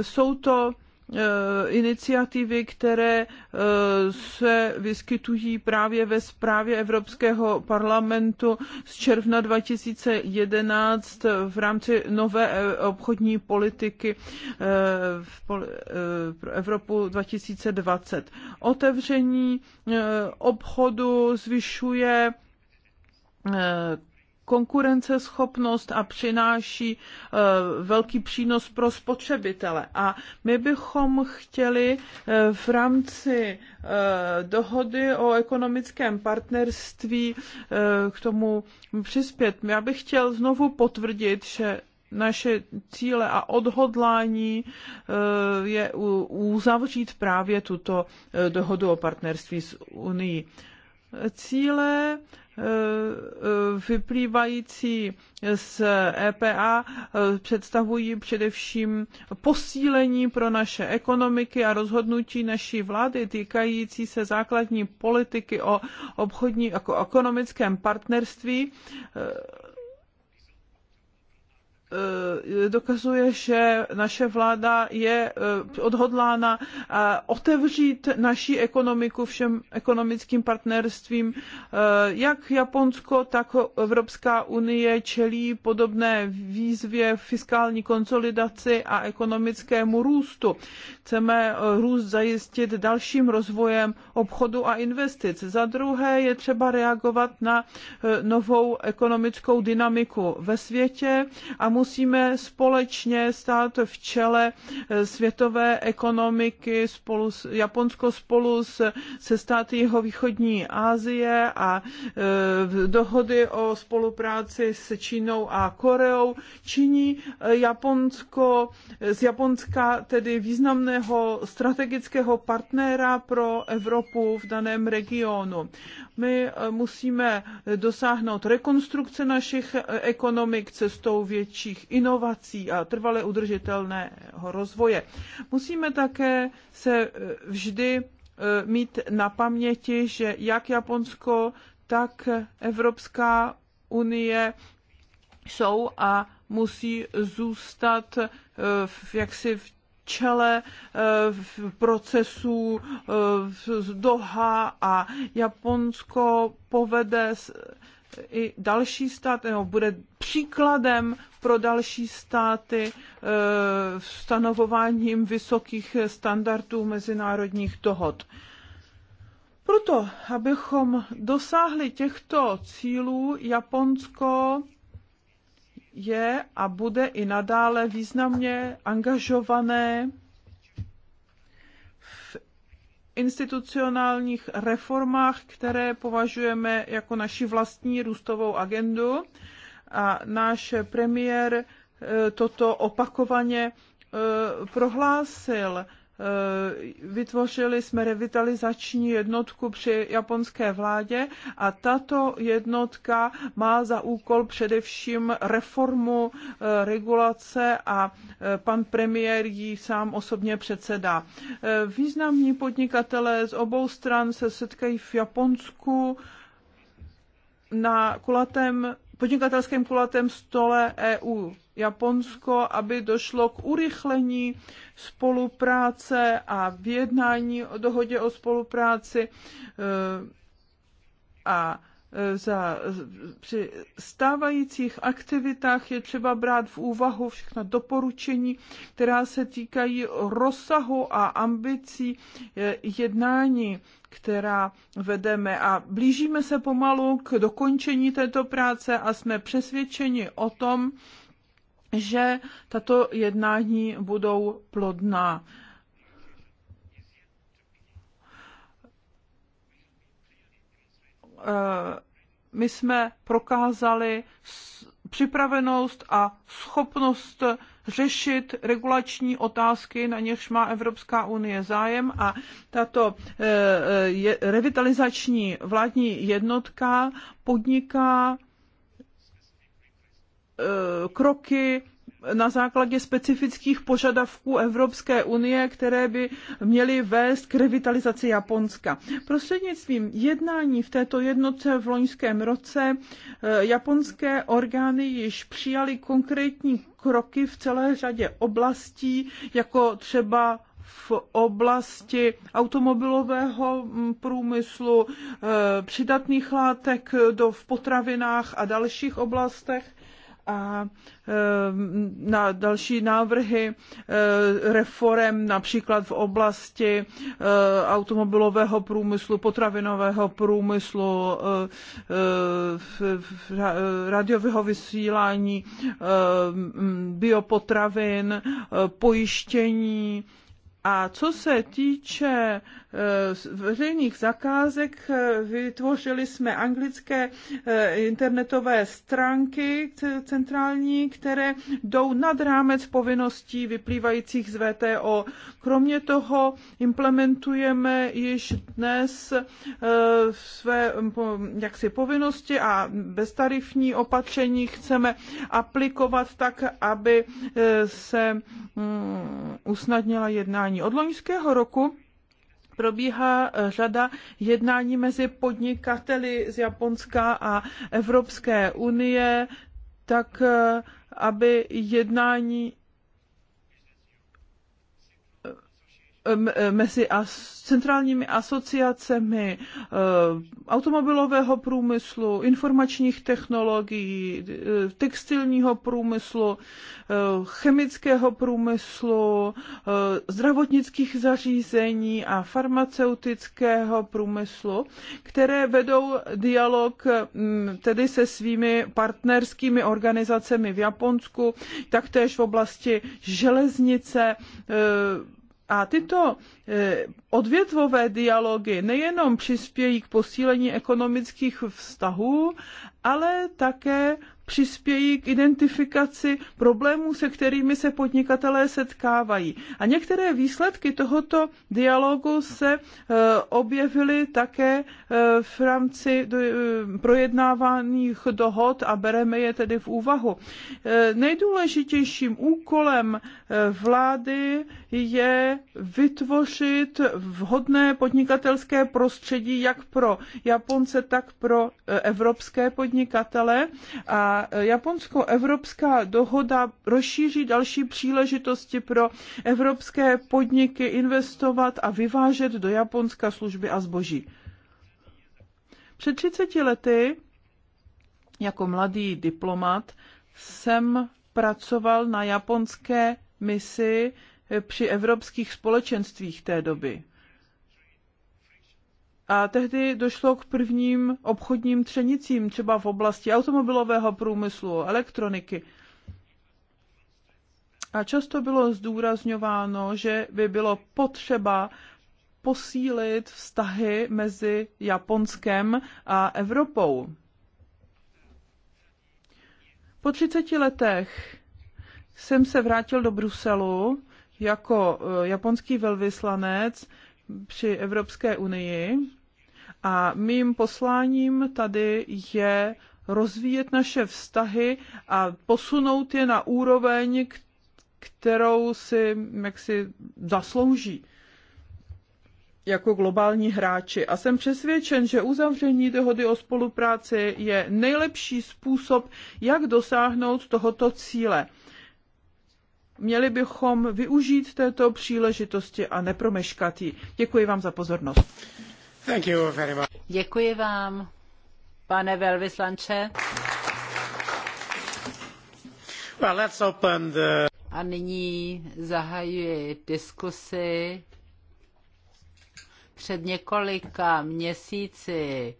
jsou to Eh, iniciativy, které eh, se vyskytují právě ve zprávě Evropského parlamentu z června 2011 v rámci nové eh, obchodní politiky v Evropu 2020. Otevření obchodu zvyšuje konkurenceschopnost a přináší eh, velký přínos pro spotřebitele. A my bychom chtěli eh, v rámci eh, dohody o ekonomickém partnerství k tomu přispět. Já bych chtěl znovu potvrdit, že naše cíle a odhodlání je uzavřít právě tuto dohodu o partnerství s Unii. Cíle Eh, eh, vyplývající z EPA eh, představují především posílení pro naše ekonomiky a rozhodnutí naší vlády týkající se základní politiky o obchodní jako ekonomickém partnerství Eh, dokazuje, že naše vláda je eh, odhodlána eh, otevřít naši ekonomiku všem ekonomickým partnerstvím. Jak Japonsko, tak Evropská unie čelí podobné výzvě fiskální konsolidaci a ekonomickému růstu. Chceme růst zajistit dalším rozvojem obchodu a investic. Za druhé je třeba reagovat na novou ekonomickou dynamiku ve světě a musí musíme společně stát v čele eh, světové ekonomiky, spolu s, Japonsko spolu s, se státy jeho východní Asie a e, dohody o spolupráci s Čínou a Koreou činí eh, Japonsko z Japonska tedy významného strategického partnera pro Evropu v daném regionu. My musíme dosáhnout rekonstrukce našich ekonomik cestou větší dalších inovací a trvale udržitelného rozvoje. Musíme také se e, vždy e, mít na paměti, že jak Japonsko, tak Evropská unie jsou a musí zůstat e, v, jaksi v čele v procesu z Doha a Japonsko povede i další státy, nebo bude příkladem pro další státy e, stanovováním vysokých standardů mezinárodních dohod. Proto, abychom dosáhli těchto cílů, Japonsko je a bude i nadále významně angažované v institucionálních reformách, které považujeme jako naši vlastní růstovou agendu. A náš premiér eh, toto opakovaně eh, prohlásil Eh, vytvořili jsme revitalizační jednotku při japonské vládě a tato jednotka má za úkol především reformu eh, regulace a eh, pan premiér ji sám osobně předsedá. Významní podnikatelé z obou stran se setkají v Japonsku na kulatém podnikatelském kulatém stole EU Japonsko, aby došlo k urychlení spolupráce a vyjednání o dohodě o spolupráci eh, a eh, za, při stávajících aktivitách je třeba brát v úvahu všechna doporučení, která se týkají rozsahu a ambicí eh, jednání, která vedeme. A blížíme se pomalu k dokončení této práce a jsme přesvědčeni o tom, že tato jednání budou plodná. Eh, my jsme prokázali připravenost a schopnost řešit regulační otázky, na něž má Evropská unie zájem a tato eh, eh, revitalizační vládní jednotka podniká Eh, kroky na základě specifických požadavků Evropské unie, které by měly vést k revitalizaci Japonska. Prostřednictvím jednání v této jednotce v loňském roce eh, japonské orgány již přijaly konkrétní kroky v celé řadě oblastí, jako třeba v oblasti automobilového mm, průmyslu, eh, přidatných látek do, v potravinách a dalších oblastech a eh, na další návrhy eh, reform, například v oblasti eh, automobilového průmyslu, potravinového průmyslu, radiového vysílání, biopotravin, pojištění, a co se týče eh, veřejných zakázek, eh, vytvořili jsme anglické eh, internetové stránky centrální, které jdou nad rámec povinností vyplývajících z VTO. Kromě toho implementujeme již dnes své jaksi povinnosti a beztarifní opatření chceme aplikovat tak, aby se mm, usnadnila jednání jednání. Od loňského roku probíhá eh, řada jednání mezi podnikateli z Japonska a Evropské unie, tak eh, aby jednání mezi as, centrálními asociacemi eh, automobilového průmyslu, informačních technologií, eh, textilního průmyslu, eh, chemického průmyslu, zdravotnických zařízení a farmaceutického průmyslu, které vedou dialog mm, tedy se svými partnerskými organizacemi v Japonsku, taktéž v oblasti železnice, a tyto e, odvětvové dialogy nejenom přispějí k posílení ekonomických vztahů, ale také přispějí k identifikaci problémů, se kterými se podnikatelé setkávají. A některé výsledky tohoto dialogu se eh, objevily také eh, v rámci eh, projednávaných dohod a bereme je tedy v úvahu. Nejdůležitějším úkolem vlády je vytvořit vhodné podnikatelské prostředí jak pro Japonce, tak pro evropské podnikatele a japonsko-evropská dohoda rozšíří další příležitosti pro evropské podniky investovat a vyvážet do Japonska služby a zboží. Před 30 lety jako mladý diplomat jsem pracoval na japonské misi při evropských společenstvích té doby. A tehdy došlo k prvním obchodním třenicím, třeba v oblasti automobilového průmyslu, elektroniky. A často bylo zdůrazňováno, že by bylo potřeba posílit vztahy mezi Japonskem a Evropou. Po 30 letech jsem se vrátil do Bruselu jako eh, japonský velvyslanec při Evropské unii a mým posláním tady je rozvíjet naše vztahy a posunout je na úroveň, kterou si jaksi zaslouží jako globální hráči a jsem přesvědčen, že uzavření dohody o spolupráci je nejlepší způsob, jak dosáhnout tohoto cíle. Měli bychom využít této příležitosti a nepromeškat ji. Děkuji vám za pozornost. Thank you very much. Děkuji vám, pane velvyslanče. Well, let's open the... A nyní zahajuji diskusy. Před několika měsíci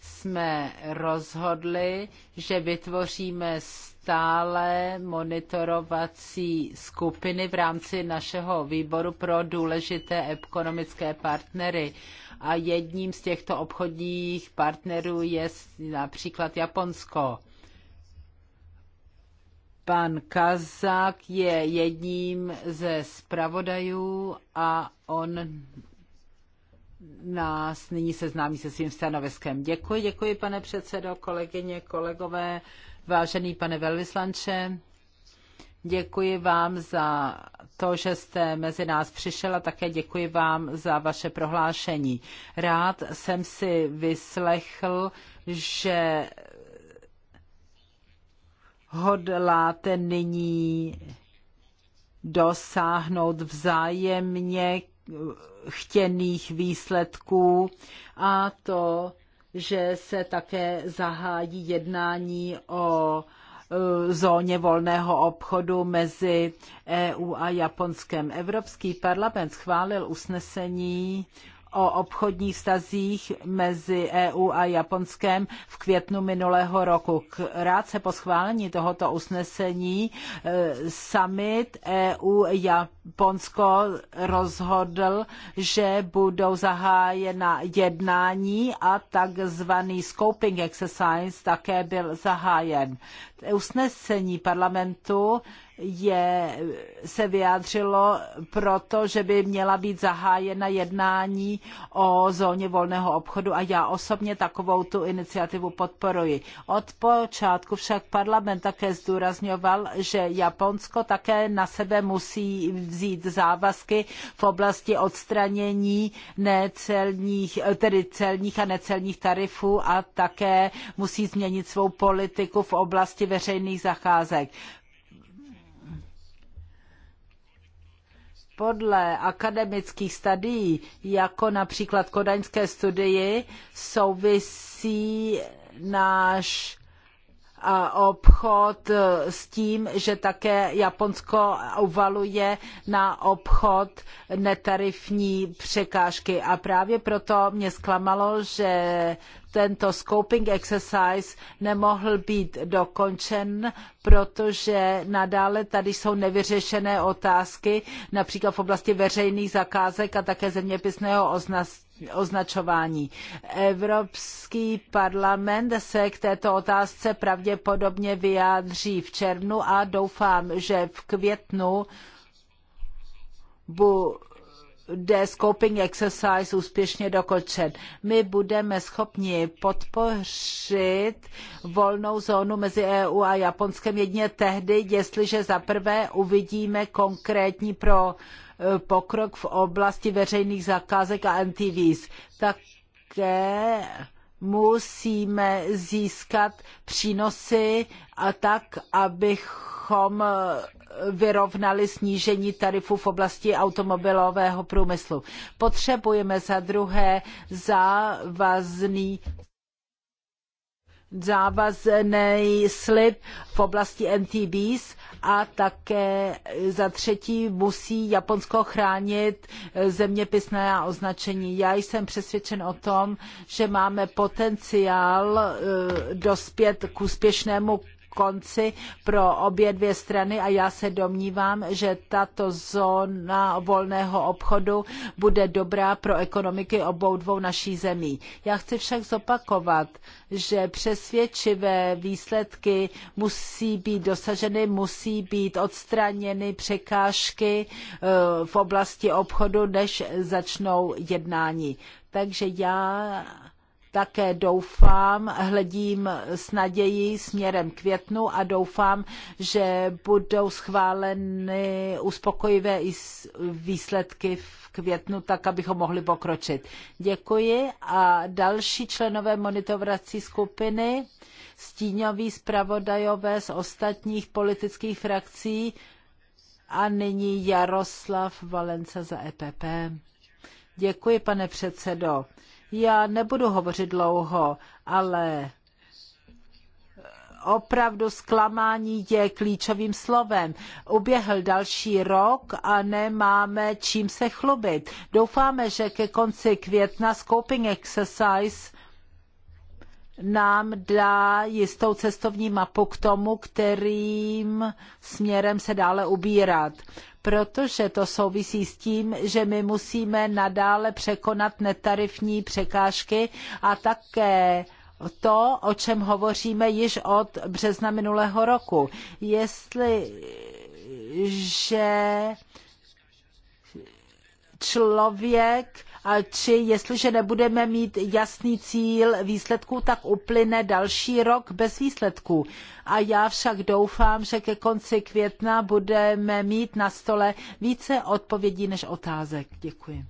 jsme rozhodli, že vytvoříme stále monitorovací skupiny v rámci našeho výboru pro důležité ekonomické partnery. A jedním z těchto obchodních partnerů je například Japonsko. Pan Kazak je jedním ze zpravodajů a on nás nyní seznámí se svým stanoviskem. Děkuji, děkuji pane předsedo, kolegyně, kolegové. Vážený pane velvyslanče, děkuji vám za to, že jste mezi nás přišel a také děkuji vám za vaše prohlášení. Rád jsem si vyslechl, že hodláte nyní dosáhnout vzájemně chtěných výsledků a to že se také zahájí jednání o e, zóně volného obchodu mezi EU a Japonskem. Evropský parlament schválil usnesení o obchodních stazích mezi EU a Japonskem v květnu minulého roku. Rád se po schválení tohoto usnesení e, summit EU-Japonsko Bonsko rozhodl, že budou zahájena jednání a takzvaný scoping exercise také byl zahájen. Usnesení parlamentu je, se vyjádřilo proto, že by měla být zahájena jednání o zóně volného obchodu a já osobně takovou tu iniciativu podporuji. Od počátku však parlament také zdůrazňoval, že Japonsko také na sebe musí vzít závazky v oblasti odstranění necelních, tedy celních a necelních tarifů a také musí změnit svou politiku v oblasti veřejných zakázek. podle akademických studií, jako například kodaňské studii, souvisí náš obchod eh, s tím, že také Japonsko uvaluje na obchod netarifní překážky. A právě proto mě zklamalo, že tento scoping exercise nemohl být dokončen, protože nadále tady jsou nevyřešené otázky, například v oblasti veřejných zakázek a také zeměpisného označení označování. Evropský parlament se k této otázce pravděpodobně vyjádří v červnu a doufám, že v květnu bude scoping exercise úspěšně dokončen. My budeme schopni podpořit volnou zónu mezi EU a Japonskem jedině tehdy, jestliže za prvé uvidíme konkrétní pro pokrok v oblasti veřejných zakázek a NTVs. Také musíme získat přínosy a tak, abychom vyrovnali snížení tarifů v oblasti automobilového průmyslu. Potřebujeme za druhé závazný závazný slib v oblasti NTBs a také za třetí musí Japonsko chránit zeměpisné označení. Já jsem přesvědčen o tom, že máme potenciál eh, dospět k úspěšnému konci pro obě dvě strany a já se domnívám, že tato zóna volného obchodu bude dobrá pro ekonomiky obou dvou naší zemí. Já chci však zopakovat, že přesvědčivé výsledky musí být dosaženy, musí být odstraněny překážky eh, v oblasti obchodu, než začnou jednání. Takže já také doufám, hledím s nadějí směrem květnu a doufám, že budou schváleny uspokojivé výsledky v květnu, tak abychom mohli pokročit. Děkuji a další členové monitorovací skupiny, stíňoví zpravodajové z ostatních politických frakcí a nyní Jaroslav Valenca za EPP. Děkuji, pane předsedo. Já nebudu hovořit dlouho, ale opravdu zklamání je klíčovým slovem. Uběhl další rok a nemáme čím se chlubit. Doufáme, že ke konci května Scoping Exercise nám dá jistou cestovní mapu k tomu, kterým směrem se dále ubírat. Protože to souvisí s tím, že my musíme nadále překonat netarifní překážky a také to, o čem hovoříme již od března minulého roku. Jestliže člověk a jestliže nebudeme mít jasný cíl výsledků, tak uplyne další rok bez výsledků. A já však doufám, že ke konci května budeme mít na stole více odpovědí než otázek. Děkuji.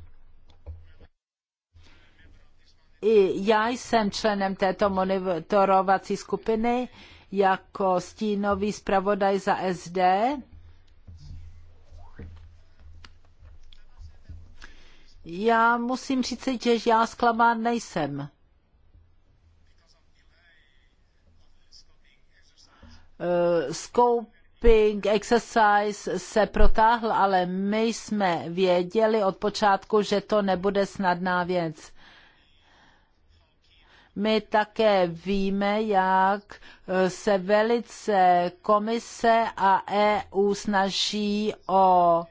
I já jsem členem této monitorovací skupiny jako stínový zpravodaj za SD Já musím říct, že já zklamán nejsem. Eh, scoping exercise se protáhl, ale my jsme věděli od počátku, že to nebude snadná věc. My také víme, jak se velice komise a EU snaží o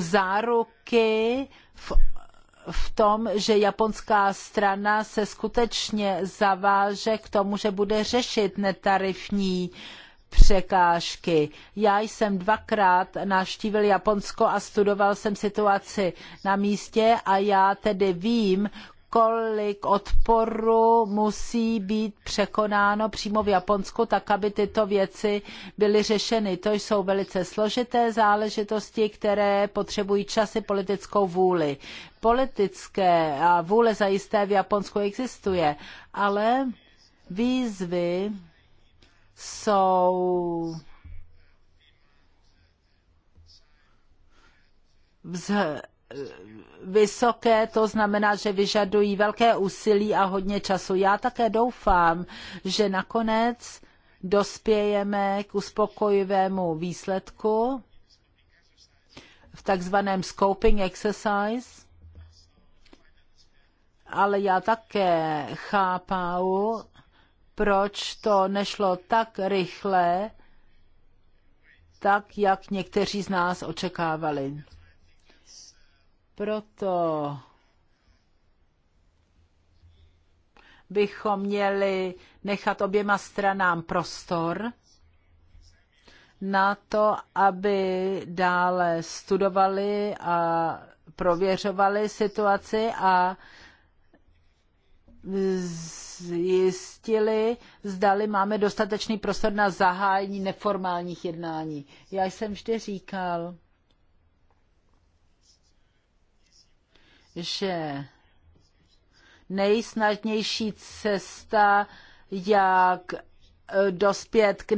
záruky v, v tom, že japonská strana se skutečně zaváže k tomu, že bude řešit netarifní překážky. Já jsem dvakrát navštívil Japonsko a studoval jsem situaci na místě a já tedy vím, kolik odporu musí být překonáno přímo v Japonsku, tak aby tyto věci byly řešeny. To jsou velice složité záležitosti, které potřebují časy politickou vůli. Politické a vůle zajisté v Japonsku existuje, ale výzvy jsou vysoké, to znamená, že vyžadují velké úsilí a hodně času. Já také doufám, že nakonec dospějeme k uspokojivému výsledku v takzvaném scoping exercise, ale já také chápu, proč to nešlo tak rychle, tak jak někteří z nás očekávali. Proto bychom měli nechat oběma stranám prostor na to, aby dále studovali a prověřovali situaci a zjistili, zdali máme dostatečný prostor na zahájení neformálních jednání. Já jsem vždy říkal, že nejsnadnější cesta, jak eh, dospět k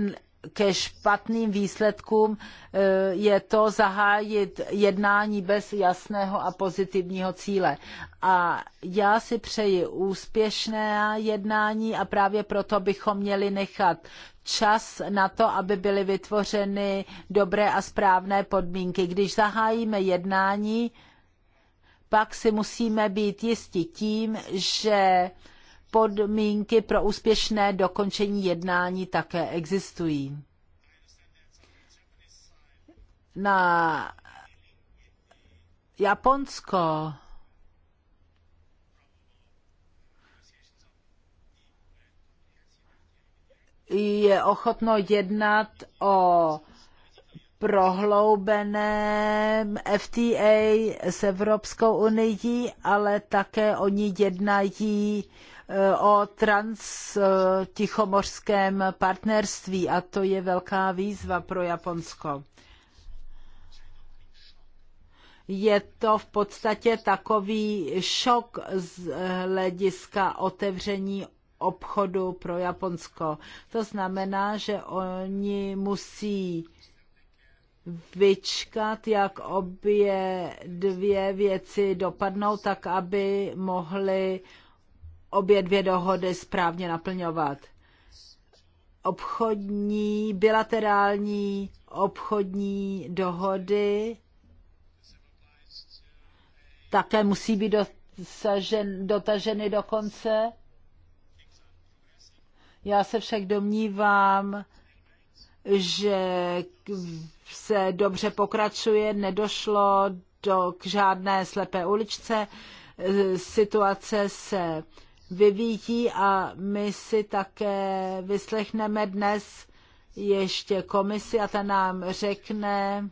ke špatným výsledkům eh, je to zahájit jednání bez jasného a pozitivního cíle. A já si přeji úspěšné jednání a právě proto bychom měli nechat čas na to, aby byly vytvořeny dobré a správné podmínky. Když zahájíme jednání, pak si musíme být jisti tím, že podmínky pro úspěšné dokončení jednání také existují. Na Japonsko je ochotno jednat o prohloubeném FTA s Evropskou unii, ale také oni jednají e, o trans-tichomořském partnerství a to je velká výzva pro Japonsko. Je to v podstatě takový šok z hlediska otevření obchodu pro Japonsko. To znamená, že oni musí vyčkat, jak obě dvě věci dopadnou, tak aby mohly obě dvě dohody správně naplňovat. Obchodní, bilaterální obchodní dohody také musí být dosažen, dotaženy do konce. Já se však domnívám, že se dobře pokračuje, nedošlo do, k žádné slepé uličce, situace se vyvíjí a my si také vyslechneme dnes ještě komisi a ta nám řekne,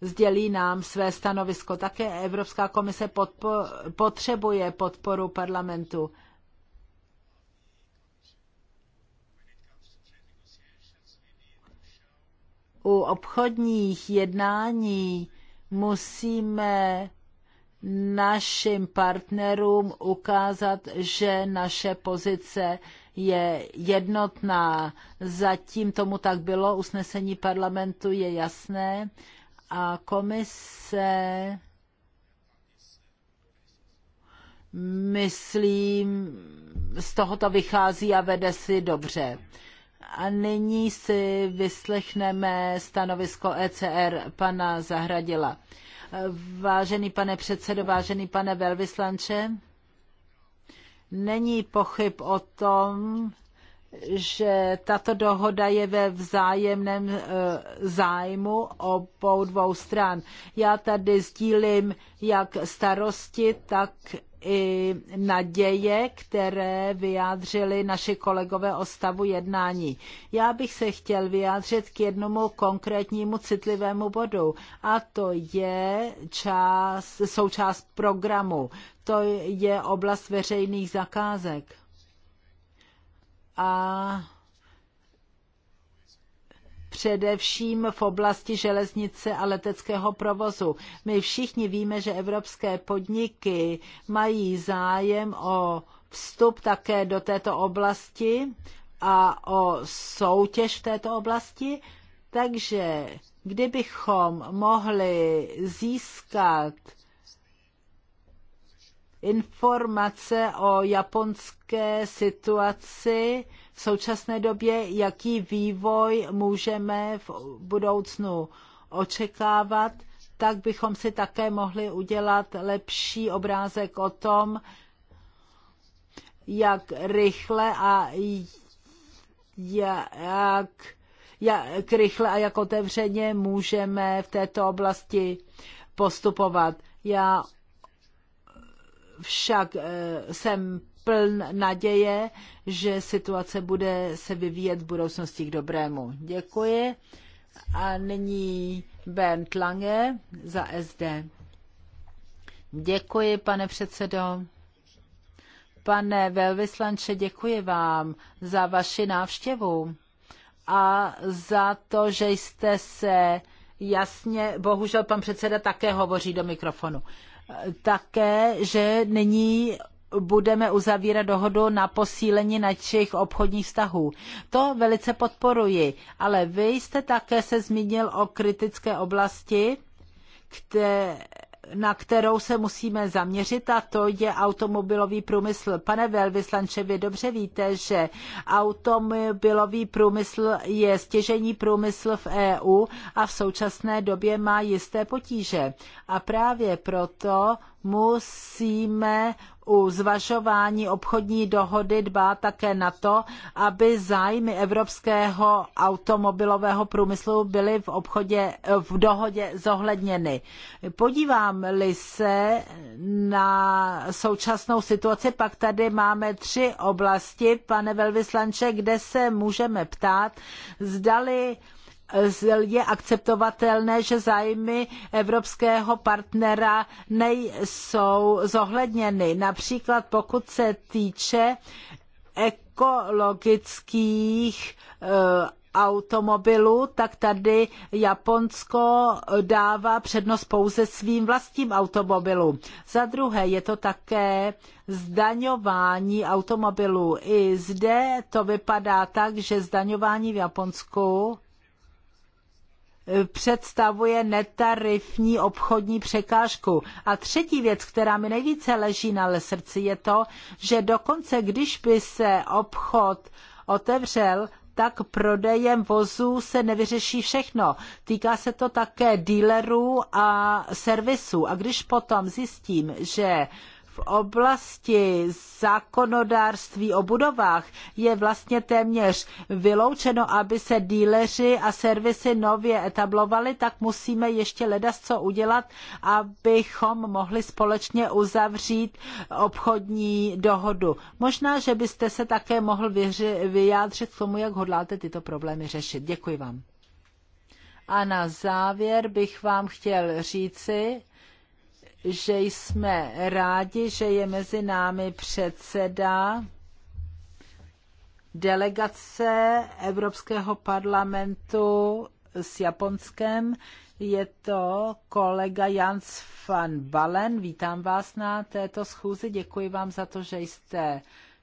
sdělí nám své stanovisko. Také Evropská komise potřebuje podporu parlamentu. u obchodních jednání musíme našim partnerům ukázat, že naše pozice je jednotná. Zatím tomu tak bylo, usnesení parlamentu je jasné a komise myslím, z tohoto vychází a vede si dobře. A nyní si vyslechneme stanovisko ECR pana Zahradila. Vážený pane předsedo, vážený pane velvyslanče, není pochyb o tom, že tato dohoda je ve vzájemném e, zájmu obou dvou stran. Já tady sdílím jak starosti, tak i naděje, které vyjádřili naši kolegové o stavu jednání. Já bych se chtěl vyjádřit k jednomu konkrétnímu citlivému bodu a to je část, součást programu. To je oblast veřejných zakázek. A především v oblasti železnice a leteckého provozu. My všichni víme, že evropské podniky mají zájem o vstup také do této oblasti a o soutěž v této oblasti, takže kdybychom mohli získat informace o japonské situaci, v současné době, jaký vývoj můžeme v budoucnu očekávat, tak bychom si také mohli udělat lepší obrázek o tom, jak rychle a jak, jak rychle a jak otevřeně můžeme v této oblasti postupovat. Já však eh, jsem pln naděje, že situace bude se vyvíjet v budoucnosti k dobrému. Děkuji. A nyní Bernd Lange za SD. Děkuji, pane předsedo. Pane velvyslanče, děkuji vám za vaši návštěvu a za to, že jste se jasně, bohužel pan předseda také hovoří do mikrofonu, také, že nyní budeme uzavírat dohodu na posílení našich obchodních vztahů. To velice podporuji, ale vy jste také se zmínil o kritické oblasti, které na kterou se musíme zaměřit a to je automobilový průmysl. Pane velvyslanče, vy dobře víte, že automobilový průmysl je stěžení průmysl v EU a v současné době má jisté potíže. A právě proto musíme u zvažování obchodní dohody dbá také na to, aby zájmy evropského automobilového průmyslu byly v, obchodě, v dohodě zohledněny. Podívám-li se na současnou situaci, pak tady máme tři oblasti, pane velvyslanče, kde se můžeme ptát, zdali je akceptovatelné, že zájmy evropského partnera nejsou zohledněny. Například pokud se týče ekologických eh, automobilů, tak tady Japonsko dává přednost pouze svým vlastním automobilům. Za druhé je to také zdaňování automobilů. I zde to vypadá tak, že zdaňování v Japonsku představuje netarifní obchodní překážku. A třetí věc, která mi nejvíce leží na srdci, je to, že dokonce když by se obchod otevřel, tak prodejem vozů se nevyřeší všechno. Týká se to také dealerů a servisů. A když potom zjistím, že v oblasti zákonodárství o budovách je vlastně téměř vyloučeno, aby se díleři a servisy nově etablovali, tak musíme ještě ledas co udělat, abychom mohli společně uzavřít obchodní dohodu. Možná, že byste se také mohl vyjádřit k tomu, jak hodláte tyto problémy řešit. Děkuji vám. A na závěr bych vám chtěl říci, že jsme rádi, že je mezi námi předseda delegace Evropského parlamentu s Japonskem. Je to kolega Jans van Balen. Vítám vás na této schůzi. Děkuji vám za to, že jste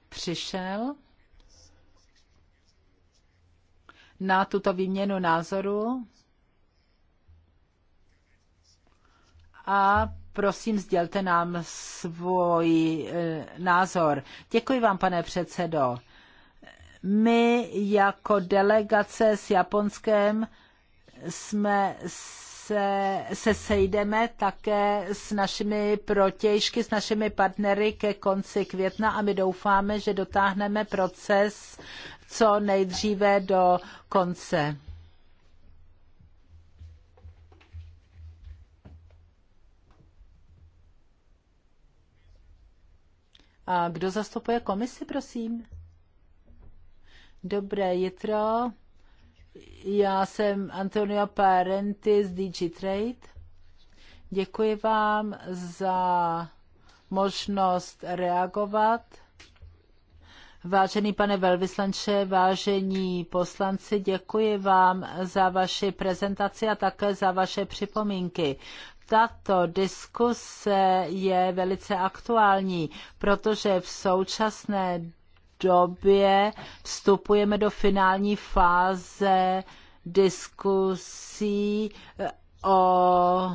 přišel na tuto výměnu názoru. A Prosím, sdělte nám svůj e, názor. Děkuji vám, pane předsedo. My jako delegace s Japonskem jsme se, se sejdeme také s našimi protějšky, s našimi partnery ke konci května a my doufáme, že dotáhneme proces co nejdříve do konce. A kdo zastupuje komisi, prosím? Dobré jitro. Já jsem Antonio Parenti z Digitrade. Děkuji vám za možnost reagovat. Vážený pane velvyslanče, vážení poslanci, děkuji vám za vaši prezentaci a také za vaše připomínky tato diskuse je velice aktuální, protože v současné době vstupujeme do finální fáze diskusí eh, o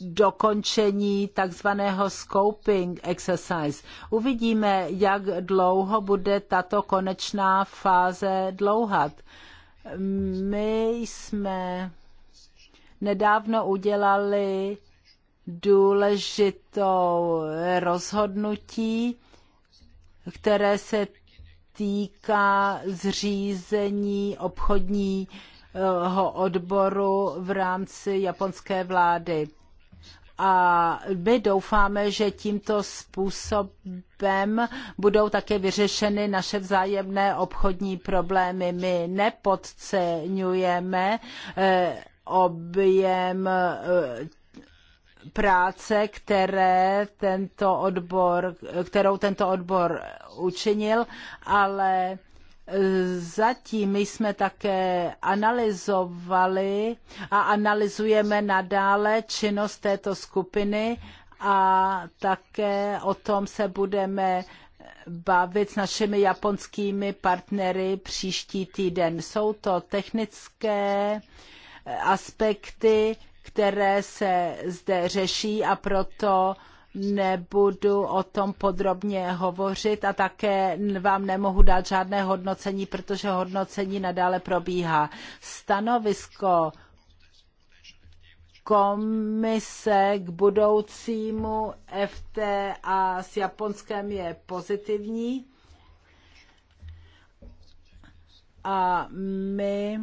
dokončení takzvaného scoping exercise. Uvidíme, jak dlouho bude tato konečná fáze dlouhat. My jsme nedávno udělali důležitou rozhodnutí, které se týká zřízení obchodního odboru v rámci japonské vlády. A my doufáme, že tímto způsobem budou také vyřešeny naše vzájemné obchodní problémy. My nepodceňujeme eh, objem eh, práce, které tento odbor, kterou tento odbor učinil, ale eh, zatím my jsme také analyzovali a analyzujeme nadále činnost této skupiny a také o tom se budeme bavit s našimi japonskými partnery příští týden. Jsou to technické uh, aspekty, které se zde řeší a proto nebudu o tom podrobně hovořit a také vám nemohu dát žádné hodnocení, protože hodnocení nadále probíhá. Stanovisko komise k budoucímu FTA s Japonskem je pozitivní a my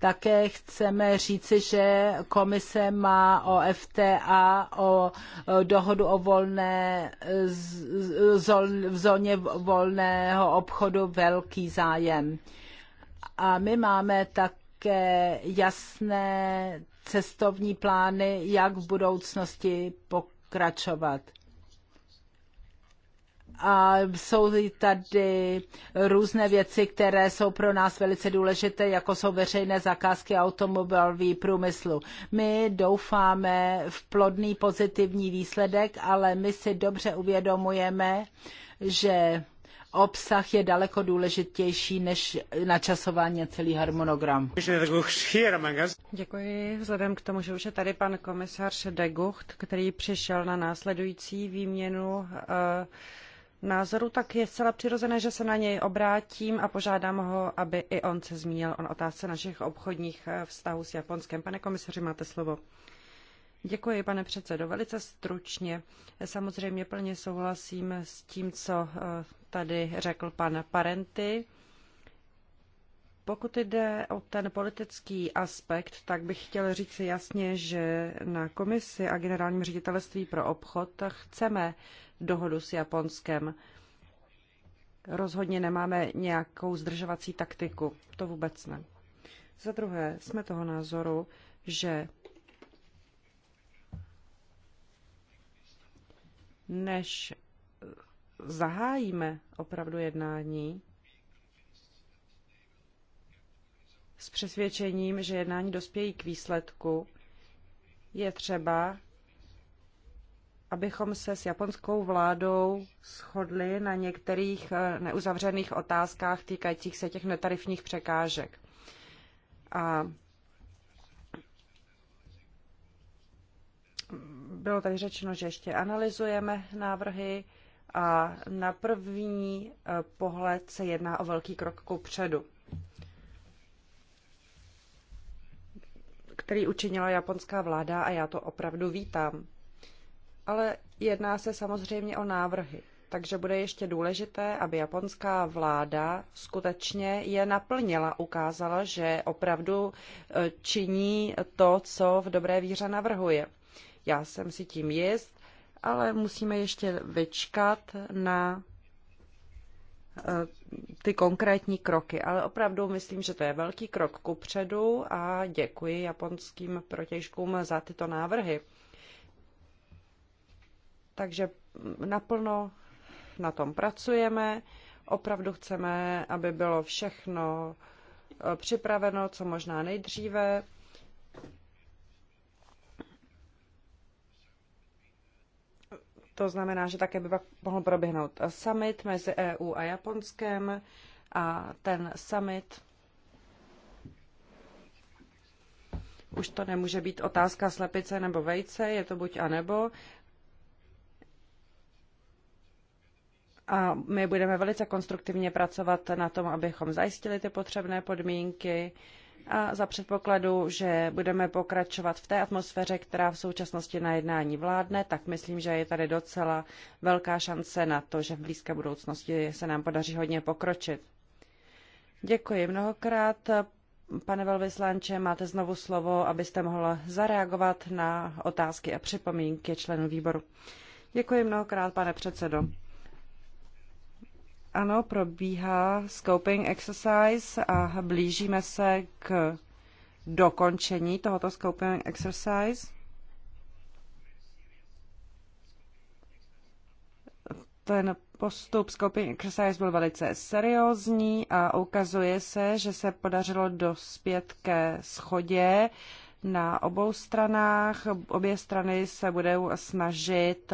také chceme říci, že komise má o FTA, o dohodu o volné v zóně volného obchodu velký zájem. A my máme také jasné cestovní plány, jak v budoucnosti pokračovat a jsou tady různé věci, které jsou pro nás velice důležité, jako jsou veřejné zakázky automobilový průmyslu. My doufáme v plodný pozitivní výsledek, ale my si dobře uvědomujeme, že obsah je daleko důležitější než načasování celý harmonogram. Děkuji. Vzhledem k tomu, že už je tady pan komisař de Gucht, který přišel na následující výměnu uh, názoru, tak je zcela přirozené, že se na něj obrátím a požádám ho, aby i on se zmínil o otázce našich obchodních eh, vztahů s Japonskem. Pane komisaři, máte slovo. Děkuji, pane předsedo. Velice stručně. Samozřejmě plně souhlasím s tím, co eh, tady řekl pan Parenty. Pokud jde o ten politický aspekt, tak bych chtěl říct jasně, že na komisi a generálním ředitelství pro obchod chceme dohodu s Japonskem. Rozhodně nemáme nějakou zdržovací taktiku. To vůbec ne. Za druhé, jsme toho názoru, že než zahájíme opravdu jednání, s přesvědčením, že jednání dospějí k výsledku, je třeba, abychom se s japonskou vládou shodli na některých eh, neuzavřených otázkách týkajících se těch netarifních překážek. A bylo tady řečeno, že ještě analyzujeme návrhy a na první eh, pohled se jedná o velký krok ku předu. který učinila japonská vláda a já to opravdu vítám. Ale jedná se samozřejmě o návrhy, takže bude ještě důležité, aby japonská vláda skutečně je naplnila, ukázala, že opravdu e, činí to, co v dobré víře navrhuje. Já jsem si tím jist, ale musíme ještě vyčkat na Eh, ty konkrétní kroky, ale opravdu myslím, že to je velký krok ku předu a děkuji japonským protěžkům za tyto návrhy. Takže naplno na tom pracujeme. Opravdu chceme, aby bylo všechno eh, připraveno co možná nejdříve. To znamená, že také by pak mohl proběhnout summit mezi EU a Japonskem a ten summit už to nemůže být otázka slepice nebo vejce, je to buď a nebo. A my budeme velice konstruktivně pracovat na tom, abychom zajistili ty potřebné podmínky. Uh, a za předpokladu, že budeme pokračovat v té atmosféře, která v současnosti na jednání vládne, tak myslím, že je tady docela velká šance na to, že v blízké budoucnosti se nám podaří hodně pokročit. Děkuji mnohokrát. Pane velvyslanče, máte znovu slovo, abyste mohl zareagovat na otázky a připomínky členů výboru. Děkuji mnohokrát, pane předsedo. Ano, probíhá scoping exercise a blížíme se k dokončení tohoto scoping exercise. Ten postup scoping exercise byl velice seriózní a ukazuje se, že se podařilo dospět ke schodě na obou stranách. Obě strany se budou snažit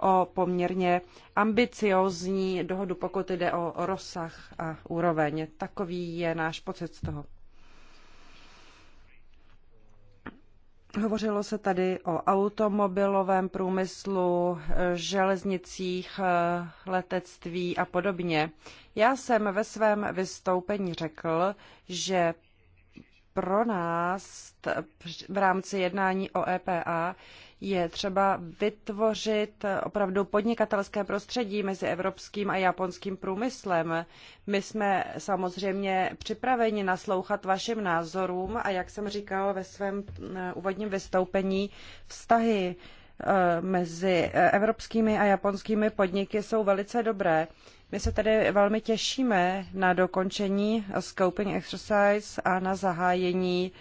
o poměrně ambiciozní dohodu, pokud jde o rozsah a úroveň. Takový je náš pocit z toho. Hovořilo se tady o automobilovém průmyslu, železnicích, letectví a podobně. Já jsem ve svém vystoupení řekl, že pro nás v rámci jednání o EPA je třeba vytvořit opravdu podnikatelské prostředí mezi evropským a japonským průmyslem. My jsme samozřejmě připraveni naslouchat vašim názorům a jak jsem říkal ve svém eh, úvodním vystoupení, vztahy eh, mezi eh, evropskými a japonskými podniky jsou velice dobré. My se tedy velmi těšíme na dokončení scoping exercise a na zahájení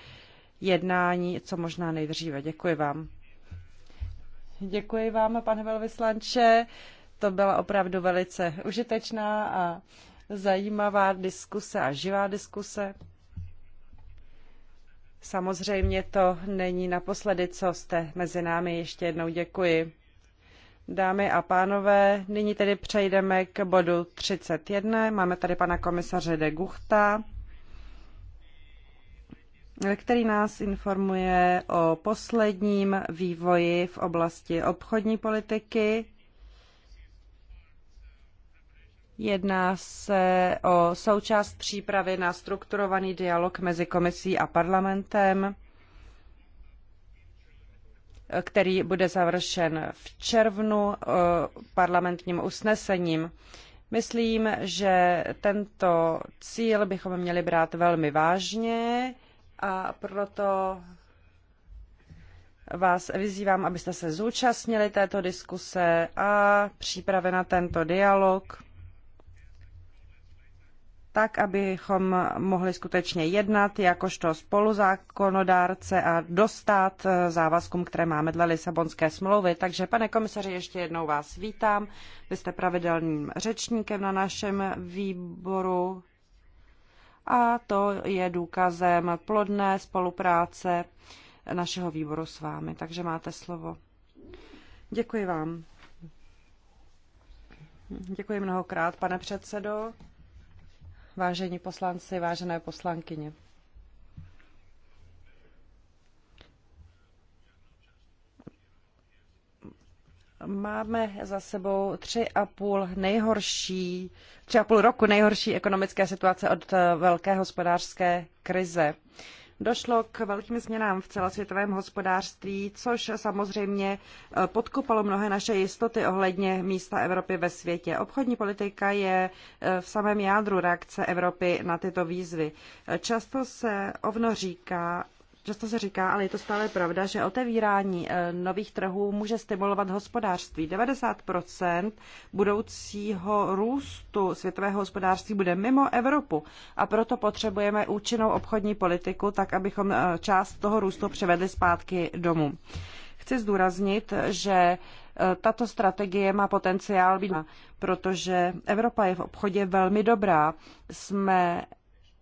jednání co možná nejdříve. Děkuji vám. Děkuji vám, pane velvyslanče. To byla opravdu velice užitečná a zajímavá diskuse a živá diskuse. Samozřejmě to není naposledy, co jste mezi námi. Ještě jednou děkuji. Dámy a pánové, nyní tedy přejdeme k bodu 31. Máme tady pana komisaře de Guchta, který nás informuje o posledním vývoji v oblasti obchodní politiky. Jedná se o součást přípravy na strukturovaný dialog mezi komisí a parlamentem který bude završen v červnu eh, parlamentním usnesením. Myslím, že tento cíl bychom měli brát velmi vážně a proto vás vyzývám, abyste se zúčastnili této diskuse a přípravy na tento dialog tak, abychom mohli skutečně jednat jakožto spoluzákonodárce a dostat eh, závazkům, které máme dle Lisabonské smlouvy. Takže, pane komisaři, ještě jednou vás vítám. Vy jste pravidelným řečníkem na našem výboru a to je důkazem plodné spolupráce našeho výboru s vámi. Takže máte slovo. Děkuji vám. Děkuji mnohokrát, pane předsedo vážení poslanci, vážené poslankyně. Máme za sebou tři a půl nejhorší, tři a půl roku nejhorší ekonomické situace od eh, velké hospodářské krize. Došlo k velkým změnám v celosvětovém hospodářství, což samozřejmě eh, podkopalo mnohé naše jistoty ohledně místa Evropy ve světě. Obchodní politika je eh, v samém jádru reakce Evropy na tyto výzvy. Eh, často se ovno říká, Často se říká, ale je to stále pravda, že otevírání eh, nových trhů může stimulovat hospodářství. 90 budoucího růstu světového hospodářství bude mimo Evropu a proto potřebujeme účinnou obchodní politiku, tak abychom eh, část toho růstu převedli zpátky domů. Chci zdůraznit, že eh, tato strategie má potenciál být, protože Evropa je v obchodě velmi dobrá. Jsme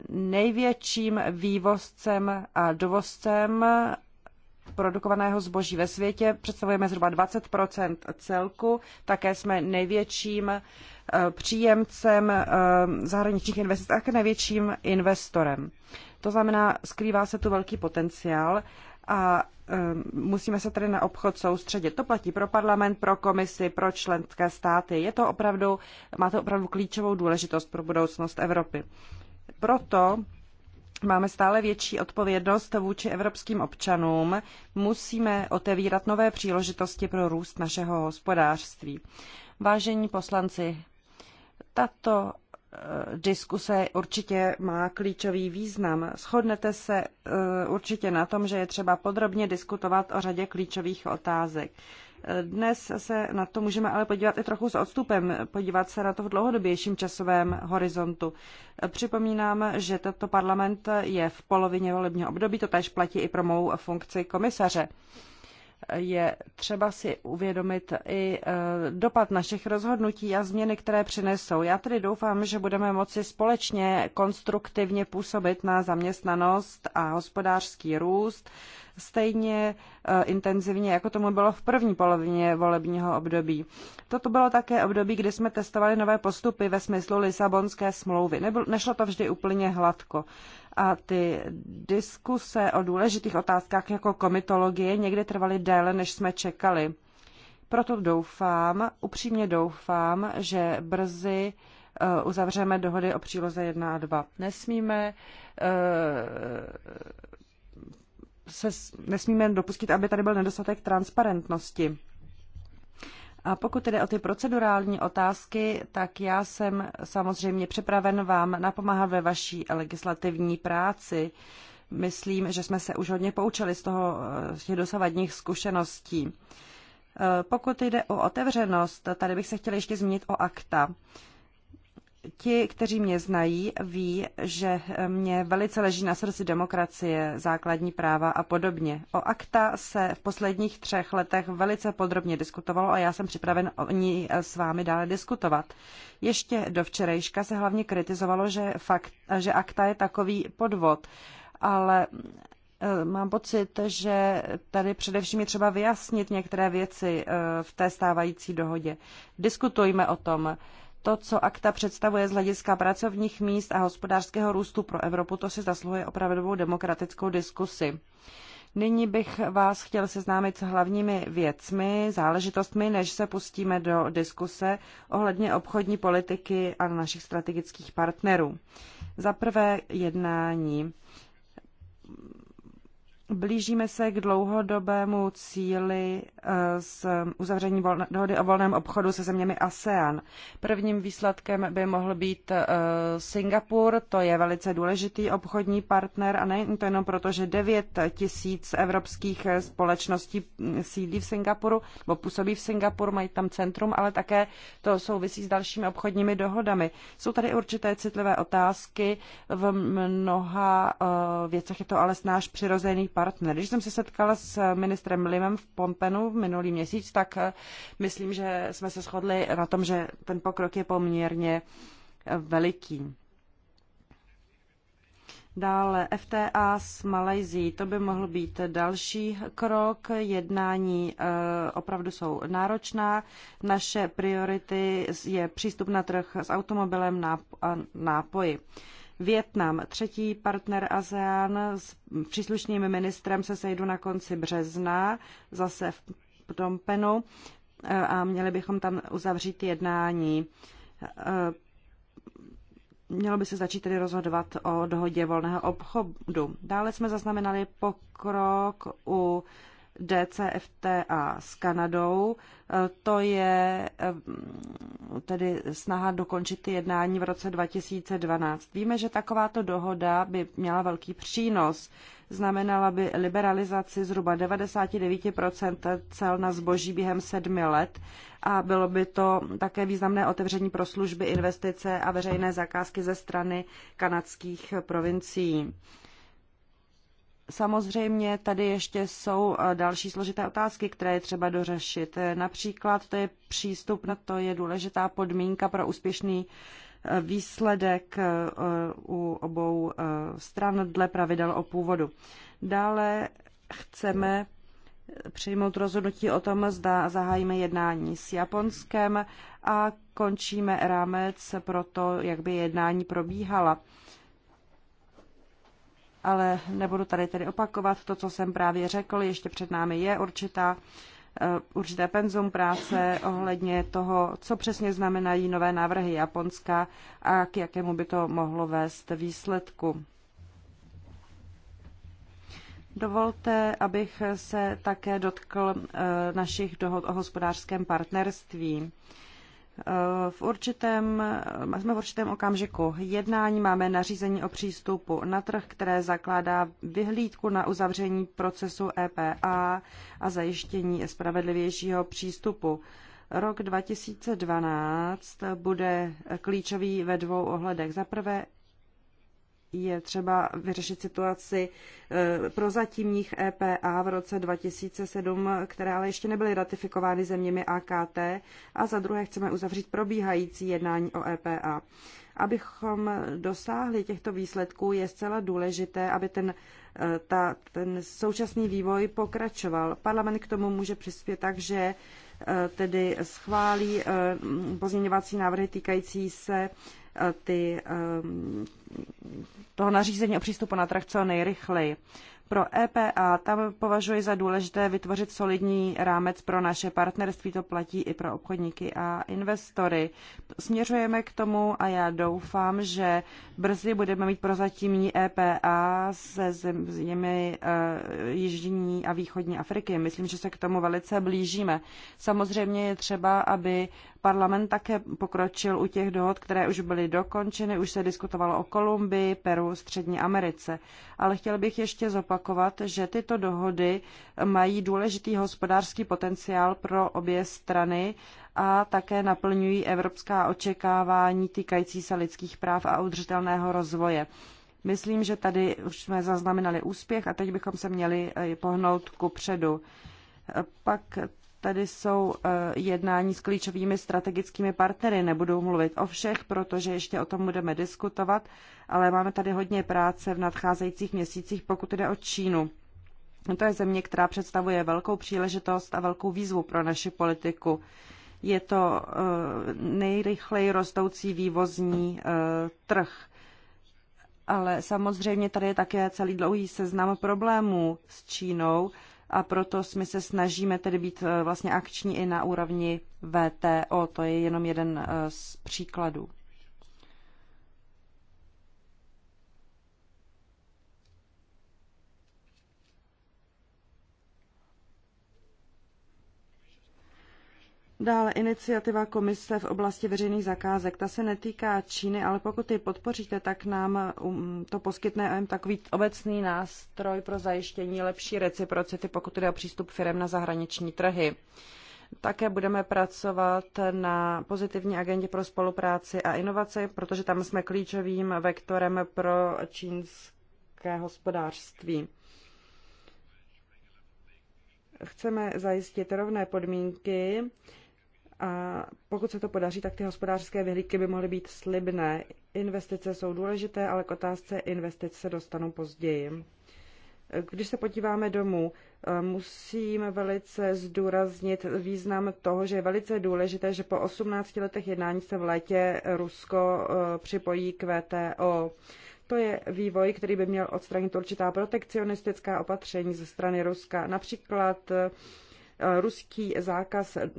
největším vývozcem a dovozcem produkovaného zboží ve světě. Představujeme zhruba 20 celku. Také jsme největším eh, příjemcem eh, zahraničních investic a také největším investorem. To znamená, skrývá se tu velký potenciál a eh, musíme se tedy na obchod soustředit. To platí pro parlament, pro komisi, pro členské státy. Je to opravdu, má to opravdu klíčovou důležitost pro budoucnost Evropy proto máme stále větší odpovědnost vůči evropským občanům, musíme otevírat nové příležitosti pro růst našeho hospodářství. Vážení poslanci, tato eh, diskuse určitě má klíčový význam. Shodnete se eh, určitě na tom, že je třeba podrobně diskutovat o řadě klíčových otázek. Dnes se na to můžeme ale podívat i trochu s odstupem, podívat se na to v dlouhodobějším časovém horizontu. Připomínám, že tento parlament je v polovině volebního období, to tež platí i pro mou funkci komisaře je třeba si uvědomit i e, dopad našich rozhodnutí a změny, které přinesou. Já tedy doufám, že budeme moci společně konstruktivně působit na zaměstnanost a hospodářský růst stejně e, intenzivně, jako tomu bylo v první polovině volebního období. Toto bylo také období, kdy jsme testovali nové postupy ve smyslu Lisabonské smlouvy. nešlo to vždy úplně hladko a ty diskuse o důležitých otázkách jako komitologie někdy trvaly déle, než jsme čekali. Proto doufám, upřímně doufám, že brzy eh, uzavřeme dohody o příloze 1 a 2. Nesmíme eh, se, nesmíme dopustit, aby tady byl nedostatek transparentnosti. A pokud tedy o ty procedurální otázky, tak já jsem samozřejmě připraven vám napomáhat ve vaší legislativní práci. Myslím, že jsme se už hodně poučili z toho eh, z těch dosavadních zkušeností. Eh, pokud jde o otevřenost, tady bych se chtěla ještě zmínit o akta ti, kteří mě znají, ví, že mě velice leží na srdci demokracie, základní práva a podobně. O akta se v posledních třech letech velice podrobně diskutovalo a já jsem připraven o ní s vámi dále diskutovat. Ještě do včerejška se hlavně kritizovalo, že, fakt, že akta je takový podvod, ale eh, Mám pocit, že tady především je třeba vyjasnit některé věci eh, v té stávající dohodě. Diskutujme o tom to, co akta představuje z hlediska pracovních míst a hospodářského růstu pro Evropu, to si zasluhuje opravdovou demokratickou diskusi. Nyní bych vás chtěl seznámit s hlavními věcmi, záležitostmi, než se pustíme do diskuse ohledně obchodní politiky a našich strategických partnerů. Za prvé jednání Blížíme se k dlouhodobému cíli z eh, uzavření dohody o volném obchodu se zeměmi ASEAN. Prvním výsledkem by mohl být eh, Singapur, to je velice důležitý obchodní partner a nejen to jenom proto, že 9 tisíc evropských eh, společností hm, sídlí v Singapuru nebo působí v Singapuru, mají tam centrum, ale také to souvisí s dalšími obchodními dohodami. Jsou tady určité citlivé otázky, v mnoha věcech je to ale náš přirozený partner partner. Když jsem se setkala s ministrem Limem v Pompenu v minulý měsíc, tak eh, myslím, že jsme se shodli na tom, že ten pokrok je poměrně eh, veliký. Dále FTA s Malajzí, to by mohl být další krok. Jednání eh, opravdu jsou náročná. Naše priority je přístup na trh s automobilem a nápoji. Větnam, třetí partner ASEAN, s příslušným ministrem se sejdu na konci března, zase v Phnom Penu, a měli bychom tam uzavřít jednání. Mělo by se začít tedy rozhodovat o dohodě volného obchodu. Dále jsme zaznamenali pokrok u DCFTA s Kanadou. E, to je e, tedy snaha dokončit ty jednání v roce 2012. Víme, že takováto dohoda by měla velký přínos. Znamenala by liberalizaci zhruba 99% cel na zboží během sedmi let a bylo by to také významné otevření pro služby, investice a veřejné zakázky ze strany kanadských provincií. Samozřejmě tady ještě jsou eh, další složité otázky, které je třeba dořešit. Eh, například to je přístup, na to je důležitá podmínka pro úspěšný eh, výsledek u obou stran dle pravidel o původu. Dále chceme přijmout rozhodnutí o tom, zda zahájíme jednání s Japonskem a končíme rámec pro to, jak by jednání probíhala ale nebudu tady tedy opakovat to, co jsem právě řekl. Ještě před námi je určitá eh, určité penzum práce ohledně toho, co přesně znamenají nové návrhy Japonska a k jakému by to mohlo vést výsledku. Dovolte, abych se také dotkl eh, našich dohod o hospodářském partnerství. V určitém, jsme v určitém okamžiku jednání, máme nařízení o přístupu na trh, které zakládá vyhlídku na uzavření procesu EPA a zajištění spravedlivějšího přístupu. Rok 2012 bude klíčový ve dvou ohledech. Za prvé je třeba vyřešit situaci eh, prozatímních EPA v roce 2007, které ale ještě nebyly ratifikovány zeměmi AKT a za druhé chceme uzavřít probíhající jednání o EPA. Abychom dosáhli těchto výsledků, je zcela důležité, aby ten, eh, ta, ten současný vývoj pokračoval. Parlament k tomu může přispět tak, že eh, tedy schválí pozměňovací návrhy týkající se Eh, ty, eh, toho nařízení o přístupu na trh co nejrychleji. Pro EPA tam považuji za důležité vytvořit solidní rámec pro naše partnerství, to platí i pro obchodníky a investory. Směřujeme k tomu a já doufám, že brzy budeme mít prozatímní EPA se zeměmi uh, Jižní a Východní Afriky. Myslím, že se k tomu velice blížíme. Samozřejmě je třeba, aby Parlament také pokročil u těch dohod, které už byly dokončeny, už se diskutovalo o Kolumbii, Peru, Střední Americe. Ale chtěl bych ještě zopakovat, že tyto dohody mají důležitý hospodářský potenciál pro obě strany a také naplňují evropská očekávání týkající se lidských práv a udržitelného rozvoje. Myslím, že tady už jsme zaznamenali úspěch a teď bychom se měli eh, pohnout ku předu. Pak Tady jsou eh, jednání s klíčovými strategickými partnery. Nebudu mluvit o všech, protože ještě o tom budeme diskutovat, ale máme tady hodně práce v nadcházejících měsících, pokud jde o Čínu. No, to je země, která představuje velkou příležitost a velkou výzvu pro naši politiku. Je to eh, nejrychleji rostoucí vývozní eh, trh. Ale samozřejmě tady je také celý dlouhý seznam problémů s Čínou a proto jsme se snažíme tedy být eh, vlastně akční i na úrovni VTO. To je jenom jeden eh, z příkladů. Dále iniciativa komise v oblasti veřejných zakázek. Ta se netýká Číny, ale pokud ji podpoříte, tak nám um, to poskytne takový obecný nástroj pro zajištění lepší reciprocity, pokud jde o přístup firm na zahraniční trhy. Také budeme pracovat na pozitivní agendě pro spolupráci a inovaci, protože tam jsme klíčovým vektorem pro čínské hospodářství chceme zajistit rovné podmínky a pokud se to podaří, tak ty hospodářské vyhlídky by mohly být slibné. Investice jsou důležité, ale k otázce investic se dostanu později. Když se podíváme domů, musím velice zdůraznit význam toho, že je velice důležité, že po 18 letech jednání se v létě Rusko eh, připojí k VTO. To je vývoj, který by měl odstranit určitá protekcionistická opatření ze strany Ruska. Například eh, ruský zákaz eh,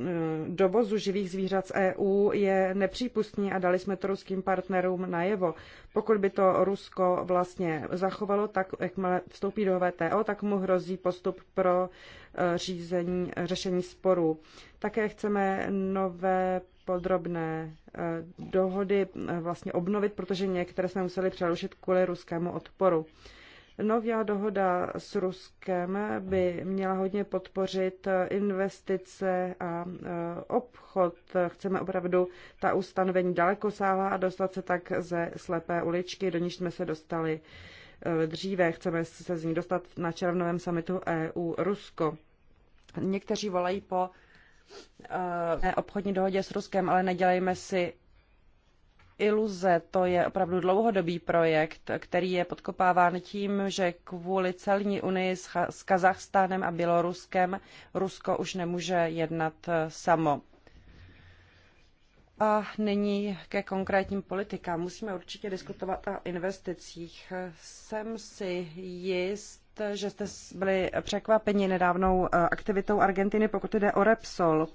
dovozu živých zvířat z EU je nepřípustný a dali jsme to ruským partnerům najevo. Pokud by to Rusko vlastně zachovalo, tak jakmile vstoupí do VTO, tak mu hrozí postup pro eh, řízení, řešení sporů. Také chceme nové podrobné eh, dohody vlastně obnovit, protože některé jsme museli přerušit kvůli ruskému odporu. Nová dohoda s Ruskem by měla hodně podpořit investice a e, obchod. Chceme opravdu ta ustanovení daleko sáhla a dostat se tak ze slepé uličky, do níž jsme se dostali e, dříve. Chceme se z ní dostat na červnovém samitu EU-Rusko. Někteří volají po e, obchodní dohodě s Ruskem, ale nedělejme si iluze, to je opravdu dlouhodobý projekt, který je podkopáván tím, že kvůli celní unii s Kazachstánem a Běloruskem Rusko už nemůže jednat eh, samo. A nyní ke konkrétním politikám. Musíme určitě diskutovat o investicích. Jsem si jist, že jste byli překvapeni nedávnou eh, aktivitou Argentiny, pokud jde o Repsol.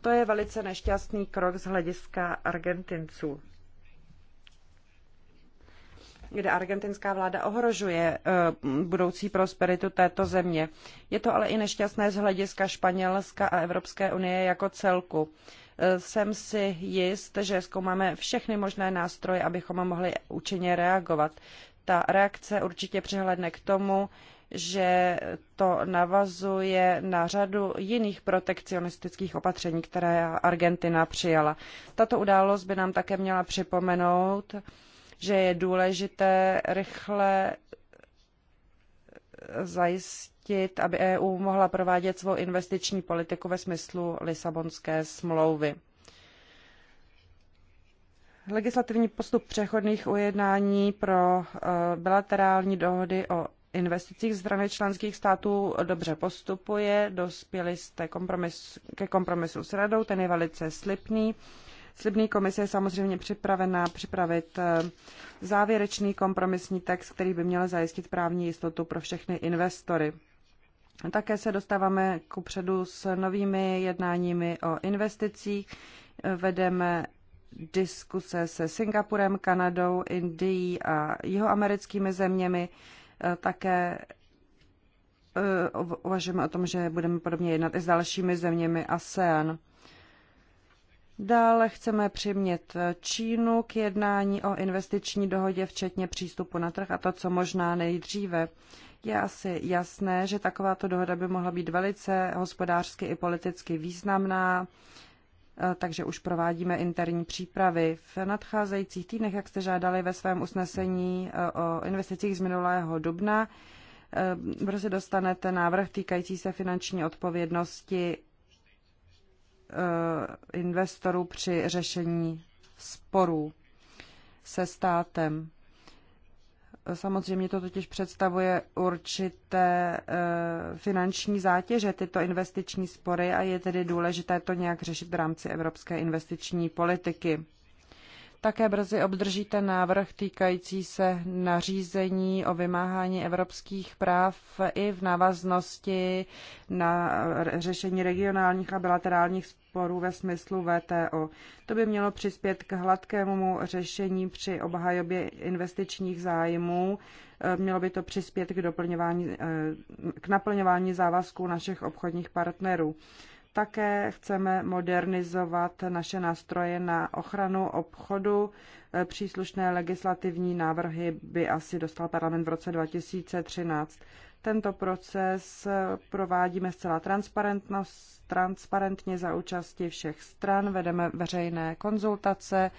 To je velice nešťastný krok z hlediska Argentinců kde argentinská vláda ohrožuje eh, budoucí prosperitu této země. Je to ale i nešťastné z hlediska Španělska a Evropské unie jako celku. Eh, jsem si jist, že zkoumáme všechny možné nástroje, abychom mohli účinně reagovat. Ta reakce určitě přihledne k tomu, že to navazuje na řadu jiných protekcionistických opatření, které Argentina přijala. Tato událost by nám také měla připomenout, že je důležité rychle zajistit, aby EU mohla provádět svou investiční politiku ve smyslu Lisabonské smlouvy. Legislativní postup přechodných ujednání pro eh, bilaterální dohody o investicích ze strany členských států dobře postupuje. Dospěli jste kompromis, ke kompromisu s radou, ten je velice slibný. Slibný komise je samozřejmě připravena připravit eh, závěrečný kompromisní text, který by měl zajistit právní jistotu pro všechny investory. Také se dostáváme ku předu s novými jednáními o investicích. Vedeme diskuse se Singapurem, Kanadou, Indií a jihoamerickými zeměmi. Eh, také eh, uvažujeme o tom, že budeme podobně jednat i s dalšími zeměmi ASEAN. Dále chceme přimět eh, Čínu k jednání o investiční dohodě, včetně přístupu na trh a to, co možná nejdříve. Je asi jasné, že takováto dohoda by mohla být velice hospodářsky i politicky významná, eh, takže už provádíme interní přípravy. V nadcházejících týdnech, jak jste žádali ve svém usnesení eh, o investicích z minulého dubna, brzy dostanete návrh týkající se finanční odpovědnosti Eh, investorů při řešení sporů se státem. Samozřejmě to totiž představuje určité eh, finanční zátěže, tyto investiční spory, a je tedy důležité to nějak řešit v rámci evropské investiční politiky. Také brzy obdržíte návrh týkající se nařízení o vymáhání evropských práv i v návaznosti na řešení regionálních a bilaterálních sporů ve smyslu VTO. To by mělo přispět k hladkému řešení při obhajobě investičních zájmů. Eh, mělo by to přispět k, doplňování, eh, k naplňování závazků našich obchodních partnerů. Také chceme modernizovat naše nástroje na ochranu obchodu. Eh, příslušné legislativní návrhy by asi dostal parlament v roce 2013. Tento proces eh, provádíme zcela transparentně za účasti všech stran, vedeme veřejné konzultace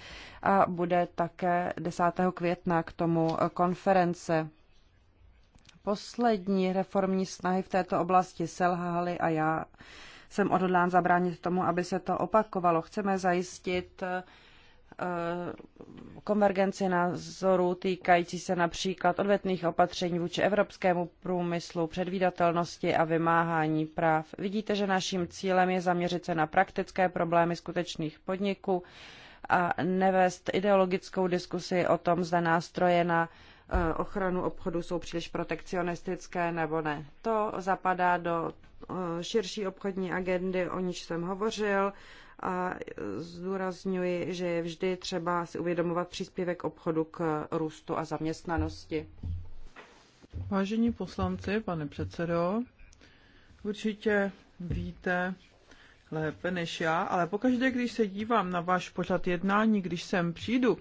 a bude také 10. května k tomu eh, konference. Poslední reformní snahy v této oblasti selhaly a já jsem odhodlán zabránit tomu, aby se to opakovalo. Chceme zajistit eh, konvergenci názoru týkající se například odvetných opatření vůči evropskému průmyslu, předvídatelnosti a vymáhání práv. Vidíte, že naším cílem je zaměřit se na praktické problémy skutečných podniků a nevést ideologickou diskusi o tom, zda nástroje na eh, ochranu obchodu jsou příliš protekcionistické nebo ne. To zapadá do Eh, širší obchodní agendy, o níž jsem hovořil a zdůrazňuji, že je vždy třeba si uvědomovat příspěvek obchodu k růstu a zaměstnanosti. Vážení poslanci, pane předsedo, určitě víte lépe než já, ale pokaždé, když se dívám na váš pořad jednání, když sem přijdu,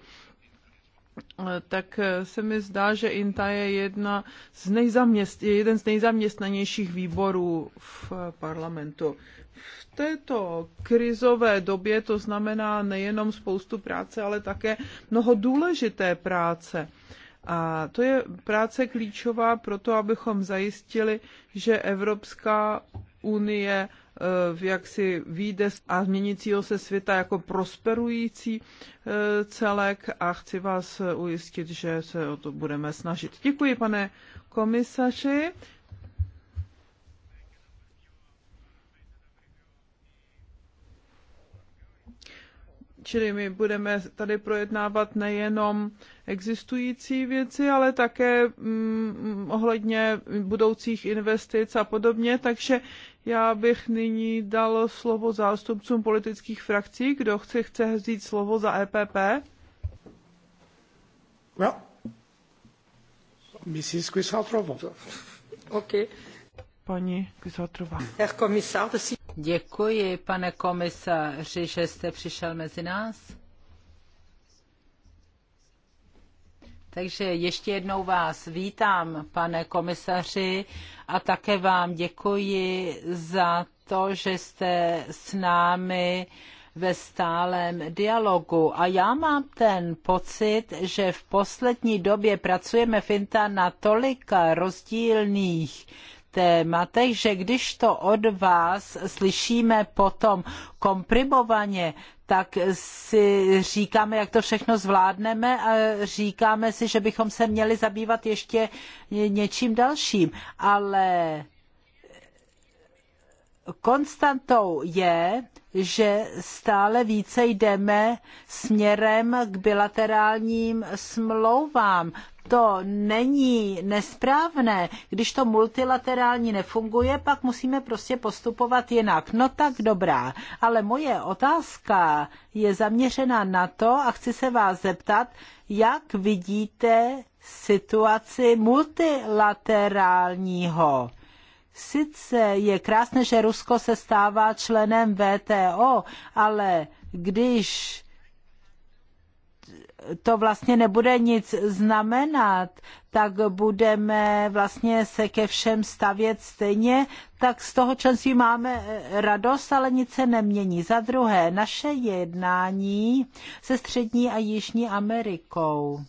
Eh, tak eh, se mi zdá, že INTA je jedna z nejzaměst, je jeden z nejzaměstnanějších výborů v eh, parlamentu. V této krizové době to znamená nejenom spoustu práce, ale také mnoho důležité práce. A to je práce klíčová pro to, abychom zajistili, že Evropská unie Eh, jaksi výjde a změnícího se světa jako prosperující eh, celek a chci vás eh, ujistit, že se o to budeme snažit. Děkuji, pane komisaři. Čili my budeme tady projednávat nejenom existující věci, ale také mm, mm ohledně budoucích investic a podobně. Takže já bych nyní dal slovo zástupcům politických frakcí. Kdo chce, chce vzít slovo za EPP? No. Mrs. Kvisatrova. OK. Paní Kvisatrova. Děkuji, pane komisaři, že jste přišel mezi nás. Takže ještě jednou vás vítám, pane komisaři, a také vám děkuji za to, že jste s námi ve stálem dialogu. A já mám ten pocit, že v poslední době pracujeme Finta na tolika rozdílných tématech, že když to od vás slyšíme potom komprimovaně, tak si říkáme, jak to všechno zvládneme a říkáme si, že bychom se měli zabývat ještě něčím dalším. Ale konstantou je, že stále více jdeme směrem k bilaterálním smlouvám, to není nesprávné, když to multilaterální nefunguje, pak musíme prostě postupovat jinak. No tak dobrá, ale moje otázka je zaměřena na to a chci se vás zeptat, jak vidíte situaci multilaterálního Sice je krásné, že Rusko se stává členem VTO, ale když to vlastně nebude nic znamenat, tak budeme vlastně se ke všem stavět stejně, tak z toho členství máme eh, radost, ale nic se nemění. Za druhé, naše jednání se Střední a Jižní Amerikou.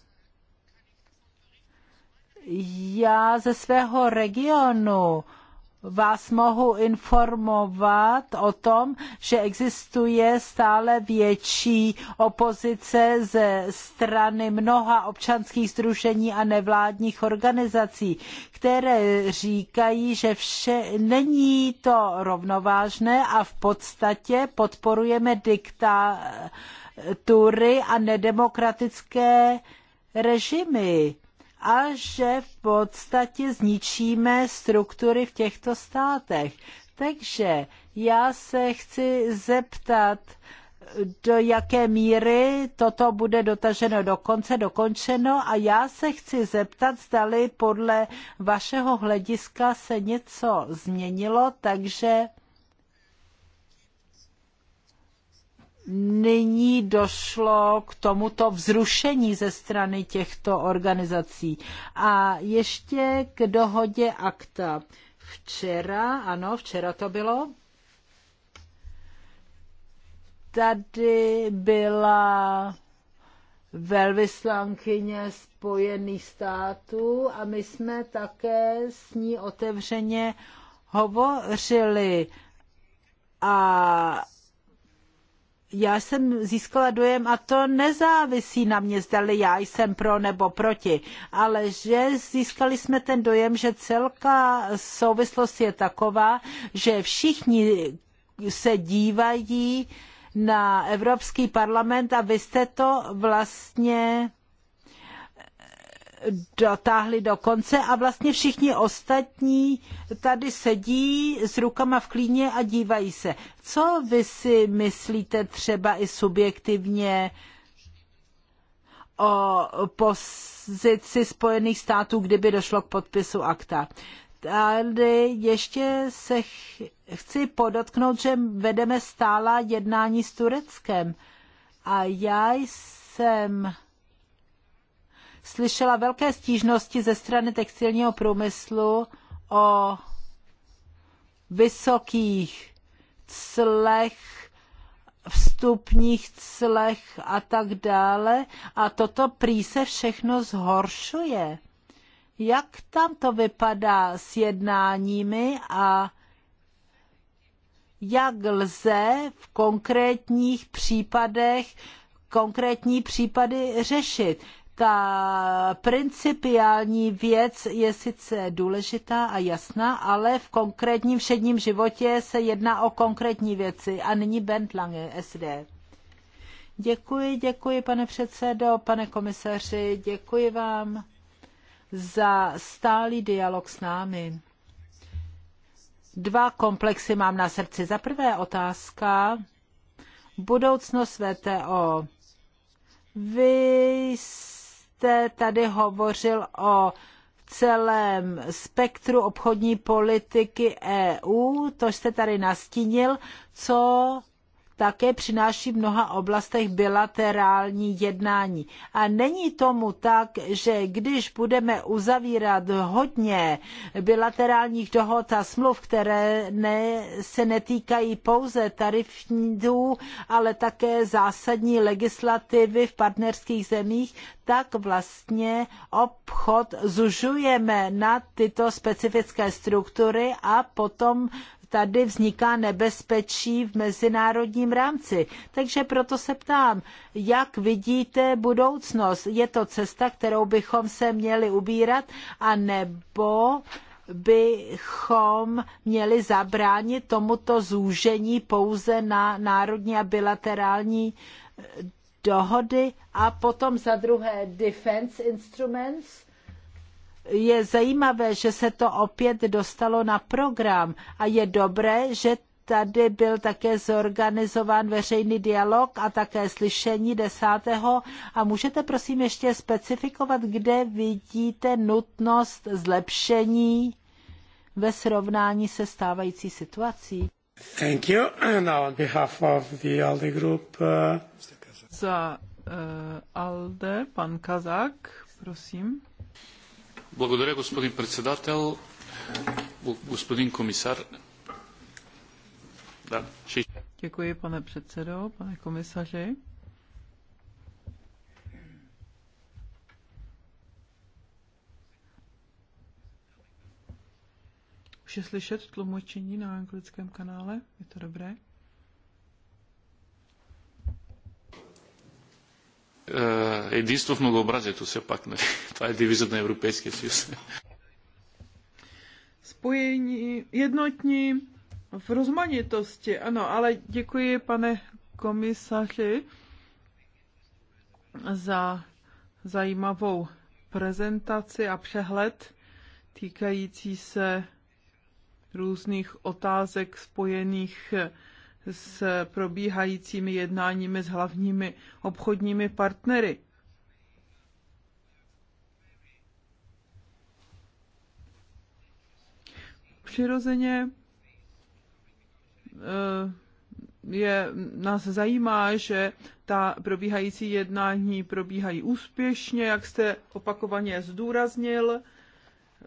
Já ze svého regionu vás mohu informovat o tom, že existuje stále větší opozice ze strany mnoha občanských sdružení a nevládních organizací, které říkají, že vše, není to rovnovážné a v podstatě podporujeme diktatury a nedemokratické režimy a že v podstatě zničíme struktury v těchto státech. Takže já se chci zeptat, do jaké míry toto bude dotaženo do konce, dokončeno a já se chci zeptat, zdali podle vašeho hlediska se něco změnilo, takže nyní došlo k tomuto vzrušení ze strany těchto organizací. A ještě k dohodě akta. Včera, ano, včera to bylo, tady byla velvyslankyně Spojených států a my jsme také s ní otevřeně hovořili. A já jsem získala dojem, a to nezávisí na mě, zdali já jsem pro nebo proti, ale že získali jsme ten dojem, že celká souvislost je taková, že všichni se dívají na Evropský parlament a vy jste to vlastně dotáhli do konce a vlastně všichni ostatní tady sedí s rukama v klíně a dívají se. Co vy si myslíte třeba i subjektivně o pozici Spojených států, kdyby došlo k podpisu akta? Tady ještě se chci podotknout, že vedeme stála jednání s Tureckem. A já jsem slyšela velké stížnosti ze strany textilního průmyslu o vysokých clech, vstupních clech a tak dále. A toto prý se všechno zhoršuje. Jak tam to vypadá s jednáními a jak lze v konkrétních případech konkrétní případy řešit ta principiální věc je sice důležitá a jasná, ale v konkrétním všedním životě se jedná o konkrétní věci. A nyní Bent Lange, SD. Děkuji, děkuji, pane předsedo, pane komisaři, děkuji vám za stálý dialog s námi. Dva komplexy mám na srdci. Za prvé otázka budoucnost VTO. Vy jste tady hovořil o celém spektru obchodní politiky EU, to jste tady nastínil, co také přináší v mnoha oblastech bilaterální jednání. A není tomu tak, že když budeme uzavírat hodně bilaterálních dohod a smluv, které ne, se netýkají pouze tarifů, ale také zásadní legislativy v partnerských zemích, tak vlastně obchod zužujeme na tyto specifické struktury a potom tady vzniká nebezpečí v mezinárodním rámci. Takže proto se ptám, jak vidíte budoucnost? Je to cesta, kterou bychom se měli ubírat, anebo bychom měli zabránit tomuto zúžení pouze na národní a bilaterální dohody a potom za druhé defense instruments, je zajímavé, že se to opět dostalo na program a je dobré, že tady byl také zorganizován veřejný dialog a také slyšení desátého. A můžete prosím ještě specifikovat, kde vidíte nutnost zlepšení ve srovnání se stávající situací? Thank you. now on behalf of the ALDE group, uh... Za uh, ALDE, pan Kazak, prosím. Благодаря, господин председател. Господин комисар. Да. Děkuji, pane předsedo, pane komisaři. Už je slyšet tlumočení na anglickém kanále? Je to dobré? единство в многообразието все пак. Нали? Това е девизът на Европейския съюз. Spojení, jednotní v rozmanitosti, ano, ale děkuji, pane komisaři, za zajímavou prezentaci a přehled týkající se různých otázek spojených s probíhajícími jednáními s hlavními obchodními partnery. Přirozeně eh, je, nás zajímá, že ta probíhající jednání probíhají úspěšně, jak jste opakovaně zdůraznil,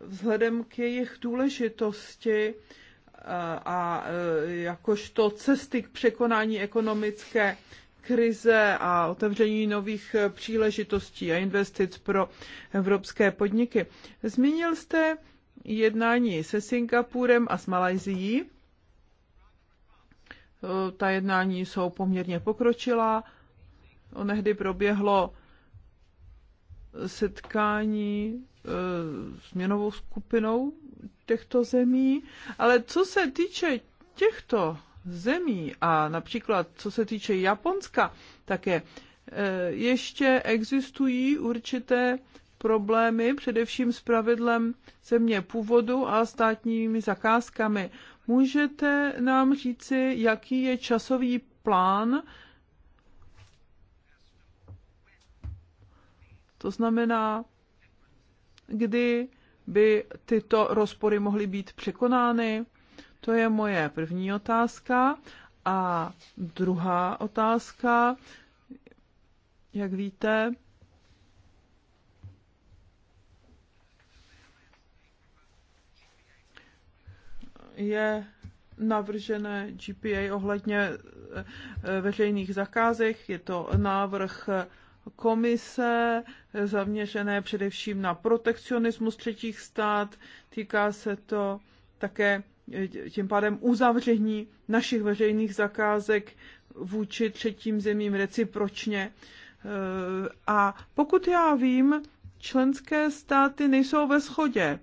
vzhledem k jejich důležitosti a jakožto cesty k překonání ekonomické krize a otevření nových příležitostí a investic pro evropské podniky. Zmínil jste jednání se Singapurem a s Malajzií. Ta jednání jsou poměrně pokročila. Onehdy proběhlo setkání e, s měnovou skupinou těchto zemí, ale co se týče těchto zemí a například co se týče Japonska, také eh, ještě existují určité problémy, především s pravidlem země původu a státními zakázkami. Můžete nám říci, jaký je časový plán? To znamená, kdy by tyto rozpory mohly být překonány? To je moje první otázka. A druhá otázka, jak víte, je navržené GPA ohledně eh, veřejných zakázek. Je to návrh komise zaměřené především na protekcionismus třetích stát. Týká se to také eh, tím pádem uzavření našich veřejných zakázek vůči třetím zemím recipročně. Eh, a pokud já vím, členské státy nejsou ve shodě eh,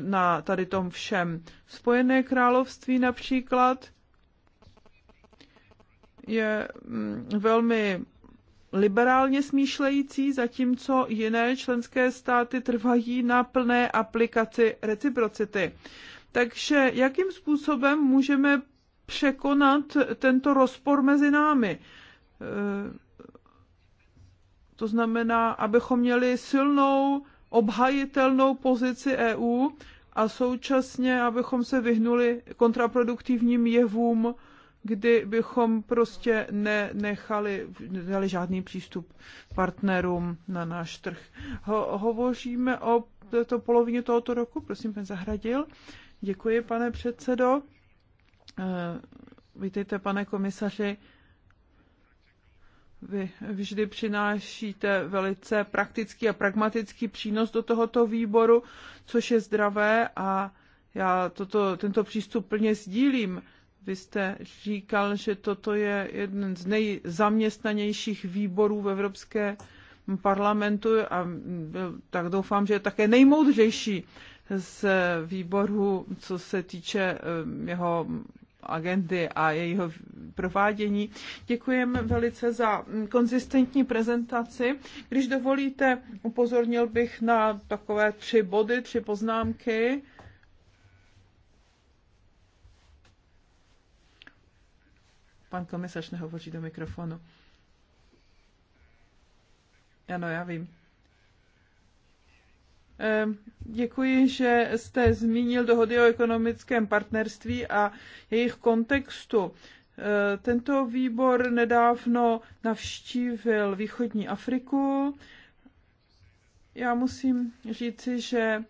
na tady tom všem. Spojené království například je mm, velmi liberálně smýšlející, zatímco jiné členské státy trvají na plné aplikaci reciprocity. Takže jakým způsobem můžeme překonat tento rozpor mezi námi? E, to znamená, abychom měli silnou, obhajitelnou pozici EU a současně, abychom se vyhnuli kontraproduktivním jevům, kdy bychom prostě nenechali, nedali žádný přístup partnerům na náš trh. Ho, hovoříme o to polovině tohoto roku, prosím, pan Zahradil. Děkuji, pane předsedo. Eh, vítejte, pane komisaři. Vy vždy přinášíte velice praktický a pragmatický přínos do tohoto výboru, což je zdravé a já toto, tento přístup plně sdílím vy jste říkal, že toto je jeden z nejzaměstnanějších výborů v Evropské parlamentu a tak doufám, že je také nejmoudřejší z výboru, co se týče eh, jeho agendy a jejího provádění. Děkujeme velice za hm, konzistentní prezentaci. Když dovolíte, upozornil bych na takové tři body, tři poznámky. Pan komisař nehovoří do mikrofonu. Ano, já vím. Ehm, děkuji, že jste zmínil dohody o ekonomickém partnerství a jejich kontextu. Ehm, tento výbor nedávno navštívil východní Afriku. Já musím říci, že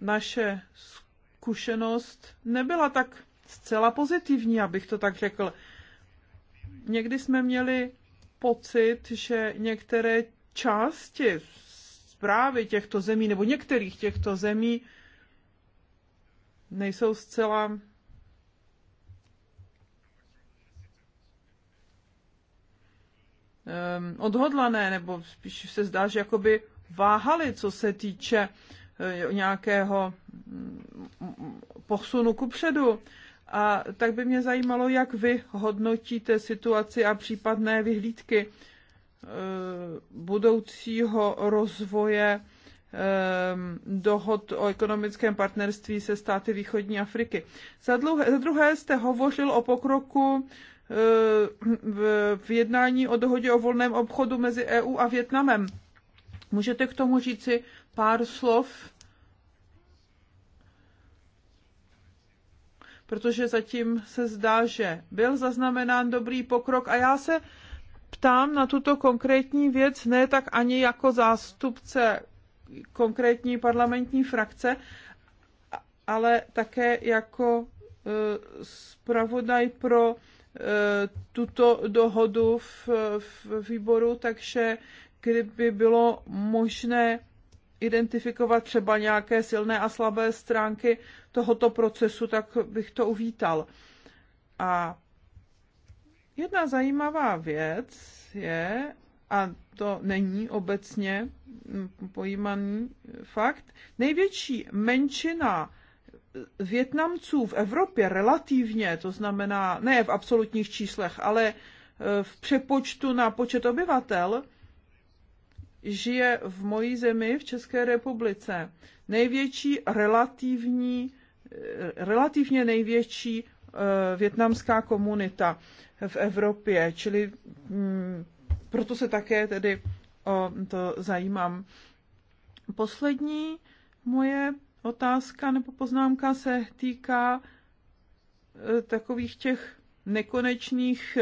naše zkušenost nebyla tak zcela pozitivní, abych to tak řekl. Někdy jsme měli pocit, že některé části zprávy těchto zemí nebo některých těchto zemí nejsou zcela odhodlané, nebo spíš se zdá, že jakoby váhali, co se týče eh, nějakého mm, mm, posunu kupředu. A tak by mě zajímalo, jak vy hodnotíte situaci a případné vyhlídky eh, budoucího rozvoje eh, dohod o ekonomickém partnerství se státy východní Afriky. Za, dlouhé, za druhé jste hovořil o pokroku eh, v jednání o dohodě o volném obchodu mezi EU a Větnamem. Můžete k tomu říci pár slov? protože zatím se zdá, že byl zaznamenán dobrý pokrok a já se ptám na tuto konkrétní věc, ne tak ani jako zástupce konkrétní parlamentní frakce, ale také jako e, zpravodaj pro e, tuto dohodu v, v výboru, takže kdyby bylo možné identifikovat třeba nějaké silné a slabé stránky tohoto procesu, tak bych to uvítal. A jedna zajímavá věc je, a to není obecně pojímaný fakt, největší menšina Větnamců v Evropě relativně, to znamená ne v absolutních číslech, ale v přepočtu na počet obyvatel, žije v mojí zemi, v České republice, největší relativní, eh, relativně největší eh, větnamská komunita v Evropě, čili mm, proto se také tedy o to zajímám. Poslední moje otázka nebo poznámka se týká eh, takových těch nekonečných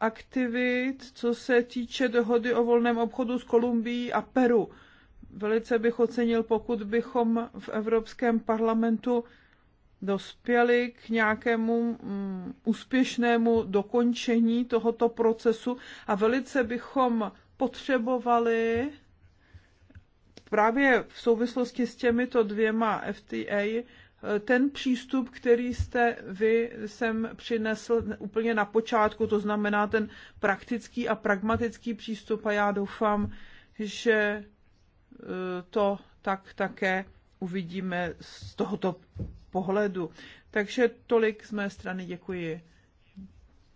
aktivit, co se týče dohody o volném obchodu s Kolumbií a Peru. Velice bych ocenil, pokud bychom v Evropském parlamentu dospěli k nějakému mm, úspěšnému dokončení tohoto procesu a velice bychom potřebovali právě v souvislosti s těmito dvěma FTA ten přístup, který jste vy sem přinesl úplně na počátku, to znamená ten praktický a pragmatický přístup a já doufám, že e, to tak také uvidíme z tohoto pohledu. Takže tolik z mé strany děkuji.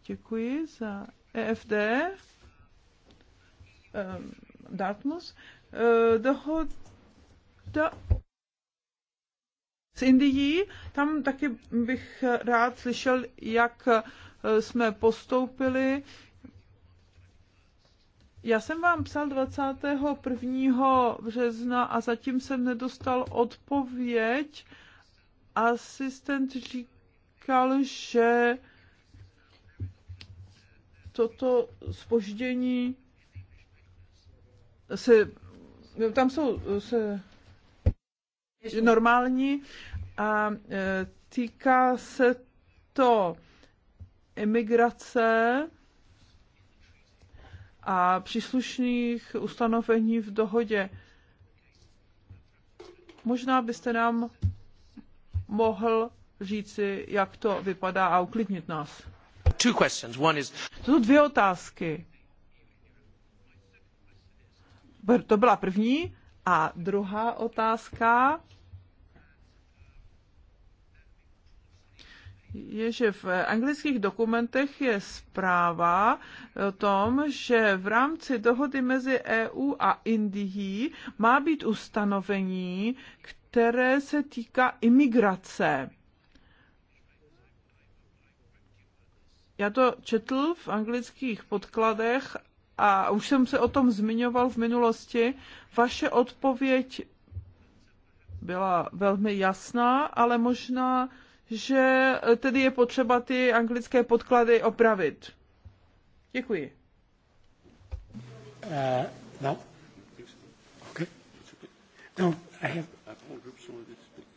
Děkuji za EFD. Dartmus. E, dohoda z Indií. Tam taky bych rád slyšel, jak eh, jsme postoupili. Já jsem vám psal 21. března a zatím jsem nedostal odpověď. Asistent říkal, že toto spoždění se, tam jsou se normální a e, týká se to emigrace a příslušných ustanovení v dohodě. Možná byste nám mohl říci, jak to vypadá a uklidnit nás. Two questions. One is... To jsou dvě otázky. To byla první. A druhá otázka je, že v anglických dokumentech je zpráva o tom, že v rámci dohody mezi EU a Indií má být ustanovení, které se týká imigrace. Já to četl v anglických podkladech a už jsem se o tom zmiňoval v minulosti. Vaše odpověď byla velmi jasná, ale možná že eh, tedy je potřeba ty anglické podklady opravit. Děkuji. Uh, no. Okay. No, I have...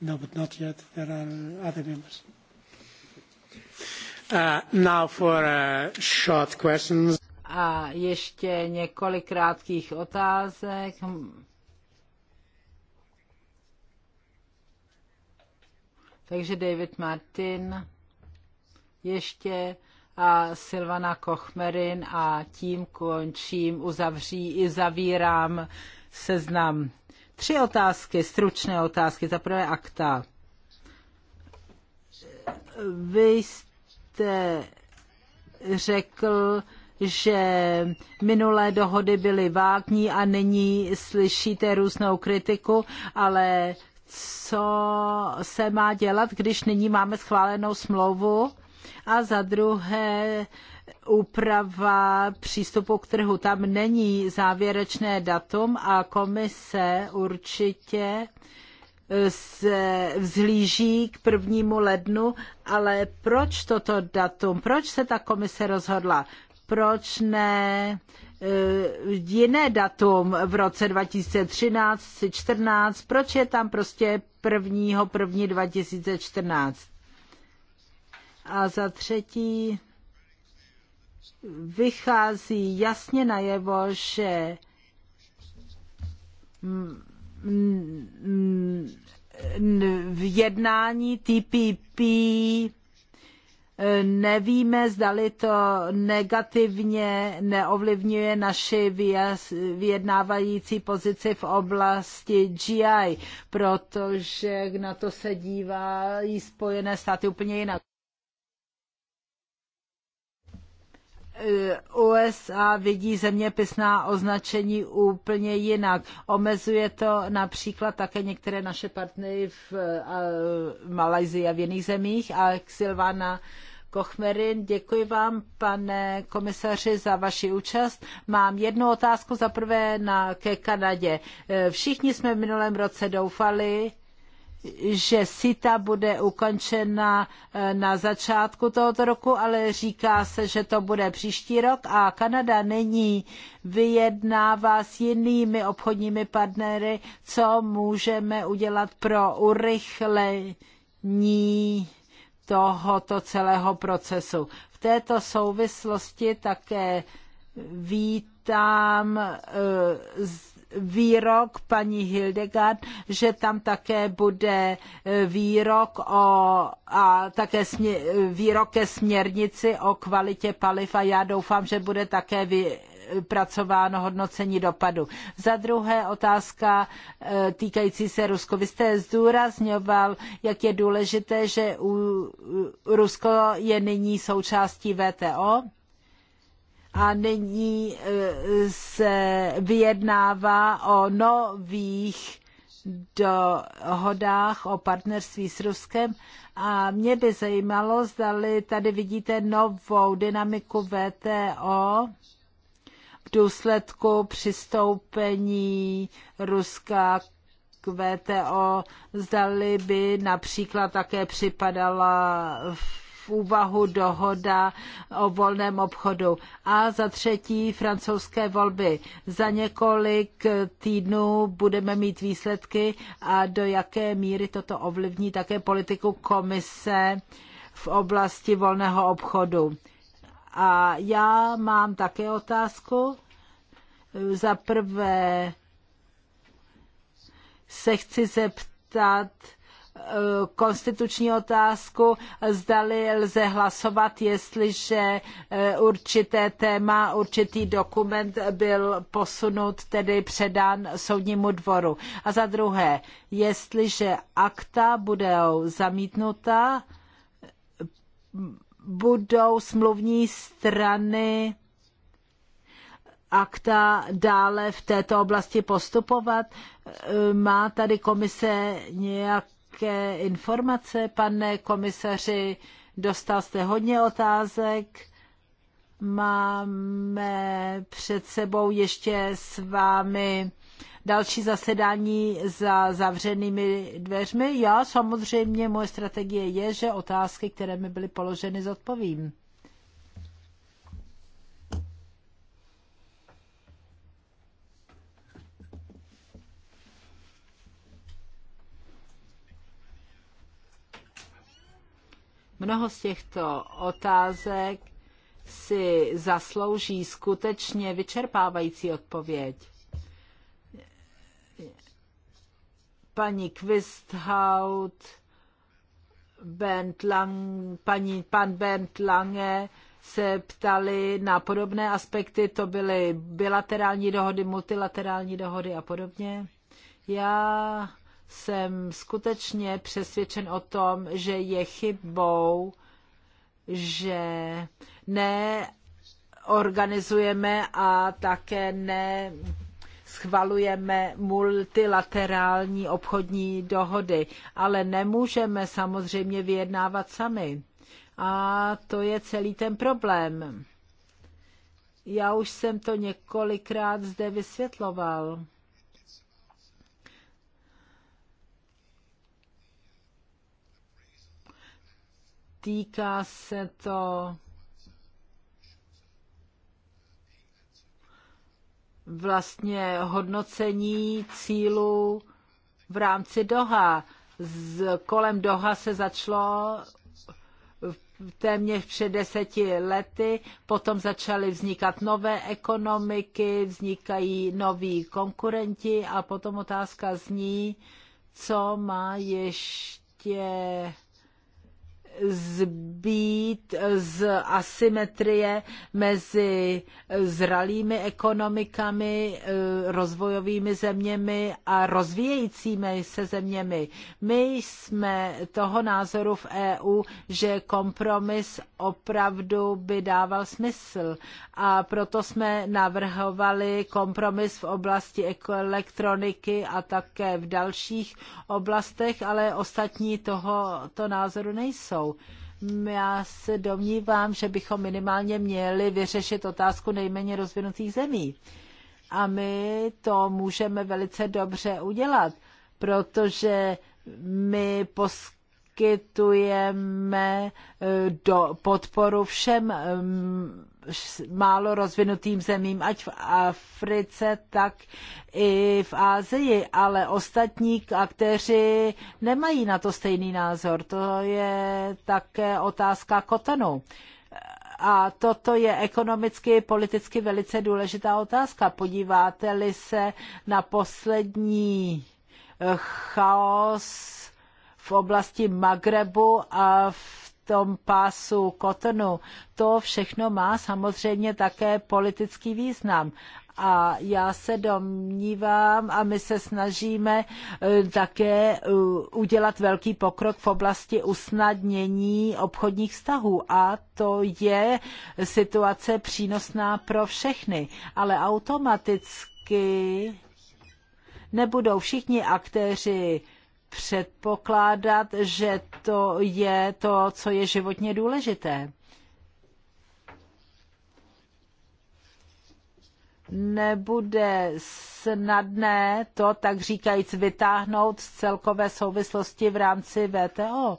No, but not yet. There are other members. Uh, now for uh, short questions. A ještě několik krátkých otázek. Hm. Takže David Martin ještě a Silvana Kochmerin a tím končím, uzavří i zavírám seznam. Tři otázky, stručné otázky. Za prvé akta. Vy jste řekl, že minulé dohody byly vágní a nyní slyšíte různou kritiku, ale co se má dělat, když nyní máme schválenou smlouvu a za druhé úprava přístupu k trhu. Tam není závěrečné datum a komise určitě se vzhlíží k prvnímu lednu, ale proč toto datum? Proč se ta komise rozhodla? Proč ne Eh, jiné datum v roce 2013, 14, proč je tam prostě prvního první 2014. A za třetí vychází jasně najevo, že v jednání TPP nevíme, zdali to negativně neovlivňuje naši vyjednávající pozici v oblasti GI, protože na to se dívají Spojené státy úplně jinak. USA eh, vidí zeměpisná označení úplně jinak. Omezuje to například také některé naše partnery v eh, Malajzii a v jiných zemích a Silvana Kochmerin. Děkuji vám, pane komisaři, za vaši účast. Mám jednu otázku za prvé na, ke Kanadě. Eh, všichni jsme v minulém roce doufali, že SITA bude ukončena eh, na začátku tohoto roku, ale říká se, že to bude příští rok a Kanada nyní vyjednává s jinými obchodními partnery, co můžeme udělat pro urychlení tohoto celého procesu. V této souvislosti také vítám eh, výrok paní Hildegard, že tam také bude e, výrok o, a také smě, výrok ke směrnici o kvalitě paliv a já doufám, že bude také vy, pracováno hodnocení dopadu. Za druhé otázka e, týkající se Rusko. Vy jste zdůrazňoval, jak je důležité, že Rusko je nyní součástí VTO a nyní e, se vyjednává o nových dohodách o partnerství s Ruskem a mě by zajímalo, zdali tady vidíte novou dynamiku VTO v důsledku přistoupení Ruska k VTO, zdali by například také připadala v úvahu dohoda o volném obchodu. A za třetí francouzské volby. Za několik týdnů budeme mít výsledky a do jaké míry toto ovlivní také politiku komise v oblasti volného obchodu. A já mám také otázku. Za prvé se chci zeptat, Eh, konstituční otázku, zdali lze hlasovat, jestliže eh, určité téma, určitý dokument byl posunut, tedy předán soudnímu dvoru. A za druhé, jestliže akta budou zamítnuta, budou smluvní strany akta dále v této oblasti postupovat? Eh, má tady komise nějak nějaké informace, pane komisaři, dostal jste hodně otázek. Máme před sebou ještě s vámi další zasedání za zavřenými dveřmi. Já samozřejmě, moje strategie je, že otázky, které mi byly položeny, zodpovím. Mnoho z těchto otázek si zaslouží skutečně vyčerpávající odpověď. Paní Quisthout, Lang, paní, pan Bent Lange se ptali na podobné aspekty, to byly bilaterální dohody, multilaterální dohody a podobně. Já jsem skutečně přesvědčen o tom, že je chybou, že neorganizujeme a také ne schvalujeme multilaterální obchodní dohody, ale nemůžeme samozřejmě vyjednávat sami. A to je celý ten problém. Já už jsem to několikrát zde vysvětloval. týká se to vlastně hodnocení cílu v rámci Doha. Z, kolem Doha se začalo téměř před deseti lety, potom začaly vznikat nové ekonomiky, vznikají noví konkurenti a potom otázka zní, co má ještě zbýt z asymetrie mezi zralými ekonomikami, eh, rozvojovými zeměmi a rozvíjejícími se zeměmi. My jsme toho názoru v EU, že kompromis opravdu by dával smysl a proto jsme navrhovali kompromis v oblasti elektroniky a také v dalších oblastech, ale ostatní toho to názoru nejsou jsou. Já se domnívám, že bychom minimálně měli vyřešit otázku nejméně rozvinutých zemí. A my to můžeme velice dobře udělat, protože my poskytujeme poskytujeme eh, do podporu všem málo rozvinutým zemím, ať v Africe, tak i v Ázii, ale ostatní aktéři nemají na to stejný názor. To je také otázka kotonu. A toto je ekonomicky i politicky velice důležitá otázka. Podíváte-li se na poslední eh, chaos, v oblasti Magrebu a v tom pásu Kotonu. To všechno má samozřejmě také politický význam. A já se domnívám a my se snažíme eh, také eh, udělat velký pokrok v oblasti usnadnění obchodních vztahů. A to je situace přínosná pro všechny. Ale automaticky nebudou všichni aktéři předpokládat, že to je to, co je životně důležité. nebude snadné to, tak říkajíc, vytáhnout z celkové souvislosti v rámci VTO.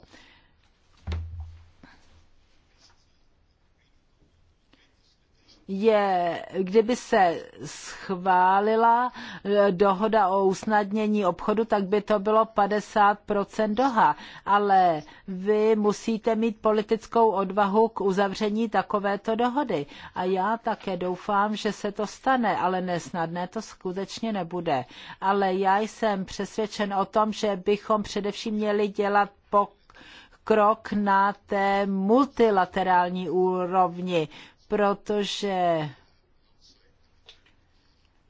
je, kdyby se schválila eh, dohoda o usnadnění obchodu, tak by to bylo 50% doha. Ale vy musíte mít politickou odvahu k uzavření takovéto dohody. A já také doufám, že se to stane, ale nesnadné to skutečně nebude. Ale já jsem přesvědčen o tom, že bychom především měli dělat pokrok na té multilaterální úrovni protože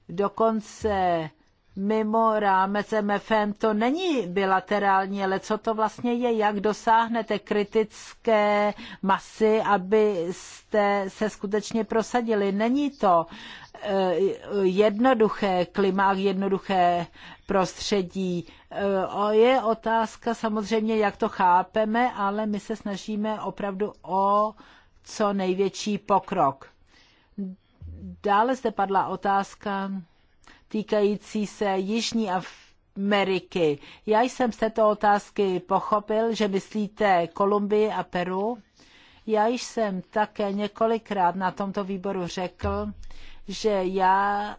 dokonce mimo rámec MFN to není bilaterální, ale co to vlastně je, jak dosáhnete kritické masy, abyste se skutečně prosadili. Není to eh, jednoduché klima, jednoduché prostředí. Eh, je otázka samozřejmě, jak to chápeme, ale my se snažíme opravdu o co největší pokrok. Dále zde padla otázka týkající se Jižní Ameriky. Já jsem z této otázky pochopil, že myslíte Kolumbii a Peru. Já jsem také několikrát na tomto výboru řekl, že já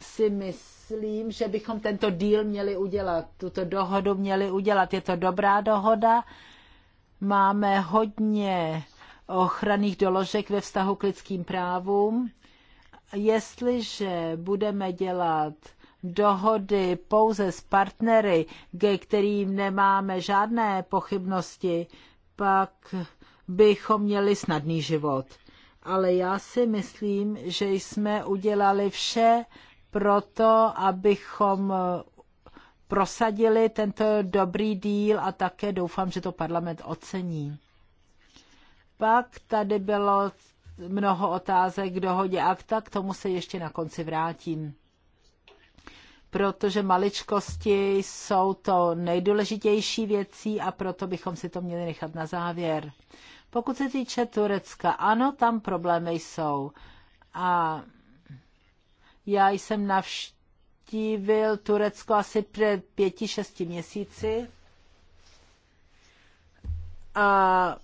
si myslím, že bychom tento díl měli udělat, tuto dohodu měli udělat. Je to dobrá dohoda, máme hodně ochranných doložek ve vztahu k lidským právům. Jestliže budeme dělat dohody pouze s partnery, ke kterým nemáme žádné pochybnosti, pak bychom měli snadný život. Ale já si myslím, že jsme udělali vše pro to, abychom prosadili tento dobrý díl a také doufám, že to parlament ocení. Pak tady bylo mnoho otázek k dohodě akta, k tomu se ještě na konci vrátím. Protože maličkosti jsou to nejdůležitější věcí a proto bychom si to měli nechat na závěr. Pokud se týče Turecka, ano, tam problémy jsou. A já jsem navštívil Turecko asi před pěti, šesti měsíci. A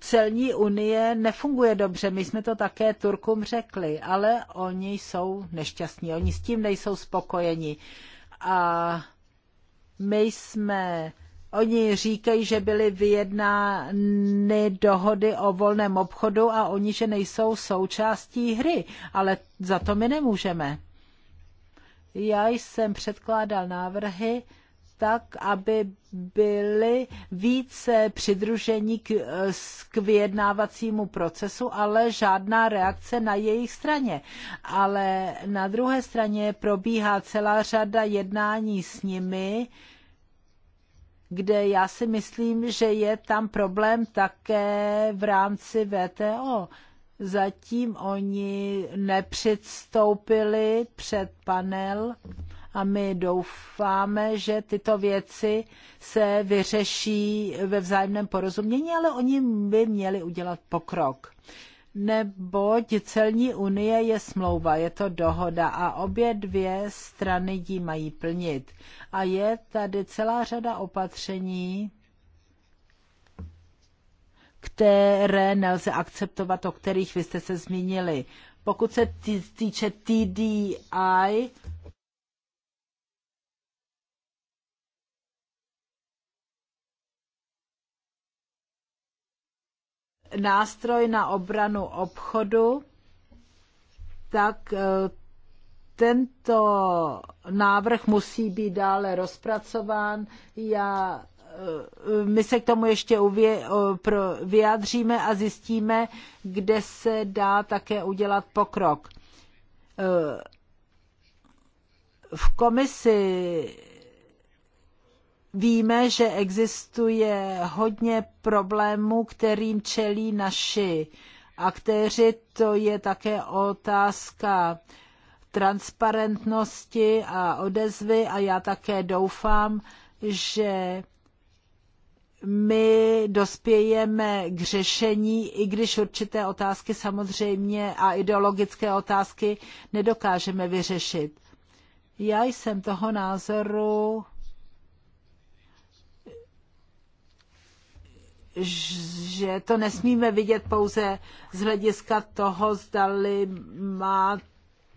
celní unie nefunguje dobře. My jsme to také Turkům řekli, ale oni jsou nešťastní, oni s tím nejsou spokojeni. A my jsme Oni říkají, že byly vyjednány dohody o volném obchodu a oni, že nejsou součástí hry, ale za to my nemůžeme. Já jsem předkládal návrhy, tak, aby byli více přidruženi k, k vyjednávacímu procesu, ale žádná reakce na jejich straně. Ale na druhé straně probíhá celá řada jednání s nimi, kde já si myslím, že je tam problém také v rámci VTO. Zatím oni nepředstoupili před panel a my doufáme, že tyto věci se vyřeší ve vzájemném porozumění, ale oni by měli udělat pokrok. Neboť celní unie je smlouva, je to dohoda a obě dvě strany ji mají plnit. A je tady celá řada opatření, které nelze akceptovat, o kterých vy jste se zmínili. Pokud se týče TDI, nástroj na obranu obchodu, tak eh, tento návrh musí být dále rozpracován. Já, eh, my se k tomu ještě uvě, pro, vyjádříme a zjistíme, kde se dá také udělat pokrok. Eh, v komisi Víme, že existuje hodně problémů, kterým čelí naši aktéři. To je také otázka transparentnosti a odezvy a já také doufám, že my dospějeme k řešení, i když určité otázky samozřejmě a ideologické otázky nedokážeme vyřešit. Já jsem toho názoru, že to nesmíme vidět pouze z hlediska toho, zdali má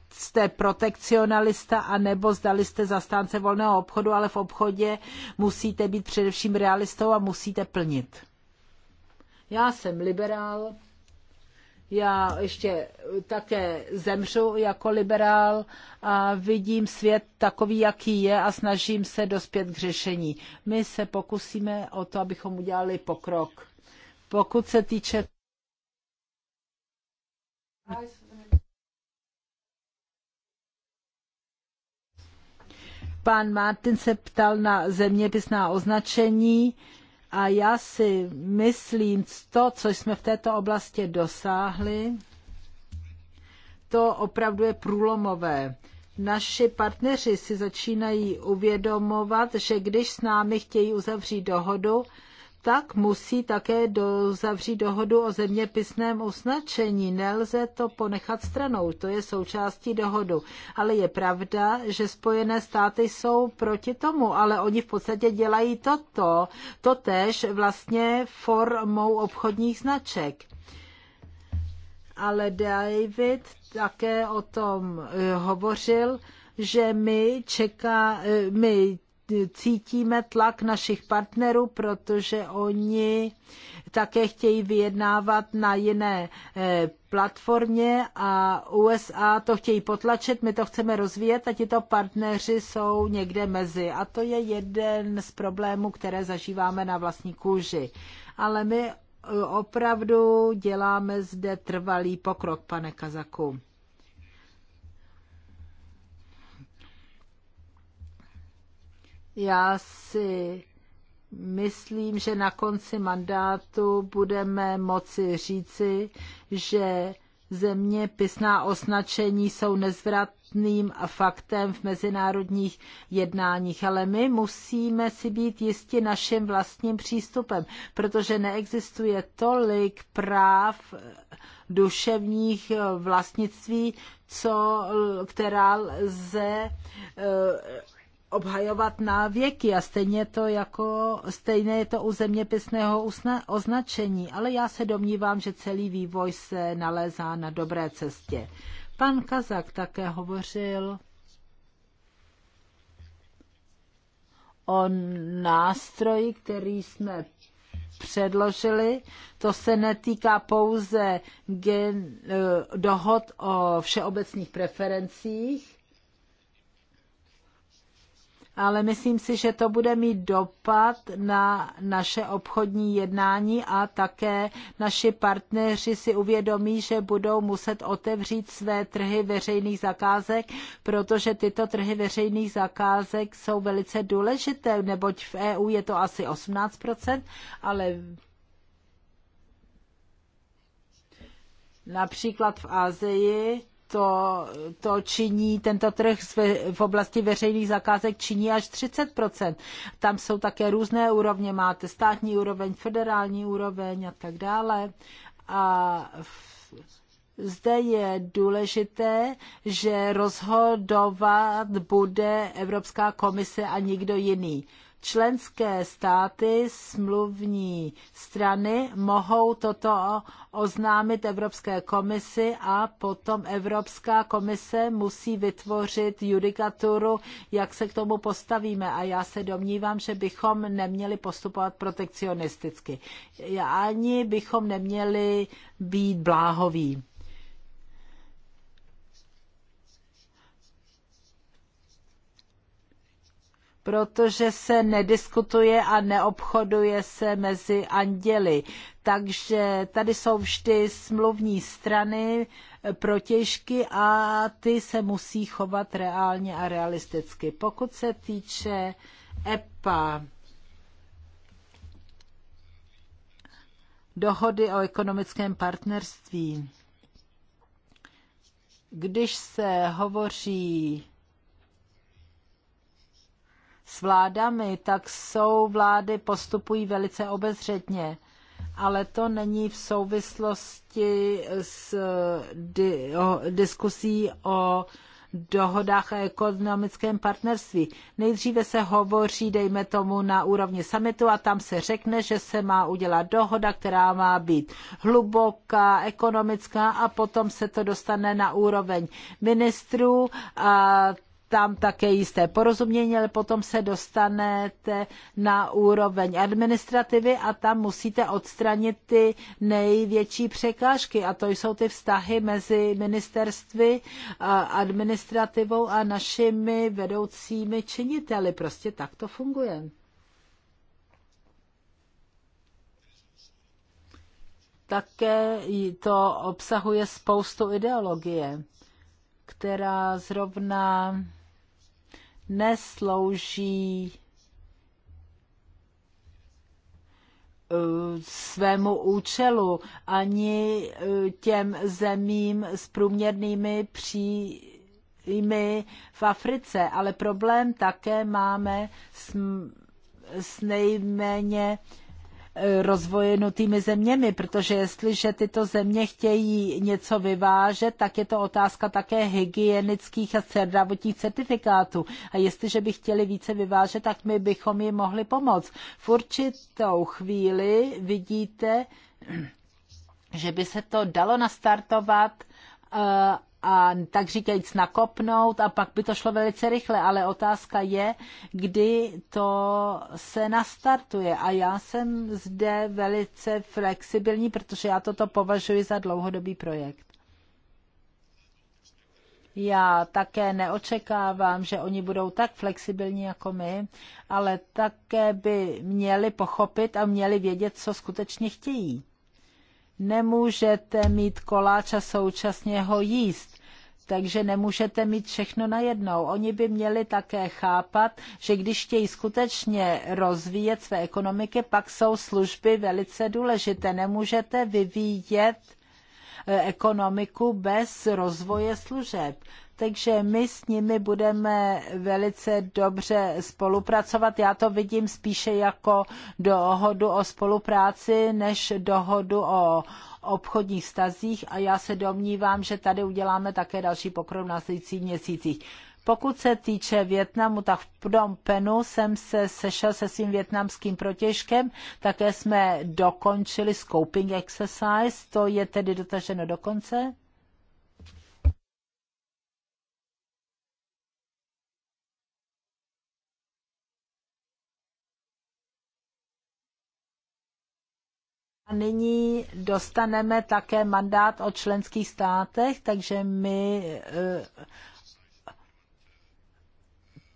jste protekcionalista a nebo zdali jste zastánce volného obchodu, ale v obchodě musíte být především realistou a musíte plnit. Já jsem liberál, já ještě také zemřu jako liberál a vidím svět takový, jaký je a snažím se dospět k řešení. My se pokusíme o to, abychom udělali pokrok. Pokud se týče. Pan Martin se ptal na zeměpisná označení. A já si myslím, to, co jsme v této oblasti dosáhli, to opravdu je průlomové. Naši partneři si začínají uvědomovat, že když s námi chtějí uzavřít dohodu, tak musí také dozavřít dohodu o zeměpisném označení. Nelze to ponechat stranou, to je součástí dohodu. Ale je pravda, že Spojené státy jsou proti tomu, ale oni v podstatě dělají toto, totéž vlastně formou obchodních značek. Ale David také o tom hovořil, že my, čeká, my cítíme tlak našich partnerů, protože oni také chtějí vyjednávat na jiné eh, platformě a USA to chtějí potlačit, my to chceme rozvíjet a tito partneři jsou někde mezi. A to je jeden z problémů, které zažíváme na vlastní kůži. Ale my eh, opravdu děláme zde trvalý pokrok, pane Kazaku. Já si myslím, že na konci mandátu budeme moci říci, že pisná označení jsou nezvratným faktem v mezinárodních jednáních, ale my musíme si být jisti naším vlastním přístupem, protože neexistuje tolik práv duševních vlastnictví, co, která lze eh, obhajovat na věky a stejně to jako, stejné je to u zeměpisného usna, označení, ale já se domnívám, že celý vývoj se nalézá na dobré cestě. Pan Kazak také hovořil o nástroji, který jsme předložili. To se netýká pouze gen, eh, dohod o všeobecných preferencích, ale myslím si, že to bude mít dopad na naše obchodní jednání a také naši partneři si uvědomí, že budou muset otevřít své trhy veřejných zakázek, protože tyto trhy veřejných zakázek jsou velice důležité, neboť v EU je to asi 18%, ale například v Asii to, to činí, tento trh v oblasti veřejných zakázek činí až 30%. Tam jsou také různé úrovně, máte státní úroveň, federální úroveň a tak dále. A zde je důležité, že rozhodovat bude Evropská komise a nikdo jiný Členské státy, smluvní strany mohou toto oznámit Evropské komisi a potom Evropská komise musí vytvořit judikaturu, jak se k tomu postavíme. A já se domnívám, že bychom neměli postupovat protekcionisticky. Ani bychom neměli být bláhoví. protože se nediskutuje a neobchoduje se mezi anděli. Takže tady jsou vždy smluvní strany, eh, protěžky a ty se musí chovat reálně a realisticky. Pokud se týče EPA, dohody o ekonomickém partnerství, když se hovoří s vládami, tak jsou vlády postupují velice obezřetně. Ale to není v souvislosti s di, o, diskusí o dohodách a ekonomickém partnerství. Nejdříve se hovoří, dejme tomu, na úrovni summitu a tam se řekne, že se má udělat dohoda, která má být hluboká, ekonomická a potom se to dostane na úroveň ministrů a tam také jisté porozumění, ale potom se dostanete na úroveň administrativy a tam musíte odstranit ty největší překážky a to jsou ty vztahy mezi ministerstvy, administrativou a našimi vedoucími činiteli. Prostě tak to funguje. Také to obsahuje spoustu ideologie, která zrovna neslouží eh, svému účelu ani eh, těm zemím s průměrnými příjmy v Africe, ale problém také máme s, s nejméně rozvojenutými zeměmi, protože jestliže tyto země chtějí něco vyvážet, tak je to otázka také hygienických a zdravotních certifikátů. A jestliže by chtěli více vyvážet, tak my bychom jim mohli pomoct. V určitou chvíli vidíte, že by se to dalo nastartovat eh, a tak říkajíc nakopnout a pak by to šlo velice rychle, ale otázka je, kdy to se nastartuje a já jsem zde velice flexibilní, protože já toto považuji za dlouhodobý projekt. Já také neočekávám, že oni budou tak flexibilní jako my, ale také by měli pochopit a měli vědět, co skutečně chtějí nemůžete mít koláč a současně ho jíst. Takže nemůžete mít všechno najednou. Oni by měli také chápat, že když chtějí skutečně rozvíjet své ekonomiky, pak jsou služby velice důležité. Nemůžete vyvíjet ekonomiku bez rozvoje služeb. Takže my s nimi budeme velice dobře spolupracovat. Já to vidím spíše jako dohodu o spolupráci než dohodu o obchodních stazích a já se domnívám, že tady uděláme také další pokrok v následujících měsících. Pokud se týče Větnamu, tak v Phnom Penhu jsem se sešel se svým větnamským protěžkem. Také jsme dokončili scoping exercise, to je tedy dotaženo do konce. A nyní dostaneme také mandát o členských státech, takže my eh,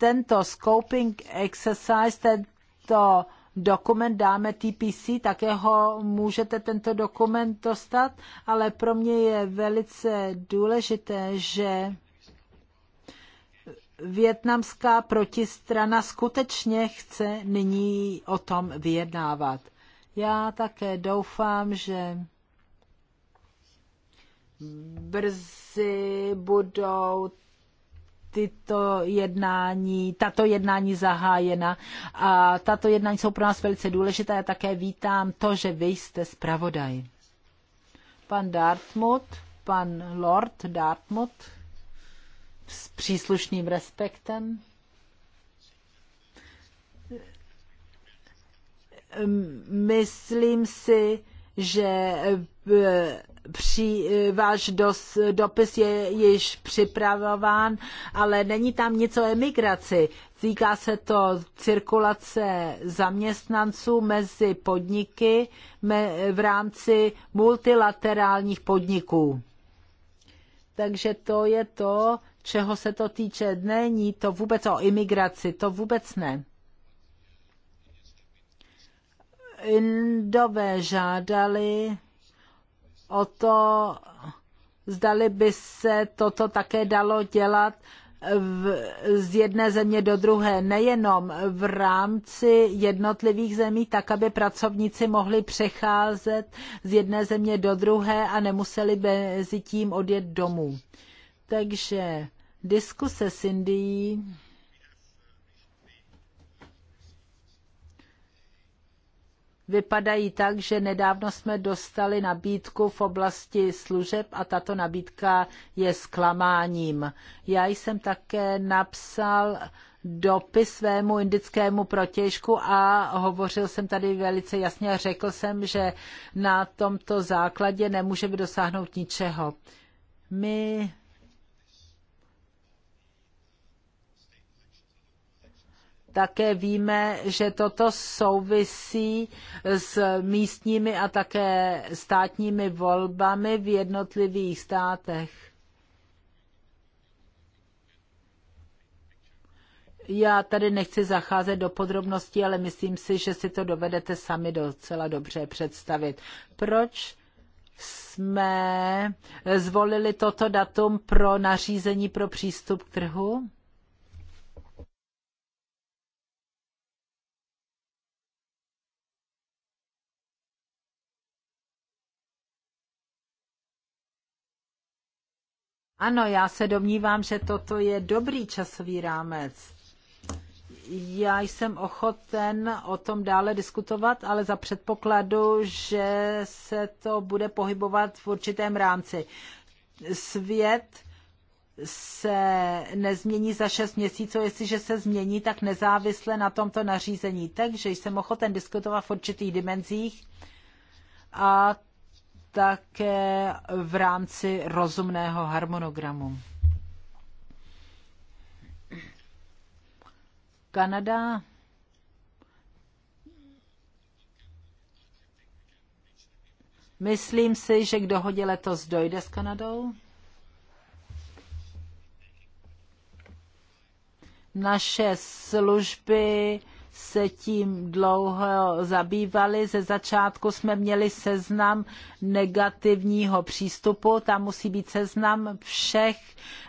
tento scoping exercise, tento dokument dáme TPC, tak jeho můžete tento dokument dostat, ale pro mě je velice důležité, že větnamská protistrana skutečně chce nyní o tom vyjednávat. Já také doufám, že brzy budou tyto jednání, tato jednání zahájena a tato jednání jsou pro nás velice důležité a také vítám to, že vy jste zpravodaj. Pan Dartmouth, pan Lord Dartmouth s příslušným respektem. Myslím si, že eh, při, e, váš dos, dopis je již připravován, ale není tam nic o emigraci. Týká se to cirkulace zaměstnanců mezi podniky me, v rámci multilaterálních podniků. Takže to je to, čeho se to týče. Není to vůbec o imigraci, to vůbec ne. Indové žádali o to, zdali by se toto také dalo dělat v, z jedné země do druhé, nejenom v rámci jednotlivých zemí, tak aby pracovníci mohli přecházet z jedné země do druhé a nemuseli mezi tím odjet domů. Takže diskuse s Indií vypadají tak, že nedávno jsme dostali nabídku v oblasti služeb a tato nabídka je zklamáním. Já jsem také napsal dopis svému indickému protěžku a hovořil jsem tady velice jasně a řekl jsem, že na tomto základě nemůžeme dosáhnout ničeho. My Také víme, že toto souvisí s místními a také státními volbami v jednotlivých státech. Já tady nechci zacházet do podrobností, ale myslím si, že si to dovedete sami docela dobře představit. Proč jsme zvolili toto datum pro nařízení pro přístup k trhu? Ano, já se domnívám, že toto je dobrý časový rámec. Já jsem ochoten o tom dále diskutovat, ale za předpokladu, že se to bude pohybovat v určitém rámci. Svět se nezmění za šest měsíců, jestliže se změní, tak nezávisle na tomto nařízení. Takže jsem ochoten diskutovat v určitých dimenzích a také v rámci rozumného harmonogramu. Kanada Myslím si, že k dohodě letos dojde s Kanadou. Naše služby se tím dlouho zabývali. Ze začátku jsme měli seznam negativního přístupu. Tam musí být seznam všech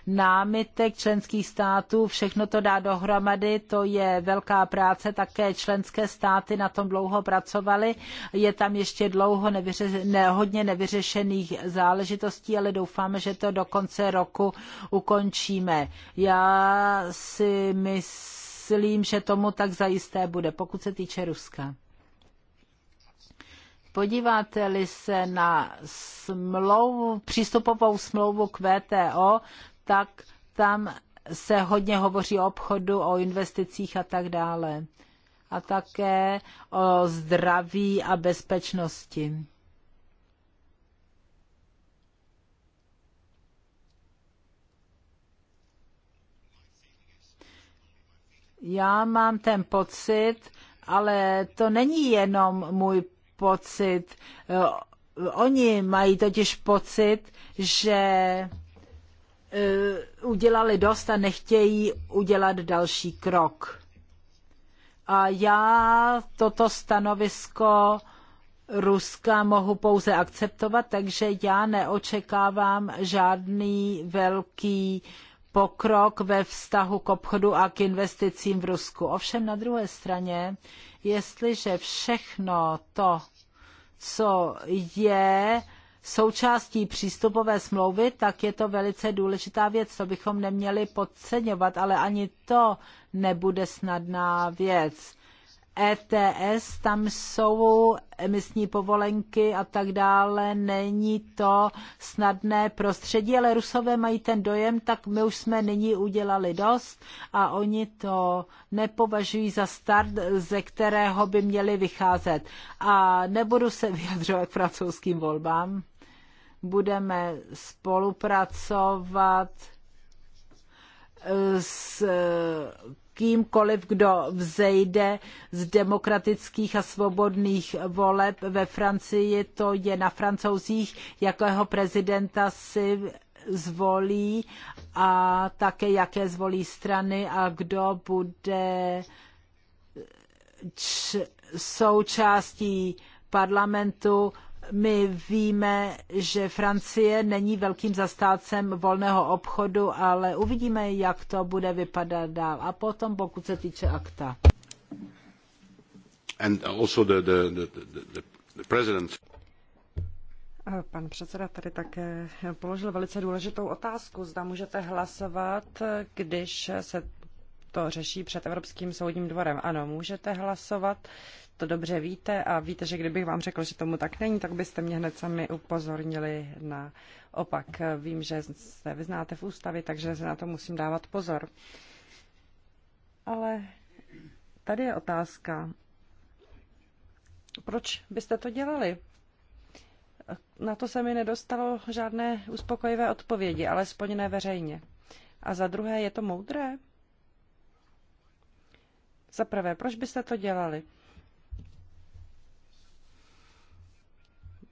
námitek členských států. Všechno to dá dohromady. To je velká práce. Také členské státy na tom dlouho pracovaly. Je tam ještě dlouho nevyře- ne, hodně nevyřešených záležitostí, ale doufáme, že to do konce roku ukončíme. Já si myslím, myslím, že tomu tak zajisté bude, pokud se týče Ruska. Podíváte-li se na smlouvu, přístupovou smlouvu k VTO, tak tam se hodně hovoří o obchodu, o investicích a tak dále. A také o zdraví a bezpečnosti. Já mám ten pocit, ale to není jenom můj pocit. E, oni mají totiž pocit, že e, udělali dost a nechtějí udělat další krok. A já toto stanovisko Ruska mohu pouze akceptovat, takže já neočekávám žádný velký uh, pokrok ve vztahu k obchodu a k investicím v Rusku. Ovšem na druhé straně, jestliže všechno to, co je součástí přístupové smlouvy, tak je to velice důležitá věc, to bychom neměli podceňovat, ale ani to nebude snadná věc ETS, tam jsou emisní povolenky a tak dále, není to snadné prostředí, ale Rusové mají ten dojem, tak my už jsme nyní udělali dost a oni to nepovažují za start, ze kterého by měli vycházet. A nebudu se vyjadřovat k francouzským volbám, budeme spolupracovat s kýmkoliv, kdo vzejde z demokratických a svobodných voleb ve Francii, to je na francouzích, jakého prezidenta si zvolí a také jaké zvolí strany a kdo bude součástí parlamentu my víme, že Francie není velkým zastácem volného obchodu, ale uvidíme, jak to bude vypadat dál. A potom, pokud se týče akta. And also the, the, the, the, president. Eh, pan předseda tady také položil velice důležitou otázku. Zda můžete hlasovat, když se to řeší před Evropským soudním dvorem. Ano, můžete hlasovat to dobře víte a víte, že kdybych vám řekl, že tomu tak není, tak byste mě hned sami upozornili na opak. Vím, že se vyznáte v ústavě, takže se na to musím dávat pozor. Ale tady je otázka. Proč byste to dělali? Na to se mi nedostalo žádné uspokojivé odpovědi, ale splněné veřejně. A za druhé, je to moudré? Za prvé, proč byste to dělali?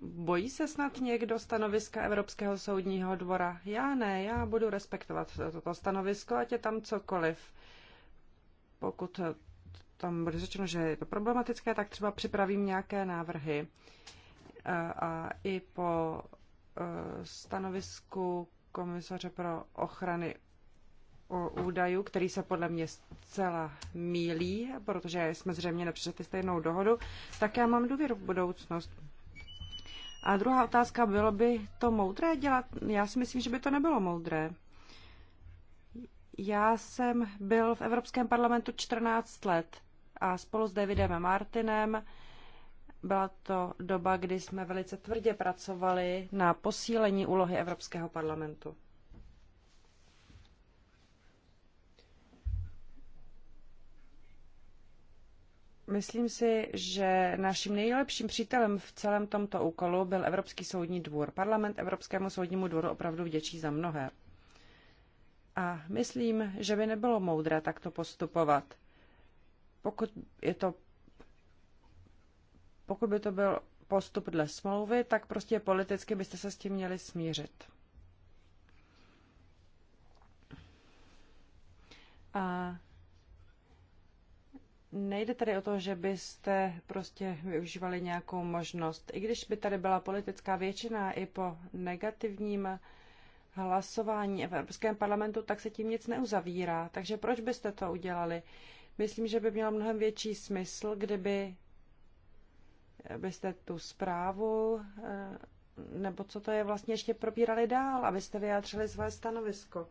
Bojí se snad někdo stanoviska Evropského soudního dvora? Já ne, já budu respektovat toto stanovisko, ať je tam cokoliv. Pokud tam bude řečeno, že je to problematické, tak třeba připravím nějaké návrhy. A i po e, stanovisku komisaře pro ochrany údajů, který se podle mě zcela mílí, protože jsme zřejmě nepřišli stejnou dohodu, tak já mám důvěru v budoucnost. A druhá otázka, bylo by to moudré dělat? Já si myslím, že by to nebylo moudré. Já jsem byl v Evropském parlamentu 14 let a spolu s Davidem Martinem byla to doba, kdy jsme velice tvrdě pracovali na posílení úlohy Evropského parlamentu. Myslím si, že naším nejlepším přítelem v celém tomto úkolu byl Evropský soudní dvůr. Parlament Evropskému soudnímu dvoru opravdu vděčí za mnohé. A myslím, že by nebylo moudré takto postupovat. Pokud, je to, pokud by to byl postup dle smlouvy, tak prostě politicky byste se s tím měli smířit. A Nejde tady o to, že byste prostě využívali nějakou možnost. I když by tady byla politická většina i po negativním hlasování v Evropském parlamentu, tak se tím nic neuzavírá. Takže proč byste to udělali? Myslím, že by mělo mnohem větší smysl, kdyby byste tu zprávu, eh, nebo co to je vlastně, ještě probírali dál, abyste vyjádřili své stanovisko.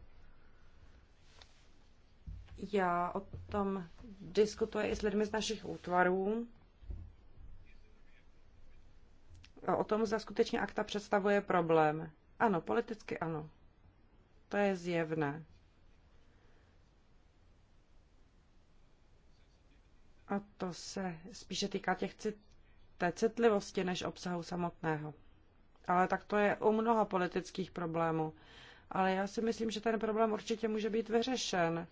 Já o tom diskutuji i s lidmi z našich útvarů. O tom, zda skutečně akta představuje problém. Ano, politicky ano. To je zjevné. A to se spíše týká těch cit, té citlivosti než obsahu samotného. Ale tak to je u mnoha politických problémů. Ale já si myslím, že ten problém určitě může být vyřešen.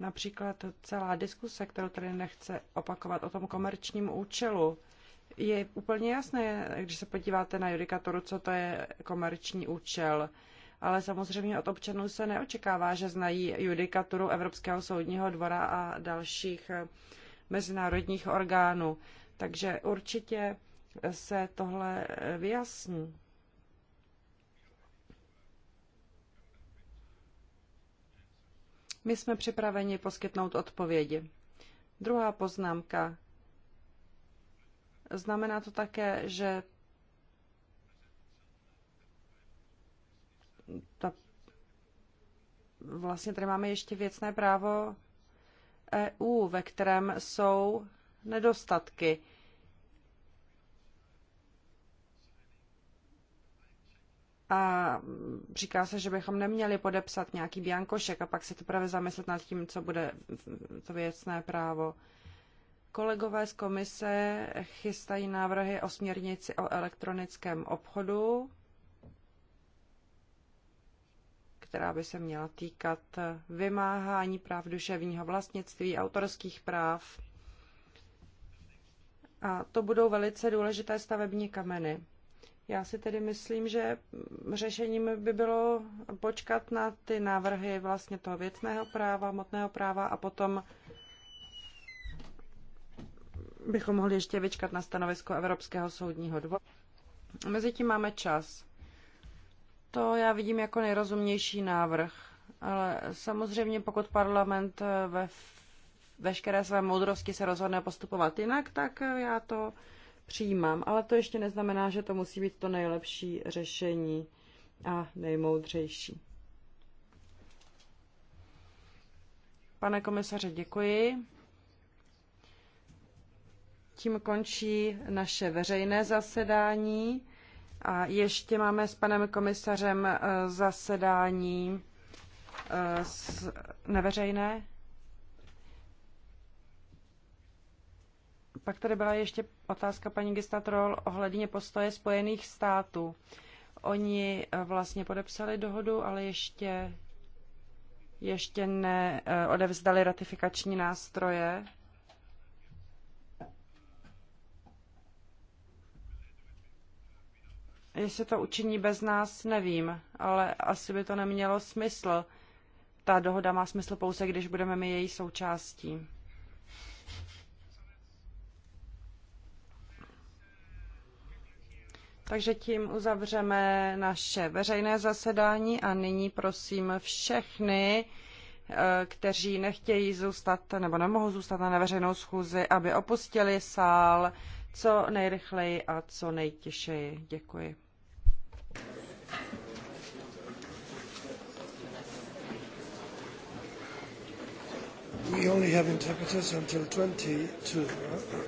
Například celá diskuse, kterou tady nechce opakovat o tom komerčním účelu, je úplně jasné, když se podíváte na judikaturu, co to je komerční účel. Ale samozřejmě od občanů se neočekává, že znají judikaturu Evropského soudního dvora a dalších mezinárodních orgánů. Takže určitě se tohle vyjasní. My jsme připraveni poskytnout odpovědi. Druhá poznámka. Znamená to také, že ta, vlastně tady máme ještě věcné právo EU, ve kterém jsou nedostatky. a říká se, že bychom neměli podepsat nějaký biankošek a pak se teprve zamyslet nad tím, co bude to věcné právo. Kolegové z komise chystají návrhy o směrnici o elektronickém obchodu, která by se měla týkat vymáhání práv duševního vlastnictví, autorských práv. A to budou velice důležité stavební kameny. Já si tedy myslím, že řešením by bylo počkat na ty návrhy vlastně toho věcného práva, hmotného práva a potom bychom mohli ještě vyčkat na stanovisko Evropského soudního dvora. Mezitím máme čas. To já vidím jako nejrozumnější návrh. Ale samozřejmě, pokud parlament ve veškeré své moudrosti se rozhodne postupovat jinak, tak já to přijímám, ale to ještě neznamená, že to musí být to nejlepší řešení a nejmoudřejší. Pane komisaře, děkuji. Tím končí naše veřejné zasedání a ještě máme s panem komisařem eh, zasedání eh, neveřejné. Pak tady byla ještě otázka paní Gestatrol ohledně postoje Spojených států. Oni eh, vlastně podepsali dohodu, ale ještě, ještě neodevzdali eh, ratifikační nástroje. Jestli to učiní bez nás, nevím, ale asi by to nemělo smysl. Ta dohoda má smysl pouze, když budeme my její součástí. Takže tím uzavřeme naše veřejné zasedání a nyní prosím všechny, eh, kteří nechtějí zůstat nebo nemohou zůstat na veřejnou schůzi, aby opustili sál co nejrychleji a co nejtišeji. Děkuji. We only have interpreters until 22.